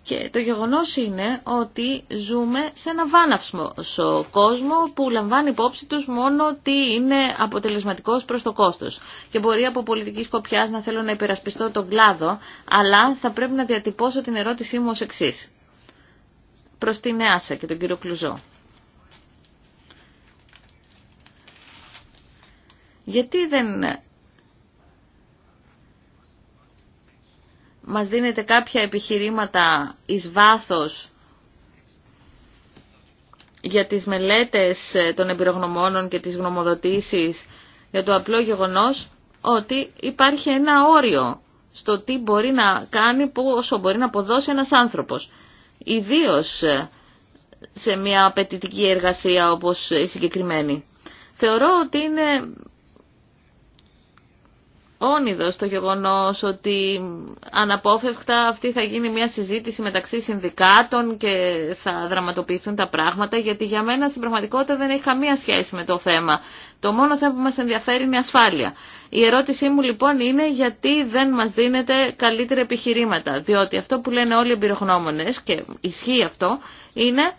Και το γεγονός είναι ότι ζούμε σε ένα στο κόσμο που λαμβάνει υπόψη τους μόνο τι είναι αποτελεσματικός προς το κόστος. Και μπορεί από πολιτική σκοπιάς να θέλω να υπερασπιστώ τον κλάδο, αλλά θα πρέπει να διατυπώσω την ερώτησή μου ως εξής. Προς την ΕΑΣΑ και τον κύριο Κλουζό. Γιατί δεν μας δίνετε κάποια επιχειρήματα εις βάθος για τις μελέτες των εμπειρογνωμόνων και τις γνωμοδοτήσεις για το απλό γεγονός ότι υπάρχει ένα όριο στο τι μπορεί να κάνει, πόσο μπορεί να αποδώσει ένας άνθρωπος. Ιδίως σε μια απαιτητική εργασία όπως η συγκεκριμένη. Θεωρώ ότι είναι όνειδος το γεγονός ότι αναπόφευκτα αυτή θα γίνει μια συζήτηση μεταξύ συνδικάτων και θα δραματοποιηθούν τα πράγματα γιατί για μένα στην πραγματικότητα δεν έχει καμία σχέση με το θέμα. Το μόνο θέμα που μας ενδιαφέρει είναι η ασφάλεια. Η ερώτησή μου λοιπόν είναι γιατί δεν μας δίνεται καλύτερα επιχειρήματα διότι αυτό που λένε όλοι οι εμπειρογνώμονες και ισχύει αυτό είναι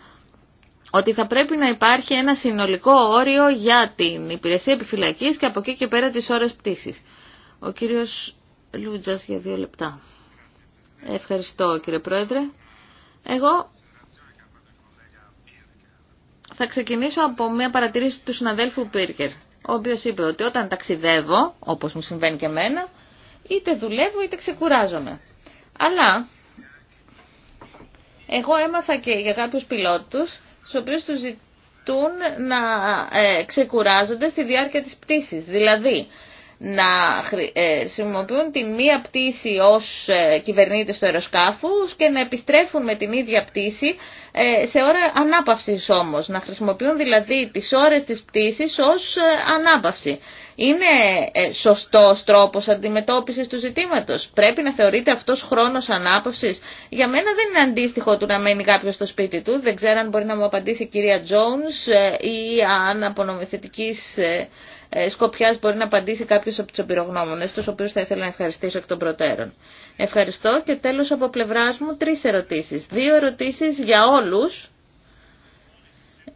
ότι θα πρέπει να υπάρχει ένα συνολικό όριο για την υπηρεσία επιφυλακής και από εκεί και πέρα τις ώρες πτήσης. Ο κύριος Λούτζας για δύο λεπτά. Ευχαριστώ κύριε Πρόεδρε. Εγώ θα ξεκινήσω από μια παρατηρήση του συναδέλφου Πίρκερ, ο οποίος είπε ότι όταν ταξιδεύω, όπως μου συμβαίνει και εμένα, είτε δουλεύω είτε ξεκουράζομαι. Αλλά εγώ έμαθα και για κάποιους πιλότους, στους οποίους τους ζητούν να ε, ξεκουράζονται στη διάρκεια της πτήσης. Δηλαδή, να ε, χρησιμοποιούν την μία πτήση ως ε, κυβερνήτες του αεροσκάφους και να επιστρέφουν με την ίδια πτήση ε, σε ώρα ανάπαυσης όμως. Να χρησιμοποιούν δηλαδή τις ώρες της πτήσης ως ανάπαυση. Είναι σωστός τρόπος αντιμετώπισης του ζητήματος. Πρέπει να θεωρείται αυτός χρόνος ανάπαυσης. Για μένα δεν είναι αντίστοιχο του να μένει κάποιος στο σπίτι του. Δεν ξέρω αν μπορεί να μου απαντήσει η κυρία Τζόουνς ή αν ε, σκοπιάς μπορεί να απαντήσει κάποιο από του εμπειρογνώμονε, του οποίους θα ήθελα να ευχαριστήσω εκ των προτέρων. Ευχαριστώ και τέλος από πλευρά μου τρεις ερωτήσεις. Δύο ερωτήσεις για όλους.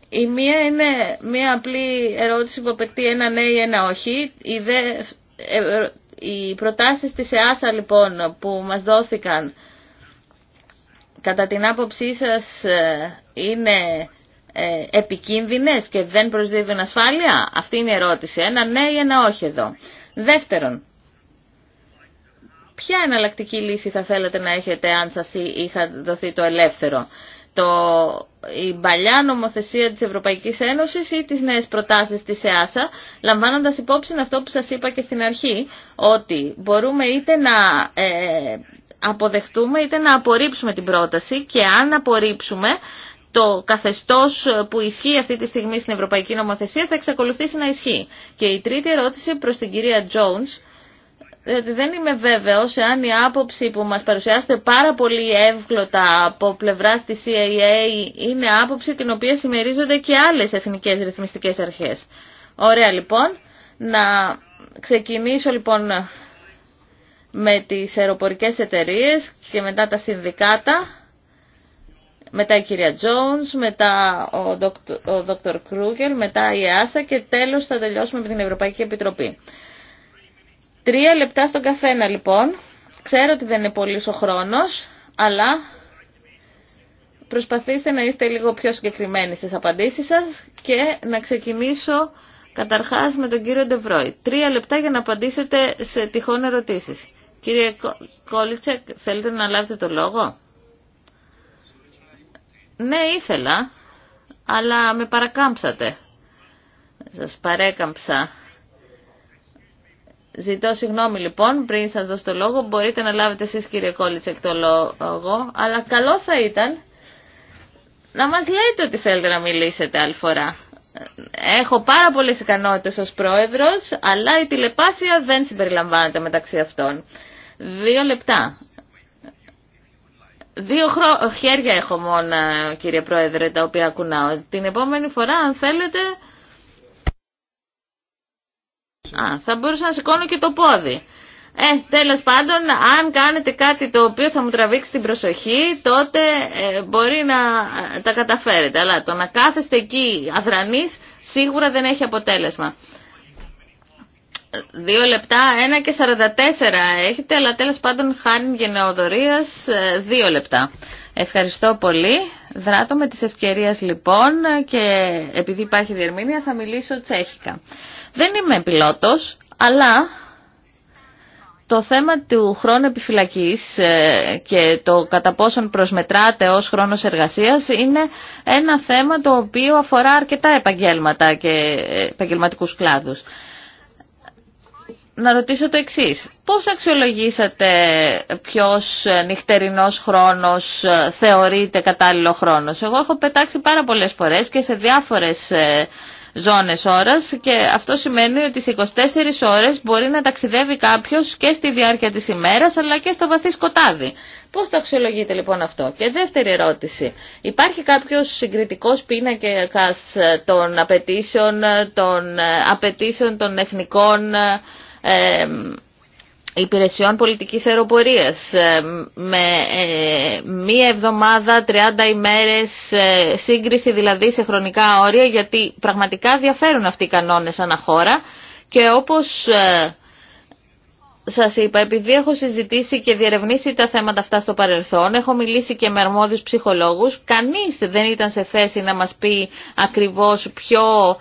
Η μία είναι μία απλή ερώτηση που απαιτεί ένα ναι ή ένα όχι. Η ε, ε, οι προτάσεις της ΕΑΣΑ λοιπόν που μας δόθηκαν κατά την άποψή σας είναι ε, επικίνδυνες και δεν προσδίδουν ασφάλεια. Αυτή είναι η ερώτηση. Ένα ναι ή ένα όχι εδώ. Δεύτερον, ποια εναλλακτική λύση θα θέλατε να έχετε αν σας είχα δοθεί το ελεύθερο. Το, η παλιά νομοθεσία της Ευρωπαϊκής Ένωσης ή τις νέες προτάσεις της ΕΑΣΑ, λαμβάνοντας υπόψη αυτό που σας είπα και στην αρχή, ότι μπορούμε είτε να ε, αποδεχτούμε είτε να απορρίψουμε την πρόταση και αν απορρίψουμε το καθεστώς που ισχύει αυτή τη στιγμή στην Ευρωπαϊκή Νομοθεσία θα εξακολουθήσει να ισχύει. Και η τρίτη ερώτηση προς την κυρία Jones, διότι δεν είμαι βέβαιος εάν η άποψη που μας παρουσιάσετε πάρα πολύ εύγλωτα από πλευρά τη CIA είναι άποψη την οποία συμμερίζονται και άλλες εθνικές ρυθμιστικές αρχές. Ωραία λοιπόν, να ξεκινήσω λοιπόν με τις αεροπορικές εταιρείες και μετά τα συνδικάτα μετά η κυρία Τζόνς, μετά ο Δόκτωρ Κρούγκελ, μετά η ΑΣΑ και τέλος θα τελειώσουμε με την Ευρωπαϊκή Επιτροπή. Τρία λεπτά στον καθένα λοιπόν. Ξέρω ότι δεν είναι πολύ ο χρόνος, αλλά προσπαθήστε να είστε λίγο πιο συγκεκριμένοι στις απαντήσεις σας και να ξεκινήσω καταρχάς με τον κύριο Ντεβρόη. Τρία λεπτά για να απαντήσετε σε τυχόν ερωτήσεις. Κύριε Κόλιτσεκ, θέλετε να λάβετε το λόγο. Ναι, ήθελα, αλλά με παρακάμψατε. Σας παρέκαμψα. Ζητώ συγγνώμη λοιπόν, πριν σας δώσω το λόγο, μπορείτε να λάβετε εσείς κύριε Κόλιτσεκ το λόγο, αλλά καλό θα ήταν να μας λέτε ότι θέλετε να μιλήσετε άλλη φορά. Έχω πάρα πολλές ικανότητες ως πρόεδρος, αλλά η τηλεπάθεια δεν συμπεριλαμβάνεται μεταξύ αυτών. Δύο λεπτά. Δύο χέρια έχω μόνο, κύριε Πρόεδρε, τα οποία κουνάω. Την επόμενη φορά, αν θέλετε... θα μπορούσα να σηκώνω και το πόδι. Ε, τέλος πάντων, αν κάνετε κάτι το οποίο θα μου τραβήξει την προσοχή, τότε ε, μπορεί να ε, τα καταφέρετε. Αλλά το να κάθεστε εκεί αδρανείς, σίγουρα δεν έχει αποτέλεσμα. Δύο λεπτά, ένα και 44 έχετε, αλλά τέλος πάντων χάνει γενναιοδορίας ε, δύο λεπτά. Ευχαριστώ πολύ. Δράτω με τις ευκαιρίες λοιπόν και επειδή υπάρχει διερμήνια θα μιλήσω τσέχικα. Δεν είμαι πιλότος, αλλά το θέμα του χρόνου επιφυλακής ε, και το κατά πόσον προσμετράται ως χρόνος εργασίας είναι ένα θέμα το οποίο αφορά αρκετά επαγγέλματα και ε, επαγγελματικούς κλάδους να ρωτήσω το εξής. Πώς αξιολογήσατε ποιο νυχτερινός χρόνος ε, θεωρείται κατάλληλο χρόνο. Εγώ έχω πετάξει πάρα πολλέ φορές και σε διάφορες ε, ζώνες ώρας και αυτό σημαίνει ότι σε 24 ώρες μπορεί να ταξιδεύει κάποιο και στη διάρκεια της ημέρας αλλά και στο βαθύ σκοτάδι. Πώς το αξιολογείτε λοιπόν αυτό. Και δεύτερη ερώτηση. Υπάρχει κάποιο συγκριτικό πίνακας των απαιτήσεων ε, των, απαιτήσεων των εθνικών υπηρεσιών πολιτικής αεροπορίας με ε, μία εβδομάδα, 30 ημέρες, ε, σύγκριση δηλαδή σε χρονικά όρια γιατί πραγματικά διαφέρουν αυτοί οι κανόνες ανά χώρα και όπως ε, σας είπα, επειδή έχω συζητήσει και διερευνήσει τα θέματα αυτά στο παρελθόν, έχω μιλήσει και με αρμόδιους ψυχολόγους, κανείς δεν ήταν σε θέση να μας πει ακριβώς ποιο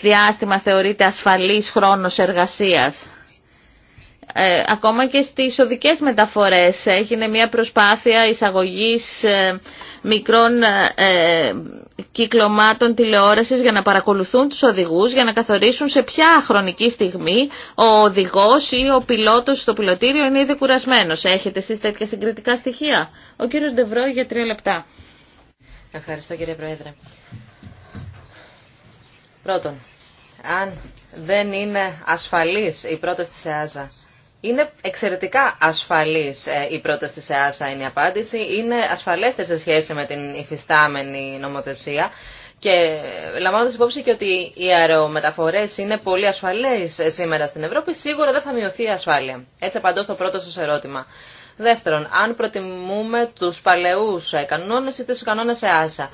διάστημα θεωρείται ασφαλής χρόνος εργασίας. Ε, ακόμα και στις οδικές μεταφορές έγινε μια προσπάθεια εισαγωγής ε, μικρών ε, ε, κυκλωμάτων τηλεόρασης για να παρακολουθούν τους οδηγούς, για να καθορίσουν σε ποια χρονική στιγμή ο οδηγός ή ο πιλότος στο πιλωτήριο είναι ήδη κουρασμένος. Έχετε εσείς τέτοια συγκριτικά στοιχεία. Ο κύριος Ντεβρό για τρία λεπτά. Ευχαριστώ κύριε Πρόεδρε. Πρώτον, αν δεν είναι ασφαλής η πρόταση της ΕΑΖΑ είναι εξαιρετικά ασφαλής ε, η πρόταση τη ΕΑΣΑ είναι η απάντηση. Είναι ασφαλέστερη σε σχέση με την υφιστάμενη νομοθεσία. Και λαμβάνοντα υπόψη και ότι οι αερομεταφορέ είναι πολύ ασφαλέ ε, σήμερα στην Ευρώπη, σίγουρα δεν θα μειωθεί η ασφάλεια. Έτσι απαντώ στο πρώτο σα ερώτημα. Δεύτερον, αν προτιμούμε του παλαιού ε, κανόνε ή του κανόνε ΕΑΣΑ.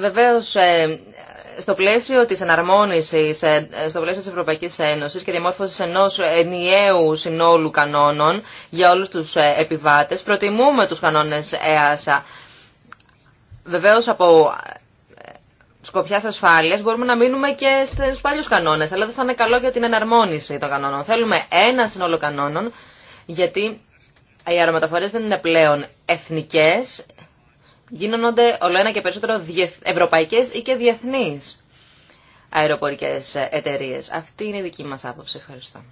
Βεβαίω, στο πλαίσιο της εναρμόνισης, ε, στο πλαίσιο της Ευρωπαϊκής Ένωσης και διαμόρφωσης ενός ενιαίου συνόλου κανόνων για όλους τους ε, επιβάτες, προτιμούμε τους κανόνες ΕΑΣΑ. Βεβαίως από ε, σκοπιάς ασφάλειας μπορούμε να μείνουμε και στους παλιούς κανόνες, αλλά δεν θα είναι καλό για την εναρμόνιση των κανόνων. Θέλουμε ένα συνόλο κανόνων, γιατί οι αερομεταφορές δεν είναι πλέον εθνικές, γίνονται όλο ένα και περισσότερο ευρωπαϊκές ή και διεθνείς αεροπορικές εταιρείες. Αυτή είναι η δική μας άποψη. Ευχαριστώ.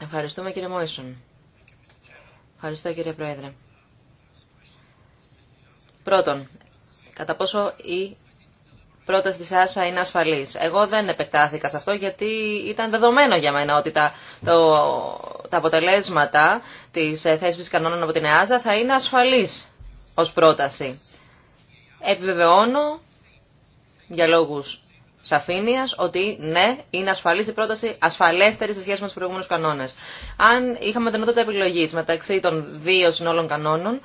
Ευχαριστούμε κύριε Μόησον. Ευχαριστώ κύριε Πρόεδρε. Πρώτον, κατά πόσο η πρόταση της Άσα είναι ασφαλής. Εγώ δεν επεκτάθηκα σε αυτό γιατί ήταν δεδομένο για μένα ότι τα, το, τα αποτελέσματα της θέσης κανόνων από την ΕΑΖΑ θα είναι ασφαλής ως πρόταση. Επιβεβαιώνω, για λόγους σαφήνειας, ότι ναι, είναι ασφαλής η πρόταση, ασφαλέστερη σε σχέση με τους προηγούμενους κανόνες. Αν είχαμε δυνατότητα επιλογής μεταξύ των δύο συνόλων κανόνων,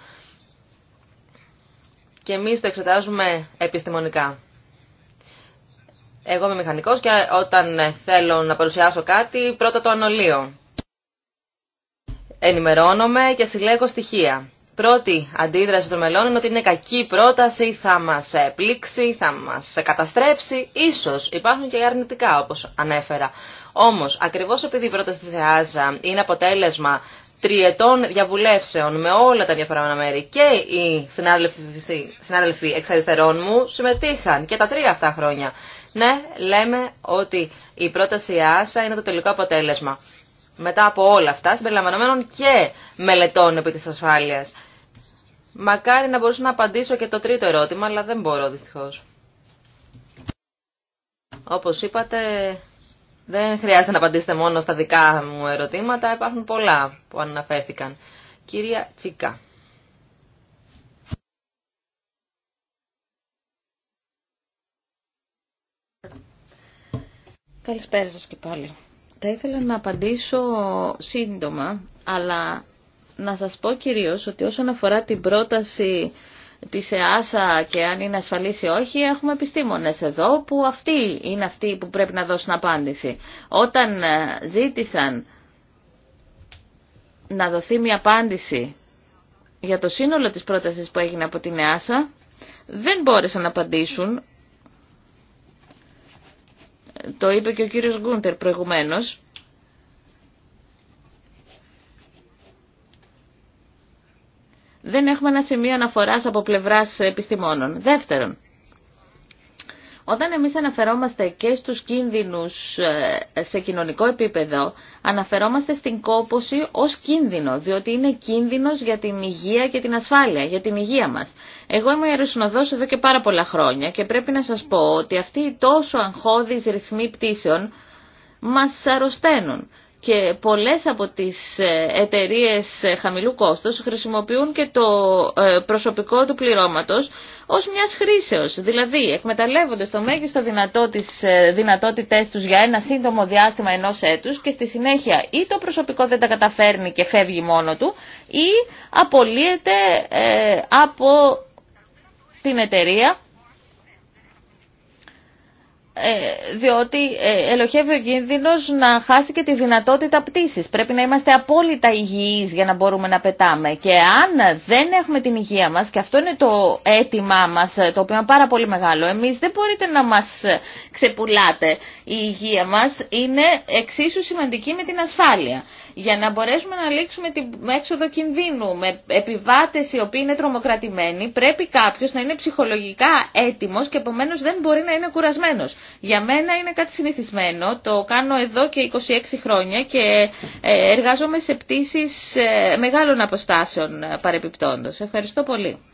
και εμείς το εξετάζουμε επιστημονικά. Εγώ είμαι μηχανικός και όταν θέλω να παρουσιάσω κάτι, πρώτα το αναλύω. Ενημερώνομαι και συλλέγω στοιχεία πρώτη αντίδραση των μελών είναι ότι είναι κακή πρόταση, θα μας πλήξει, θα μας καταστρέψει. Ίσως υπάρχουν και αρνητικά όπως ανέφερα. Όμως, ακριβώς επειδή η πρόταση της ΕΑΖΑ είναι αποτέλεσμα τριετών διαβουλεύσεων με όλα τα ενδιαφερόμενα μέρη και οι συνάδελφοι, συνάδελφοι εξ αριστερών μου συμμετείχαν και τα τρία αυτά χρόνια. Ναι, λέμε ότι η πρόταση ΑΣΑ είναι το τελικό αποτέλεσμα. Μετά από όλα αυτά, συμπεριλαμβανομένων και μελετών επί της ασφάλειας. Μακάρι να μπορούσα να απαντήσω και το τρίτο ερώτημα, αλλά δεν μπορώ δυστυχώς. Όπως είπατε, δεν χρειάζεται να απαντήσετε μόνο στα δικά μου ερωτήματα, υπάρχουν πολλά που αναφέρθηκαν. Κυρία Τσίκα. Καλησπέρα σας και πάλι. Θα ήθελα να απαντήσω σύντομα, αλλά να σας πω κυρίως ότι όσον αφορά την πρόταση της ΕΑΣΑ και αν είναι ασφαλής ή όχι, έχουμε επιστήμονες εδώ που αυτοί είναι αυτοί που πρέπει να δώσουν απάντηση. Όταν ε, ζήτησαν να δοθεί μια απάντηση για το σύνολο της πρότασης που έγινε από την ΕΑΣΑ, δεν μπόρεσαν να απαντήσουν. Το είπε και ο κύριος Γκούντερ προηγουμένως. δεν έχουμε ένα σημείο αναφοράς από πλευράς επιστημόνων. Δεύτερον, όταν εμείς αναφερόμαστε και στους κίνδυνους ε, σε κοινωνικό επίπεδο, αναφερόμαστε στην κόποση ως κίνδυνο, διότι είναι κίνδυνος για την υγεία και την ασφάλεια, για την υγεία μας. Εγώ είμαι αεροσυνοδός εδώ και πάρα πολλά χρόνια και πρέπει να σας πω ότι αυτοί οι τόσο αγχώδεις ρυθμοί πτήσεων μα αρρωσταίνουν και πολλές από τις ε, εταιρείες ε, χαμηλού κόστος χρησιμοποιούν και το ε, προσωπικό του πληρώματος ως μιας χρήσεως. Δηλαδή εκμεταλλεύονται στο μέγιστο δυνατό τις δυνατότητές τους για ένα σύντομο διάστημα ενός έτους και στη συνέχεια ή το προσωπικό δεν τα καταφέρνει και φεύγει μόνο του ή απολύεται από την εταιρεία ε, διότι ε, ελοχεύει ο κίνδυνος να χάσει και τη δυνατότητα πτήσης. Πρέπει να είμαστε απόλυτα υγιείς για να μπορούμε να πετάμε. Και αν δεν έχουμε την υγεία μας, και αυτό είναι το αίτημά μας, ε, το οποίο είναι πάρα πολύ μεγάλο, εμείς δεν μπορείτε να μας ξεπουλάτε. Η υγεία μας είναι εξίσου σημαντική με την ασφάλεια για να μπορέσουμε να λήξουμε την έξοδο κινδύνου με επιβάτες οι οποίοι είναι τρομοκρατημένοι πρέπει κάποιος να είναι ψυχολογικά έτοιμος και επομένως δεν μπορεί να είναι κουρασμένος. Για μένα είναι κάτι συνηθισμένο, το κάνω εδώ και 26 χρόνια και ε, εργάζομαι σε πτήσεις ε, μεγάλων αποστάσεων ε, παρεπιπτόντος. Ευχαριστώ πολύ.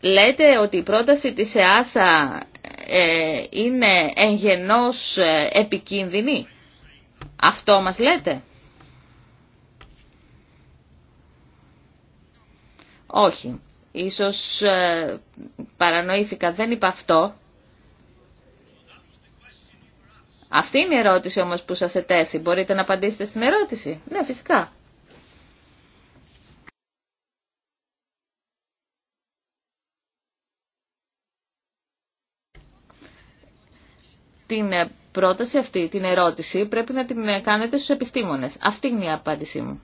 Λέτε ότι η πρόταση της ΕΑΣΑ είναι εγγενώς επικίνδυνη. Αυτό μας λέτε. Όχι. Ίσως ε, παρανοήθηκα. Δεν είπα αυτό. Αυτή είναι η ερώτηση όμως που σας ετέθη. Μπορείτε να απαντήσετε στην ερώτηση. Ναι, φυσικά. Την ε, πρόταση αυτή, την ερώτηση, πρέπει να την κάνετε στους επιστήμονες. Αυτή είναι η απάντησή μου.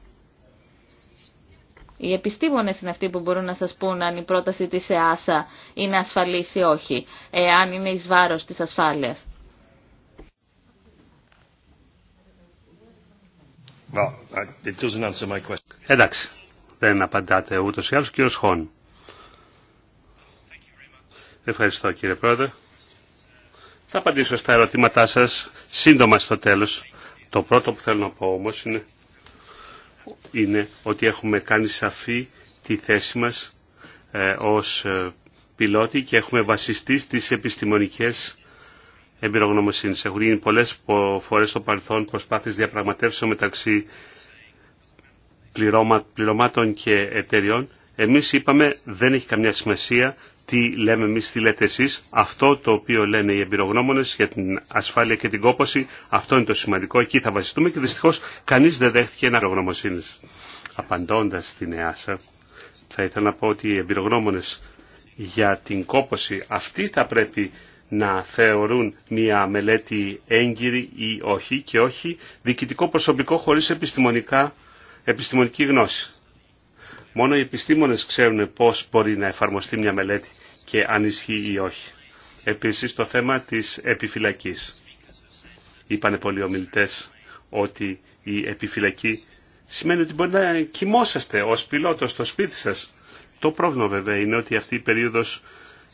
Οι επιστήμονες είναι αυτοί που μπορούν να σας πούν αν η πρόταση της ΕΑΣΑ είναι ασφαλής ή όχι, εάν είναι εις βάρος της ασφάλειας. Εντάξει, δεν απαντάτε ούτως ή άλλως, κύριος Χόν. Ευχαριστώ κύριε Πρόεδρε. Θα απαντήσω στα ερωτήματά σας σύντομα στο τέλος. Το πρώτο που θέλω να πω όμως είναι, ότι έχουμε κάνει σαφή τη θέση μας ε, ως ε, πιλότοι και έχουμε βασιστεί στις επιστημονικές εμπειρογνωμοσύνες. Έχουν γίνει πολλές φορές στο παρελθόν προσπάθειες διαπραγματεύσεων μεταξύ πληρωμάτων και εταιριών. Εμείς είπαμε δεν έχει καμιά σημασία τι λέμε εμεί, τι λέτε εσεί. Αυτό το οποίο λένε οι εμπειρογνώμονε για την ασφάλεια και την κόπωση, αυτό είναι το σημαντικό. Εκεί θα βασιστούμε και δυστυχώ κανεί δεν δέχτηκε ένα εμπειρογνωμοσύνης. Απαντώντα στην ΕΑΣΑ, θα ήθελα να πω ότι οι εμπειρογνώμονε για την κόπωση αυτοί θα πρέπει να θεωρούν μια μελέτη έγκυρη ή όχι και όχι διοικητικό προσωπικό χωρίς επιστημονικά, επιστημονική γνώση. Μόνο οι επιστήμονες ξέρουν πώς μπορεί να εφαρμοστεί μια μελέτη και αν ισχύει ή όχι. Επίσης το θέμα της επιφυλακής. Είπανε πολλοί ομιλητέ ότι η επιφυλακή σημαίνει ότι μπορεί να κοιμόσαστε ως πιλότος στο σπίτι σας. Το πρόβλημα βέβαια είναι ότι αυτή η περίοδος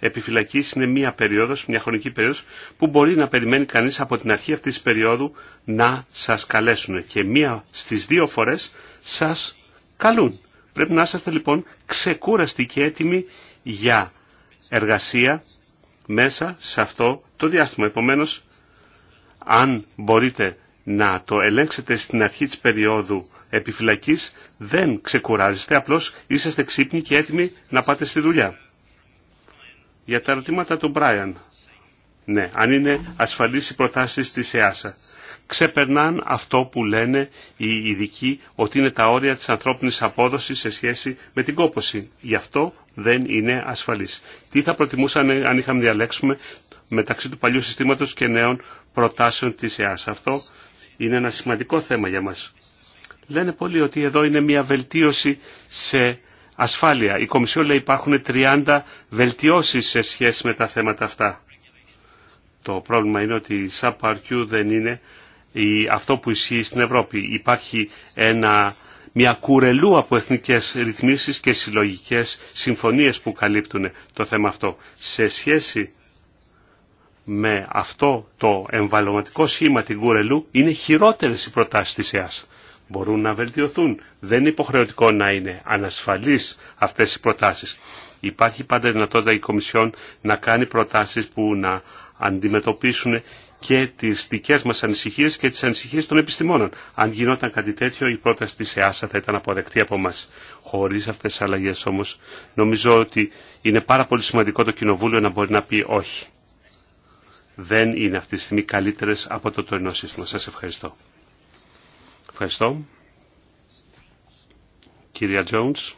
επιφυλακής είναι μια περίοδος, μια χρονική περίοδος που μπορεί να περιμένει κανείς από την αρχή αυτής της περίοδου να σας καλέσουν και μία στις δύο φορές σας καλούν. Πρέπει να είσαστε λοιπόν ξεκούραστοι και έτοιμοι για εργασία μέσα σε αυτό το διάστημα. Επομένως, αν μπορείτε να το ελέγξετε στην αρχή της περίοδου επιφυλακής, δεν ξεκουράζεστε, απλώς είσαστε ξύπνοι και έτοιμοι να πάτε στη δουλειά. Για τα ερωτήματα του Μπράιαν. Ναι, αν είναι ασφαλής οι προτάσεις της ΕΑΣΑ ξεπερνάν αυτό που λένε οι ειδικοί ότι είναι τα όρια της ανθρώπινης απόδοσης σε σχέση με την κόπωση. Γι' αυτό δεν είναι ασφαλής. Τι θα προτιμούσαν αν είχαμε διαλέξουμε μεταξύ του παλιού συστήματος και νέων προτάσεων της ΕΑΣ. Αυτό είναι ένα σημαντικό θέμα για μας. Λένε πολλοί ότι εδώ είναι μια βελτίωση σε ασφάλεια. Η Κομισιόν λέει υπάρχουν 30 βελτιώσεις σε σχέση με τα θέματα αυτά. Το πρόβλημα είναι ότι η ΣΑΠΑΡΚΙΟΥ δεν είναι αυτό που ισχύει στην Ευρώπη. Υπάρχει ένα, μια κουρελού από εθνικές ρυθμίσεις και συλλογικές συμφωνίες που καλύπτουν το θέμα αυτό. Σε σχέση με αυτό το εμβαλωματικό σχήμα την κουρελού είναι χειρότερες οι προτάσεις της ΕΑΣ. Μπορούν να βελτιωθούν. Δεν είναι υποχρεωτικό να είναι ανασφαλείς αυτές οι προτάσεις. Υπάρχει πάντα δυνατότητα η Κομισιόν να κάνει προτάσεις που να αντιμετωπίσουν και τις δικές μας ανησυχίες και τις ανησυχίες των επιστημόνων. Αν γινόταν κάτι τέτοιο, η πρόταση της ΕΑΣΑ θα ήταν αποδεκτή από μας. Χωρίς αυτές τις αλλαγές όμως, νομίζω ότι είναι πάρα πολύ σημαντικό το Κοινοβούλιο να μπορεί να πει όχι. Δεν είναι αυτή τη στιγμή καλύτερες από το τωρινό σύστημα. Σας ευχαριστώ. Ευχαριστώ. Κυρία Jones.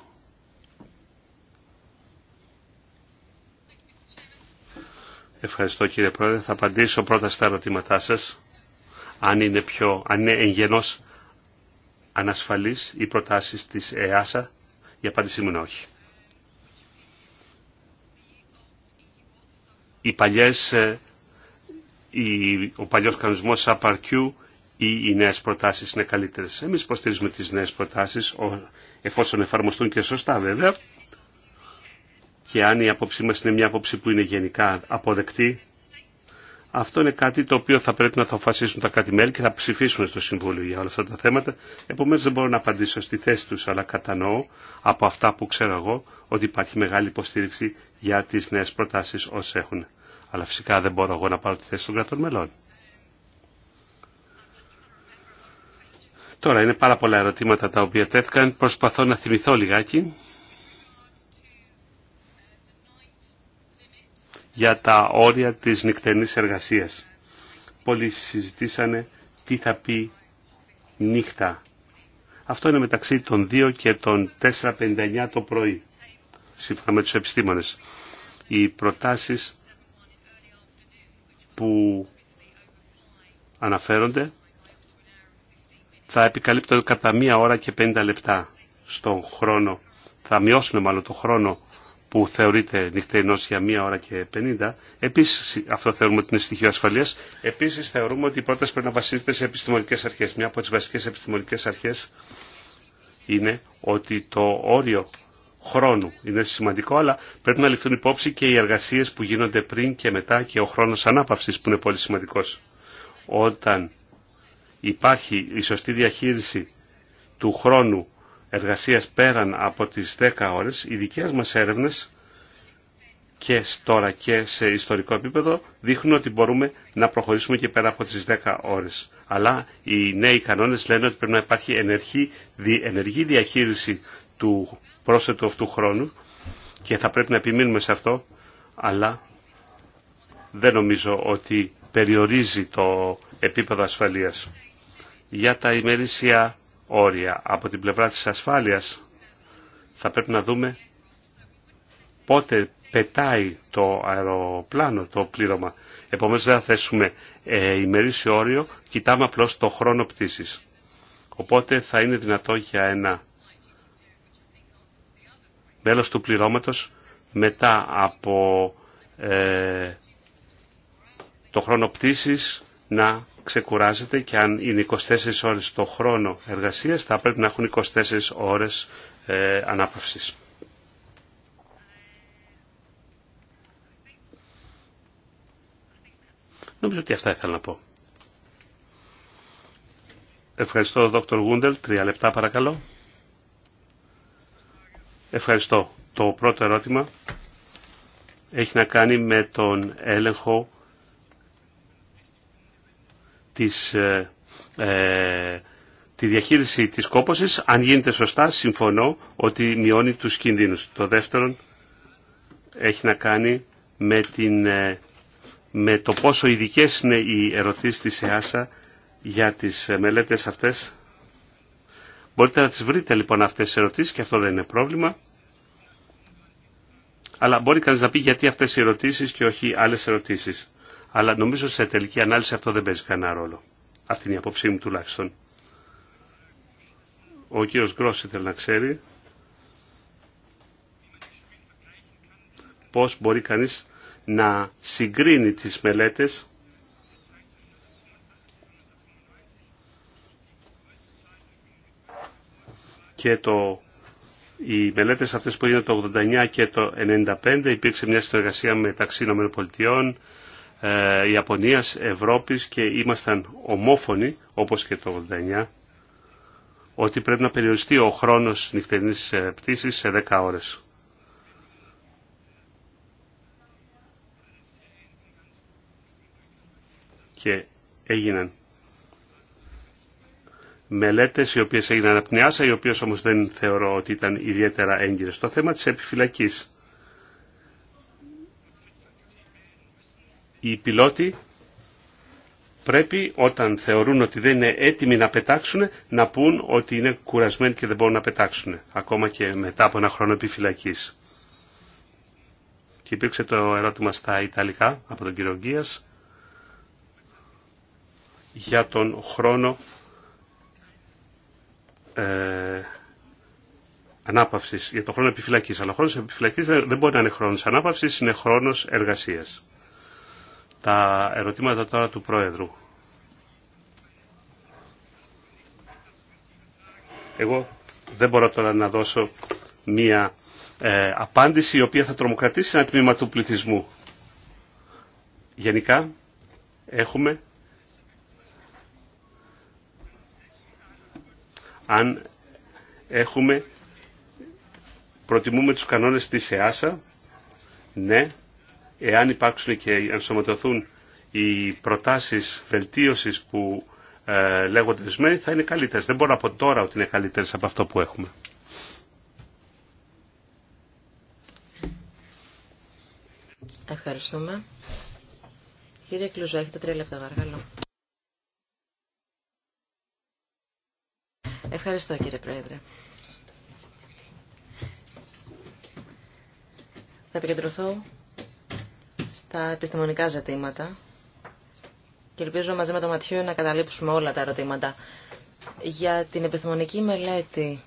Ευχαριστώ κύριε Πρόεδρε. Θα απαντήσω πρώτα στα ερωτήματά σας. Αν είναι, πιο, αν είναι εγγενώς ανασφαλής οι προτάσεις της ΕΑΣΑ, η απάντησή μου είναι όχι. Οι παλιές, ε, οι, ο παλιός κανονισμός απαρκιού ή οι νέες προτάσεις είναι καλύτερες. Εμείς προστηρίζουμε τις νέες προτάσεις, εφόσον εφαρμοστούν και σωστά βέβαια, και αν η άποψή μας είναι μια άποψη που είναι γενικά αποδεκτή, αυτό είναι κάτι το οποίο θα πρέπει να το αποφασίσουν τα κράτη-μέλη και θα ψηφίσουν στο Συμβούλιο για όλα αυτά τα θέματα. Επομένως δεν μπορώ να απαντήσω στη θέση τους, αλλά κατανοώ από αυτά που ξέρω εγώ ότι υπάρχει μεγάλη υποστήριξη για τις νέες προτάσεις όσες έχουν. Αλλά φυσικά δεν μπορώ εγώ να πάρω τη θέση των κρατών μελών. Τώρα είναι πάρα πολλά ερωτήματα τα οποία τέθηκαν. Προσπαθώ να θυμηθώ λιγάκι. για τα όρια της νυχτερινής εργασίας. Πολλοί συζητήσανε τι θα πει νύχτα. Αυτό είναι μεταξύ των 2 και των 4.59 το πρωί, σύμφωνα με τους επιστήμονες. Οι προτάσεις που αναφέρονται θα επικαλύπτονται κατά μία ώρα και 50 λεπτά στον χρόνο. Θα μειώσουν μάλλον το χρόνο που θεωρείται νυχτερινό για μία ώρα και 50, Επίση αυτό θεωρούμε ότι είναι στοιχείο ασφαλεία. Επίση θεωρούμε ότι η πρόταση πρέπει να βασίζεται σε επιστημονικέ αρχές. Μία από τι βασικές επιστημονικέ αρχές είναι ότι το όριο χρόνου είναι σημαντικό, αλλά πρέπει να ληφθούν υπόψη και οι εργασίε που γίνονται πριν και μετά και ο χρόνο ανάπαυση που είναι πολύ σημαντικό. Όταν υπάρχει η σωστή διαχείριση του χρόνου εργασίας πέραν από τις 10 ώρες, οι δικές μας έρευνες και τώρα και σε ιστορικό επίπεδο δείχνουν ότι μπορούμε να προχωρήσουμε και πέρα από τις 10 ώρες. Αλλά οι νέοι κανόνες λένε ότι πρέπει να υπάρχει ενεργή, διαχείριση του πρόσθετου αυτού χρόνου και θα πρέπει να επιμείνουμε σε αυτό, αλλά δεν νομίζω ότι περιορίζει το επίπεδο ασφαλείας. Για τα ημερήσια όρια. Από την πλευρά της ασφάλειας θα πρέπει να δούμε πότε πετάει το αεροπλάνο το πλήρωμα. Επομένως δεν θα θέσουμε ε, ημερήσιο όριο, κοιτάμε απλώς το χρόνο πτήσης. Οπότε θα είναι δυνατό για ένα μέλος του πληρώματος μετά από ε, το χρόνο πτήσης να ξεκουράζεται και αν είναι 24 ώρες το χρόνο εργασίας θα πρέπει να έχουν 24 ώρες ε, ανάπαυσης. Νομίζω ότι αυτά ήθελα να πω. Ευχαριστώ, Δόκτωρ Γούντελ. Τρία λεπτά, παρακαλώ. Ευχαριστώ. Το πρώτο ερώτημα έχει να κάνει με τον έλεγχο ε, ε, τη διαχείριση της κόπωσης, αν γίνεται σωστά, συμφωνώ ότι μειώνει τους κινδύνους. Το δεύτερο έχει να κάνει με, την, ε, με το πόσο ειδικέ είναι οι ερωτήσεις της ΕΑΣΑ για τις μελέτες αυτές. Μπορείτε να τις βρείτε λοιπόν αυτές τις ερωτήσεις και αυτό δεν είναι πρόβλημα. Αλλά μπορεί κανείς να πει γιατί αυτές οι ερωτήσεις και όχι άλλες ερωτήσεις αλλά νομίζω σε τελική ανάλυση αυτό δεν παίζει κανένα ρόλο. Αυτή είναι η απόψή μου τουλάχιστον. Ο κύριος Γκρός θέλει να ξέρει πώς μπορεί κανείς να συγκρίνει τις μελέτες και το, οι μελέτες αυτές που είναι το 89 και το 95 υπήρξε μια συνεργασία μεταξύ ΗΠΑ, ε, Ιαπωνίας, Ευρώπης και ήμασταν ομόφωνοι, όπως και το 89, ότι πρέπει να περιοριστεί ο χρόνος νυχτερινής ε, πτήσης σε 10 ώρες. Και έγιναν μελέτες οι οποίες έγιναν από την ΆΣΑ, οι οποίες όμως δεν θεωρώ ότι ήταν ιδιαίτερα έγκυρες. Το θέμα της επιφυλακής. οι πιλότοι πρέπει όταν θεωρούν ότι δεν είναι έτοιμοι να πετάξουν να πούν ότι είναι κουρασμένοι και δεν μπορούν να πετάξουν ακόμα και μετά από ένα χρόνο επιφυλακής. Και υπήρξε το ερώτημα στα Ιταλικά από τον κύριο Γκίας για τον χρόνο ε, ανάπαυσης, για τον χρόνο επιφυλακής. Αλλά ο χρόνος επιφυλακής δεν μπορεί να είναι χρόνος ανάπαυσης, είναι χρόνος εργασίας. Τα ερωτήματα τώρα του Πρόεδρου. Εγώ δεν μπορώ τώρα να δώσω μία ε, απάντηση η οποία θα τρομοκρατήσει ένα τμήμα του πληθυσμού. Γενικά έχουμε αν έχουμε προτιμούμε τους κανόνες της ΕΑΣΑ ναι εάν υπάρξουν και ενσωματωθούν οι προτάσεις βελτίωσης που ε, λέγονται δεσμένοι θα είναι καλύτερες. Δεν μπορώ από τώρα ότι είναι καλύτερες από αυτό που έχουμε. Ευχαριστούμε. Κύριε Κλουζά, έχετε τρία λεπτά, παρακαλώ. Ευχαριστώ, κύριε Πρόεδρε. Θα επικεντρωθώ στα επιστημονικά ζητήματα και ελπίζω μαζί με τον Ματιού να καταλήψουμε όλα τα ερωτήματα. Για την επιστημονική μελέτη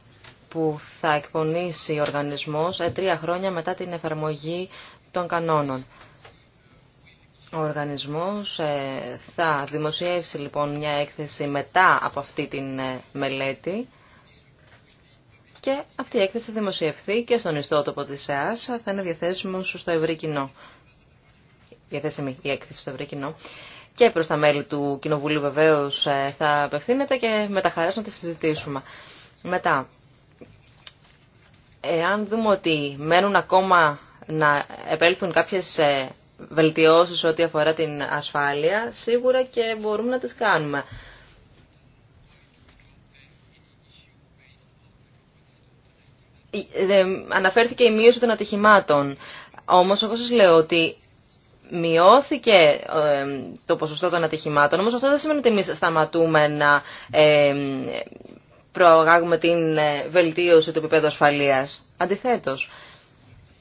που θα εκπονήσει ο οργανισμός ε, τρία χρόνια μετά την εφαρμογή των κανόνων. Ο οργανισμός ε, θα δημοσιεύσει λοιπόν μια έκθεση μετά από αυτή την ε, μελέτη και αυτή η έκθεση θα δημοσιευθεί και στον ιστότοπο της ΕΑΣ, θα είναι διαθέσιμο στο ευρύ κοινό διαθέσιμη η έκθεση στο ευρύ Και προς τα μέλη του Κοινοβουλίου βεβαίω ε, θα απευθύνεται και με τα χαρά να τη συζητήσουμε. Μετά, εάν δούμε ότι μένουν ακόμα να επέλθουν κάποιες ε, βελτιώσεις ό,τι αφορά την ασφάλεια, σίγουρα και μπορούμε να τι κάνουμε. Ε, αναφέρθηκε η μείωση των ατυχημάτων. Όμως, όπως σας λέω, ότι μειώθηκε το ποσοστό των ατυχημάτων, όμως αυτό δεν σημαίνει ότι εμείς σταματούμε να προαγάγουμε την ε, βελτίωση του επίπεδου ασφαλείας. Αντιθέτως,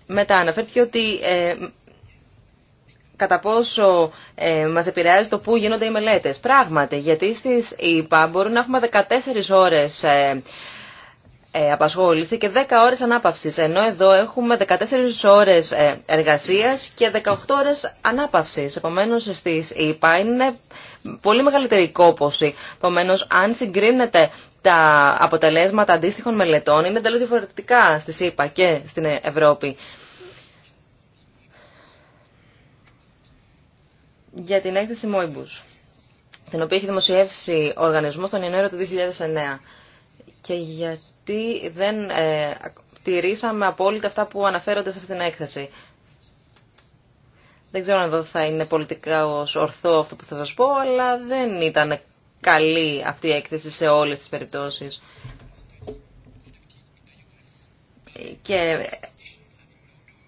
μετά αναφέρθηκε ότι κατά πόσο ε, μας επηρεάζει το πού γίνονται οι μελέτες. Πράγματι, γιατί στις ΙΠΑ μπορούν να έχουμε 14 ώρες ε, ε, απασχόληση και 10 ώρες ανάπαυσης, ενώ εδώ έχουμε 14 ώρες ε, εργασίας και 18 ώρες ανάπαυσης. Επομένως, στις ΕΙΠΑ είναι πολύ μεγαλύτερη κόποση. Επομένως, αν συγκρίνεται τα αποτελέσματα αντίστοιχων μελετών, είναι εντελώς διαφορετικά στις ΕΙΠΑ και στην Ευρώπη. Για την έκθεση Μόιμπους, την οποία έχει δημοσιεύσει ο οργανισμός τον Ιανουάριο του 2009 και γιατί δεν ε, τηρήσαμε απόλυτα αυτά που αναφέρονται σε αυτήν την έκθεση. Δεν ξέρω αν εδώ θα είναι πολιτικά ως ορθό αυτό που θα σας πω, αλλά δεν ήταν καλή αυτή η έκθεση σε όλες τις περιπτώσεις. Και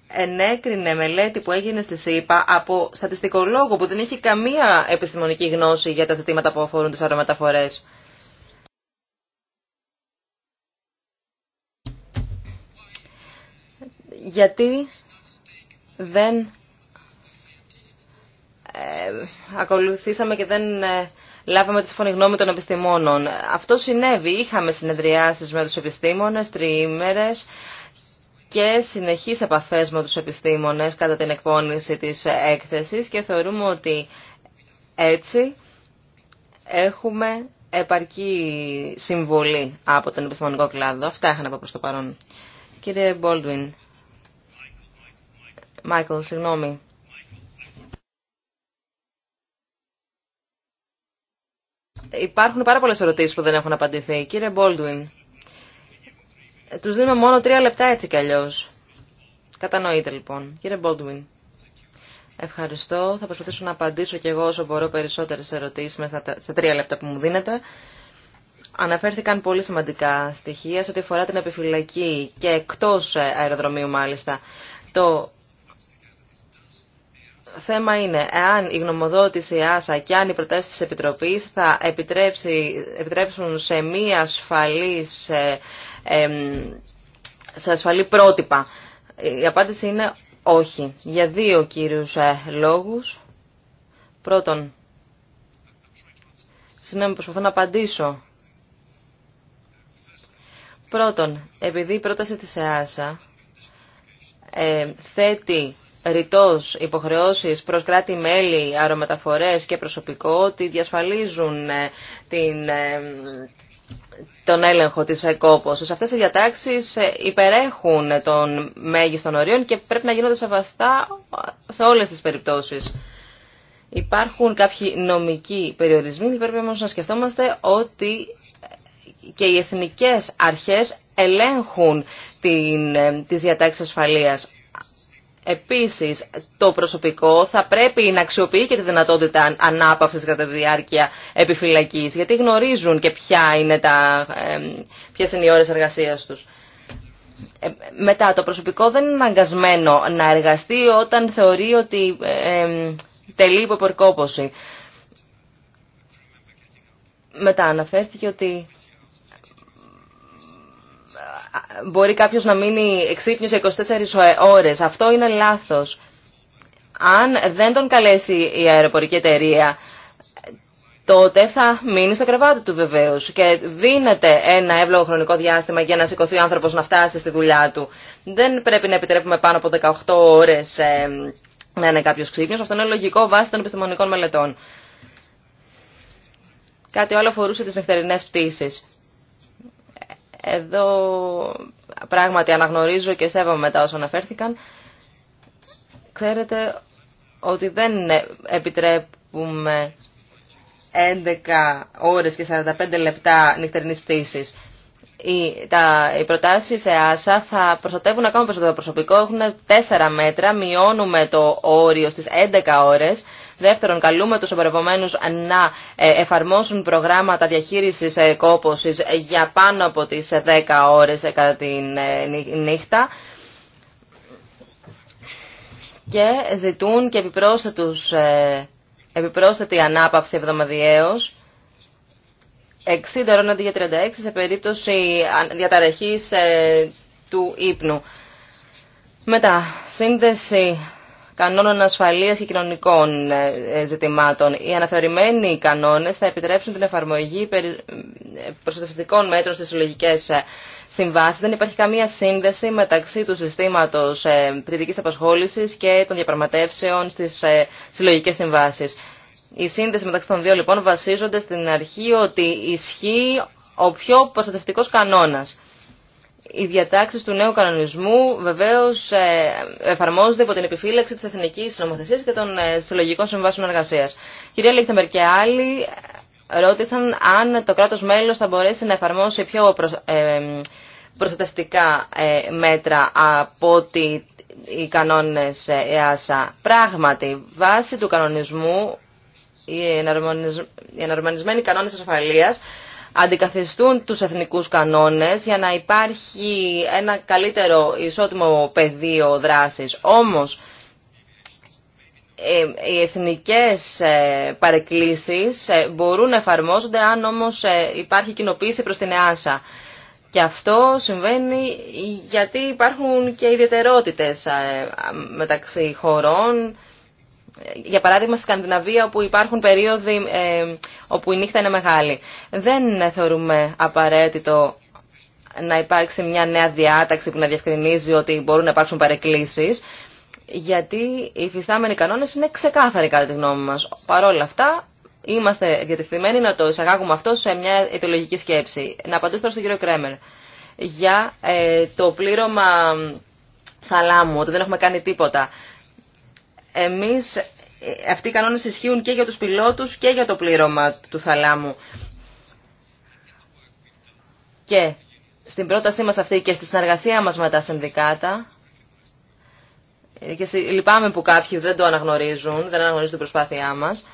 ενέκρινε μελέτη που έγινε στη ΣΥΠΑ από στατιστικολόγο που δεν έχει καμία επιστημονική γνώση για τα ζητήματα που αφορούν τις αερομεταφορές. γιατί δεν ε, ακολουθήσαμε και δεν ε, λάβαμε τη σύμφωνη γνώμη των επιστημόνων. Αυτό συνέβη. Είχαμε συνεδριάσεις με τους επιστήμονες, τριήμερες και συνεχείς επαφές με τους επιστήμονες κατά την εκπόνηση της έκθεσης και θεωρούμε ότι έτσι έχουμε επαρκή συμβολή από τον επιστημονικό κλάδο. Αυτά είχα να προς το παρόν. Κύριε Μπόλτουιν, Μάικλ, συγγνώμη. Υπάρχουν πάρα πολλές ερωτήσεις που δεν έχουν απαντηθεί. Κύριε Μπόλτουιν, τους δίνουμε μόνο τρία λεπτά έτσι κι αλλιώς. Κατανοείτε λοιπόν. Κύριε Μπόλτουιν, ευχαριστώ. Θα προσπαθήσω να απαντήσω κι εγώ όσο μπορώ περισσότερες ερωτήσεις μέσα στα τρία λεπτά που μου δίνετε. Αναφέρθηκαν πολύ σημαντικά στοιχεία σε ό,τι αφορά την επιφυλακή και εκτός αεροδρομίου μάλιστα. Το θέμα είναι εάν η γνωμοδότηση ΆΣΑ και αν οι προτάσει τη επιτροπή θα επιτρέψουν σε μία ασφαλή, σε, πρότυπα. Η απάντηση είναι όχι. Για δύο κύριους ε, λόγους. Πρώτον, συγγνώμη, προσπαθώ να απαντήσω. Πρώτον, επειδή η πρόταση της ΆΣΑ ε, θέτει ρητός υποχρεώσεις προς κράτη-μέλη, αερομεταφορές και προσωπικό ότι διασφαλίζουν ε, την, ε, τον έλεγχο της εκόπωσης. Αυτές οι διατάξεις ε, υπερέχουν των μέγιστων ορίων και πρέπει να γίνονται σεβαστά σε όλες τις περιπτώσεις. Υπάρχουν κάποιοι νομικοί περιορισμοί, πρέπει όμως να σκεφτόμαστε ότι και οι εθνικές αρχές ελέγχουν την, τις διατάξεις ασφαλείας. Επίσης, το προσωπικό θα πρέπει να αξιοποιεί και τη δυνατότητα ανάπαυσης κατά τη διάρκεια επιφυλακής, γιατί γνωρίζουν και ποια είναι τα, ποιες είναι οι ώρες εργασίας τους. Ε, μετά, το προσωπικό δεν είναι αναγκασμένο να εργαστεί όταν θεωρεί ότι ε, τελεί υποπερκόπωση. Μετά αναφέρθηκε ότι μπορεί κάποιος να μείνει εξύπνιος 24 ώρες. Αυτό είναι λάθος. Αν δεν τον καλέσει η αεροπορική εταιρεία, τότε θα μείνει στο κρεβάτι του βεβαίως. Και δίνεται ένα εύλογο χρονικό διάστημα για να σηκωθεί ο άνθρωπος να φτάσει στη δουλειά του. Δεν πρέπει να επιτρέπουμε πάνω από 18 ώρε ε, να είναι κάποιος ξύπνιο. Αυτό είναι λογικό βάσει των επιστημονικών μελετών. Κάτι άλλο αφορούσε τι νεκτερινές πτήσει. Εδώ πράγματι αναγνωρίζω και σέβομαι μετά όσα αναφέρθηκαν. Ξέρετε ότι δεν επιτρέπουμε 11 ώρες και 45 λεπτά νυχτερινής πτήσης. Οι, τα, οι προτάσεις σε άσα θα προστατεύουν ακόμα περισσότερο προσωπικό, έχουν 4 μέτρα, μειώνουμε το όριο στις 11 ώρες Δεύτερον, καλούμε τους εμπορευομένους να ε, εφαρμόσουν προγράμματα διαχείρισης ε, κόπωσης για πάνω από τις 10 ε, ώρες κατά τη νύχτα και ζητούν και επιπρόσθετους, επιπρόσθετη ανάπαυση εβδομαδιαίως 60 ώρων αντί για 36 σε περίπτωση διαταραχής του ύπνου. Μετά, σύνδεση κανόνων ασφαλεία και κοινωνικών ε, ε, ζητημάτων. Οι αναθεωρημένοι κανόνες θα επιτρέψουν την εφαρμογή ε, προστατευτικών μέτρων στι συλλογικέ συμβάσει. Δεν υπάρχει καμία σύνδεση μεταξύ του συστήματος πτυτική απασχόληση και των διαπραγματεύσεων στις συλλογικές συμβάσει. η σύνδεση μεταξύ των δύο λοιπόν βασίζονται στην αρχή ότι ισχύει ο πιο προστατευτικό κανόνα οι διατάξεις του νέου κανονισμού βεβαίως ε, εφαρμόζονται υπό την επιφύλαξη της εθνική νομοθεσία και των ε, συλλογικών συμβάσεων εργασία. Κυρία Λίχτεμπερ και άλλοι ρώτησαν αν το κράτος μέλος θα μπορέσει να εφαρμόσει πιο ε, προστατευτικά μέτρα από ότι οι κανόνε ΕΑΣΑ. Πράγματι, βάσει του κανονισμού, οι εναρμονισμένοι κανόνε ασφαλεία αντικαθιστούν τους εθνικούς κανόνες για να υπάρχει ένα καλύτερο ισότιμο πεδίο δράσης. Όμως, ε, οι εθνικές ε, παρεκκλήσεις ε, μπορούν να εφαρμόζονται αν όμως υπάρχει κοινοποίηση προς την ΕΑΣΑ. Και αυτό συμβαίνει γιατί υπάρχουν και ιδιαιτερότητες μεταξύ χωρών για παράδειγμα, στη Σκανδιναβία όπου υπάρχουν περίοδοι ε, όπου η νύχτα είναι μεγάλη. Δεν θεωρούμε απαραίτητο να υπάρξει μια νέα διάταξη που να διευκρινίζει ότι μπορούν να υπάρξουν παρεκκλήσεις, γιατί οι φυστάμενοι κανόνες είναι ξεκάθαροι κατά τη γνώμη μας. όλα αυτά, είμαστε διατεθειμένοι να το εισαγάγουμε αυτό σε μια αιτιολογική σκέψη. Να απαντήσω τώρα στον κύριο Κρέμερ για ε, το πλήρωμα ε, θαλάμου, ότι δεν έχουμε κάνει τίποτα. Εμείς, ε, αυτοί οι κανόνες ισχύουν και για τους πιλότους και για το πλήρωμα του θαλάμου. Και στην πρότασή μας αυτή και στη συνεργασία μας με τα συνδικάτα, ε, και λυπάμαι που κάποιοι δεν το αναγνωρίζουν, δεν αναγνωρίζουν την προσπάθειά μας,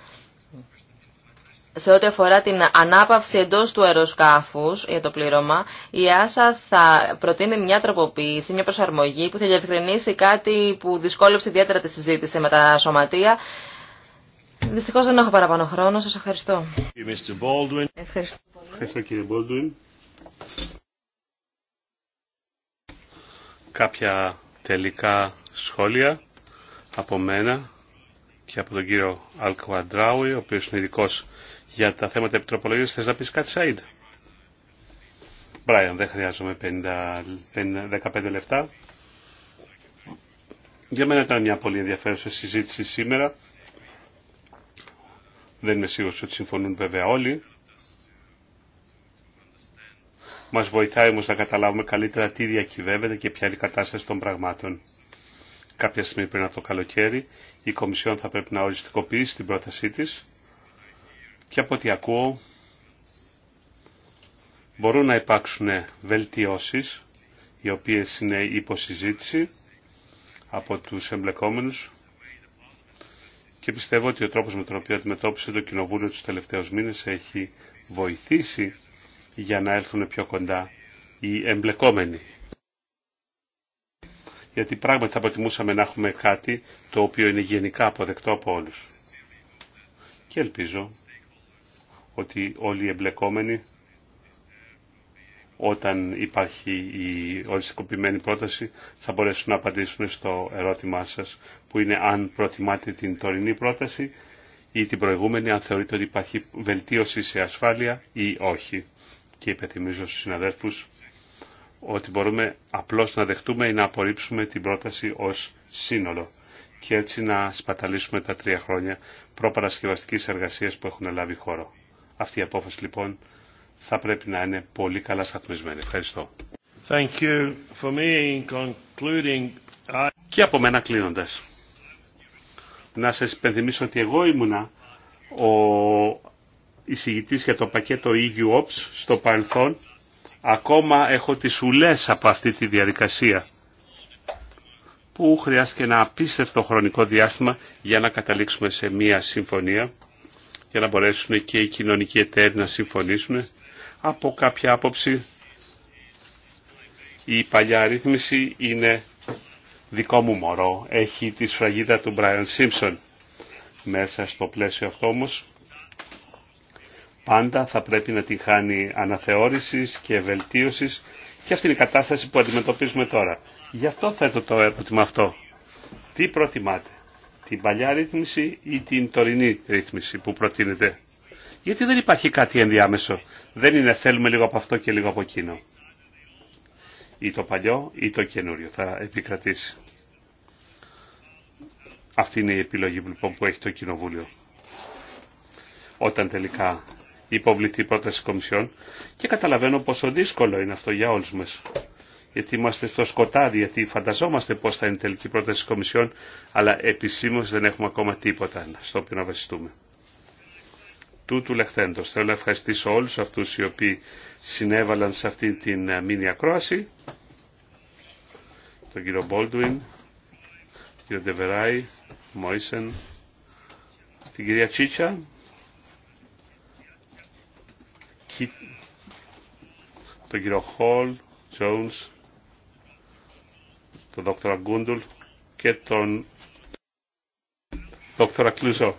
σε ό,τι αφορά την ανάπαυση εντός του αεροσκάφους για το πλήρωμα, η ΆΣΑ θα προτείνει μια τροποποίηση, μια προσαρμογή που θα διευκρινίσει κάτι που δυσκόλεψε ιδιαίτερα τη συζήτηση με τα σωματεία. Δυστυχώς δεν έχω παραπάνω χρόνο. Σας ευχαριστώ. Ευχαριστώ πολύ. Ευχαριστώ κύριε Baldwin. Κάποια τελικά σχόλια από μένα και από τον κύριο Αλκουαντράουι, ο οποίος είναι ειδικός για τα θέματα επιτροπολογίας. Θες να πεις κάτι, Σαΐντ. Μπράιαν, δεν χρειάζομαι 50, 15 λεπτά. Για μένα ήταν μια πολύ ενδιαφέρουσα συζήτηση σήμερα. Δεν είμαι σίγουρος ότι συμφωνούν βέβαια όλοι. Μας βοηθάει όμως να καταλάβουμε καλύτερα τι διακυβεύεται και ποια είναι η κατάσταση των πραγμάτων. Κάποια στιγμή πριν από το καλοκαίρι η Κομισιόν θα πρέπει να οριστικοποιήσει την πρότασή της και από ό,τι ακούω μπορούν να υπάρξουν βελτιώσεις οι οποίες είναι υποσυζήτηση από τους εμπλεκόμενους και πιστεύω ότι ο τρόπος με τον οποίο αντιμετώπισε το Κοινοβούλιο τους τελευταίους μήνες έχει βοηθήσει για να έλθουν πιο κοντά οι εμπλεκόμενοι. Γιατί πράγματι θα προτιμούσαμε να έχουμε κάτι το οποίο είναι γενικά αποδεκτό από όλους. Και ελπίζω ότι όλοι οι εμπλεκόμενοι όταν υπάρχει η οριστικοποιημένη πρόταση θα μπορέσουν να απαντήσουν στο ερώτημά σας που είναι αν προτιμάτε την τωρινή πρόταση ή την προηγούμενη αν θεωρείτε ότι υπάρχει βελτίωση σε ασφάλεια ή όχι. Και υπενθυμίζω στους συναδέλφους ότι μπορούμε απλώς να δεχτούμε ή να απορρίψουμε την πρόταση ως σύνολο και έτσι να σπαταλήσουμε τα τρία χρόνια προπαρασκευαστικής εργασίας που έχουν λάβει χώρο. Αυτή η απόφαση λοιπόν θα πρέπει να είναι πολύ καλά σταθμισμένη. Ευχαριστώ. Και από μένα κλείνοντας. Να σας υπενθυμίσω ότι εγώ ήμουνα ο εισηγητή για το πακέτο EU Ops στο παρελθόν. Ακόμα έχω τις ουλές από αυτή τη διαδικασία που χρειάστηκε ένα απίστευτο χρονικό διάστημα για να καταλήξουμε σε μία συμφωνία για να μπορέσουν και οι κοινωνικοί εταίροι να συμφωνήσουν. Από κάποια άποψη η παλιά ρύθμιση είναι δικό μου μωρό. Έχει τη σφραγίδα του Brian Simpson. Μέσα στο πλαίσιο αυτό όμως πάντα θα πρέπει να την χάνει αναθεώρησης και βελτίωσης και αυτή είναι η κατάσταση που αντιμετωπίζουμε τώρα. Γι' αυτό θέτω το ερώτημα αυτό. Τι προτιμάτε την παλιά ρύθμιση ή την τωρινή ρύθμιση που προτείνεται. Γιατί δεν υπάρχει κάτι ενδιάμεσο. Δεν είναι θέλουμε λίγο από αυτό και λίγο από εκείνο. Ή το παλιό ή το καινούριο θα επικρατήσει. Αυτή είναι η επιλογή λοιπόν, που έχει το Κοινοβούλιο. Όταν τελικά υποβληθεί η πρόταση Κομισιόν και καταλαβαίνω πόσο η επιλογη που εχει το κοινοβουλιο είναι αυτό για όλους μας γιατί είμαστε στο σκοτάδι, γιατί φανταζόμαστε πώς θα είναι η τελική πρόταση της Κομισιόν, αλλά επισήμως δεν έχουμε ακόμα τίποτα στο οποίο να βασιστούμε. Τούτου λεχθέντος. Θέλω να ευχαριστήσω όλους αυτούς οι οποίοι συνέβαλαν σε αυτή την ε, μήνυα ακρόαση. Τον κύριο Μπόλτουιν, τον κύριο Ντεβεράη, Μόισεν, την κυρία Τσίτσα, τον κύριο Χολ, Jones, τον Δόκτωρα Γκούντουλ και τον Δόκτωρα Κλουζό.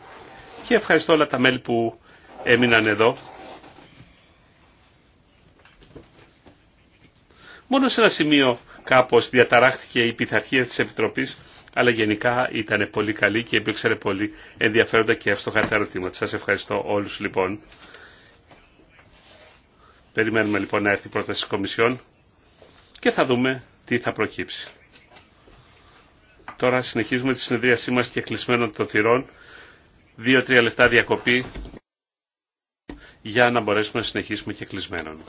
Και ευχαριστώ όλα τα μέλη που έμειναν εδώ. Μόνο σε ένα σημείο κάπως διαταράχτηκε η πειθαρχία της Επιτροπής, αλλά γενικά ήταν πολύ καλή και υπήρξαν πολύ ενδιαφέροντα και εύστοχα τα ερωτήματα. Σας ευχαριστώ όλους λοιπόν. Περιμένουμε λοιπόν να έρθει η πρόταση της Κομισιόν και θα δούμε τι θα προκύψει. Τώρα συνεχίζουμε τη συνεδρίασή μας και κλεισμένων των θυρών. Δύο-τρία λεπτά διακοπή για να μπορέσουμε να συνεχίσουμε και κλεισμένων.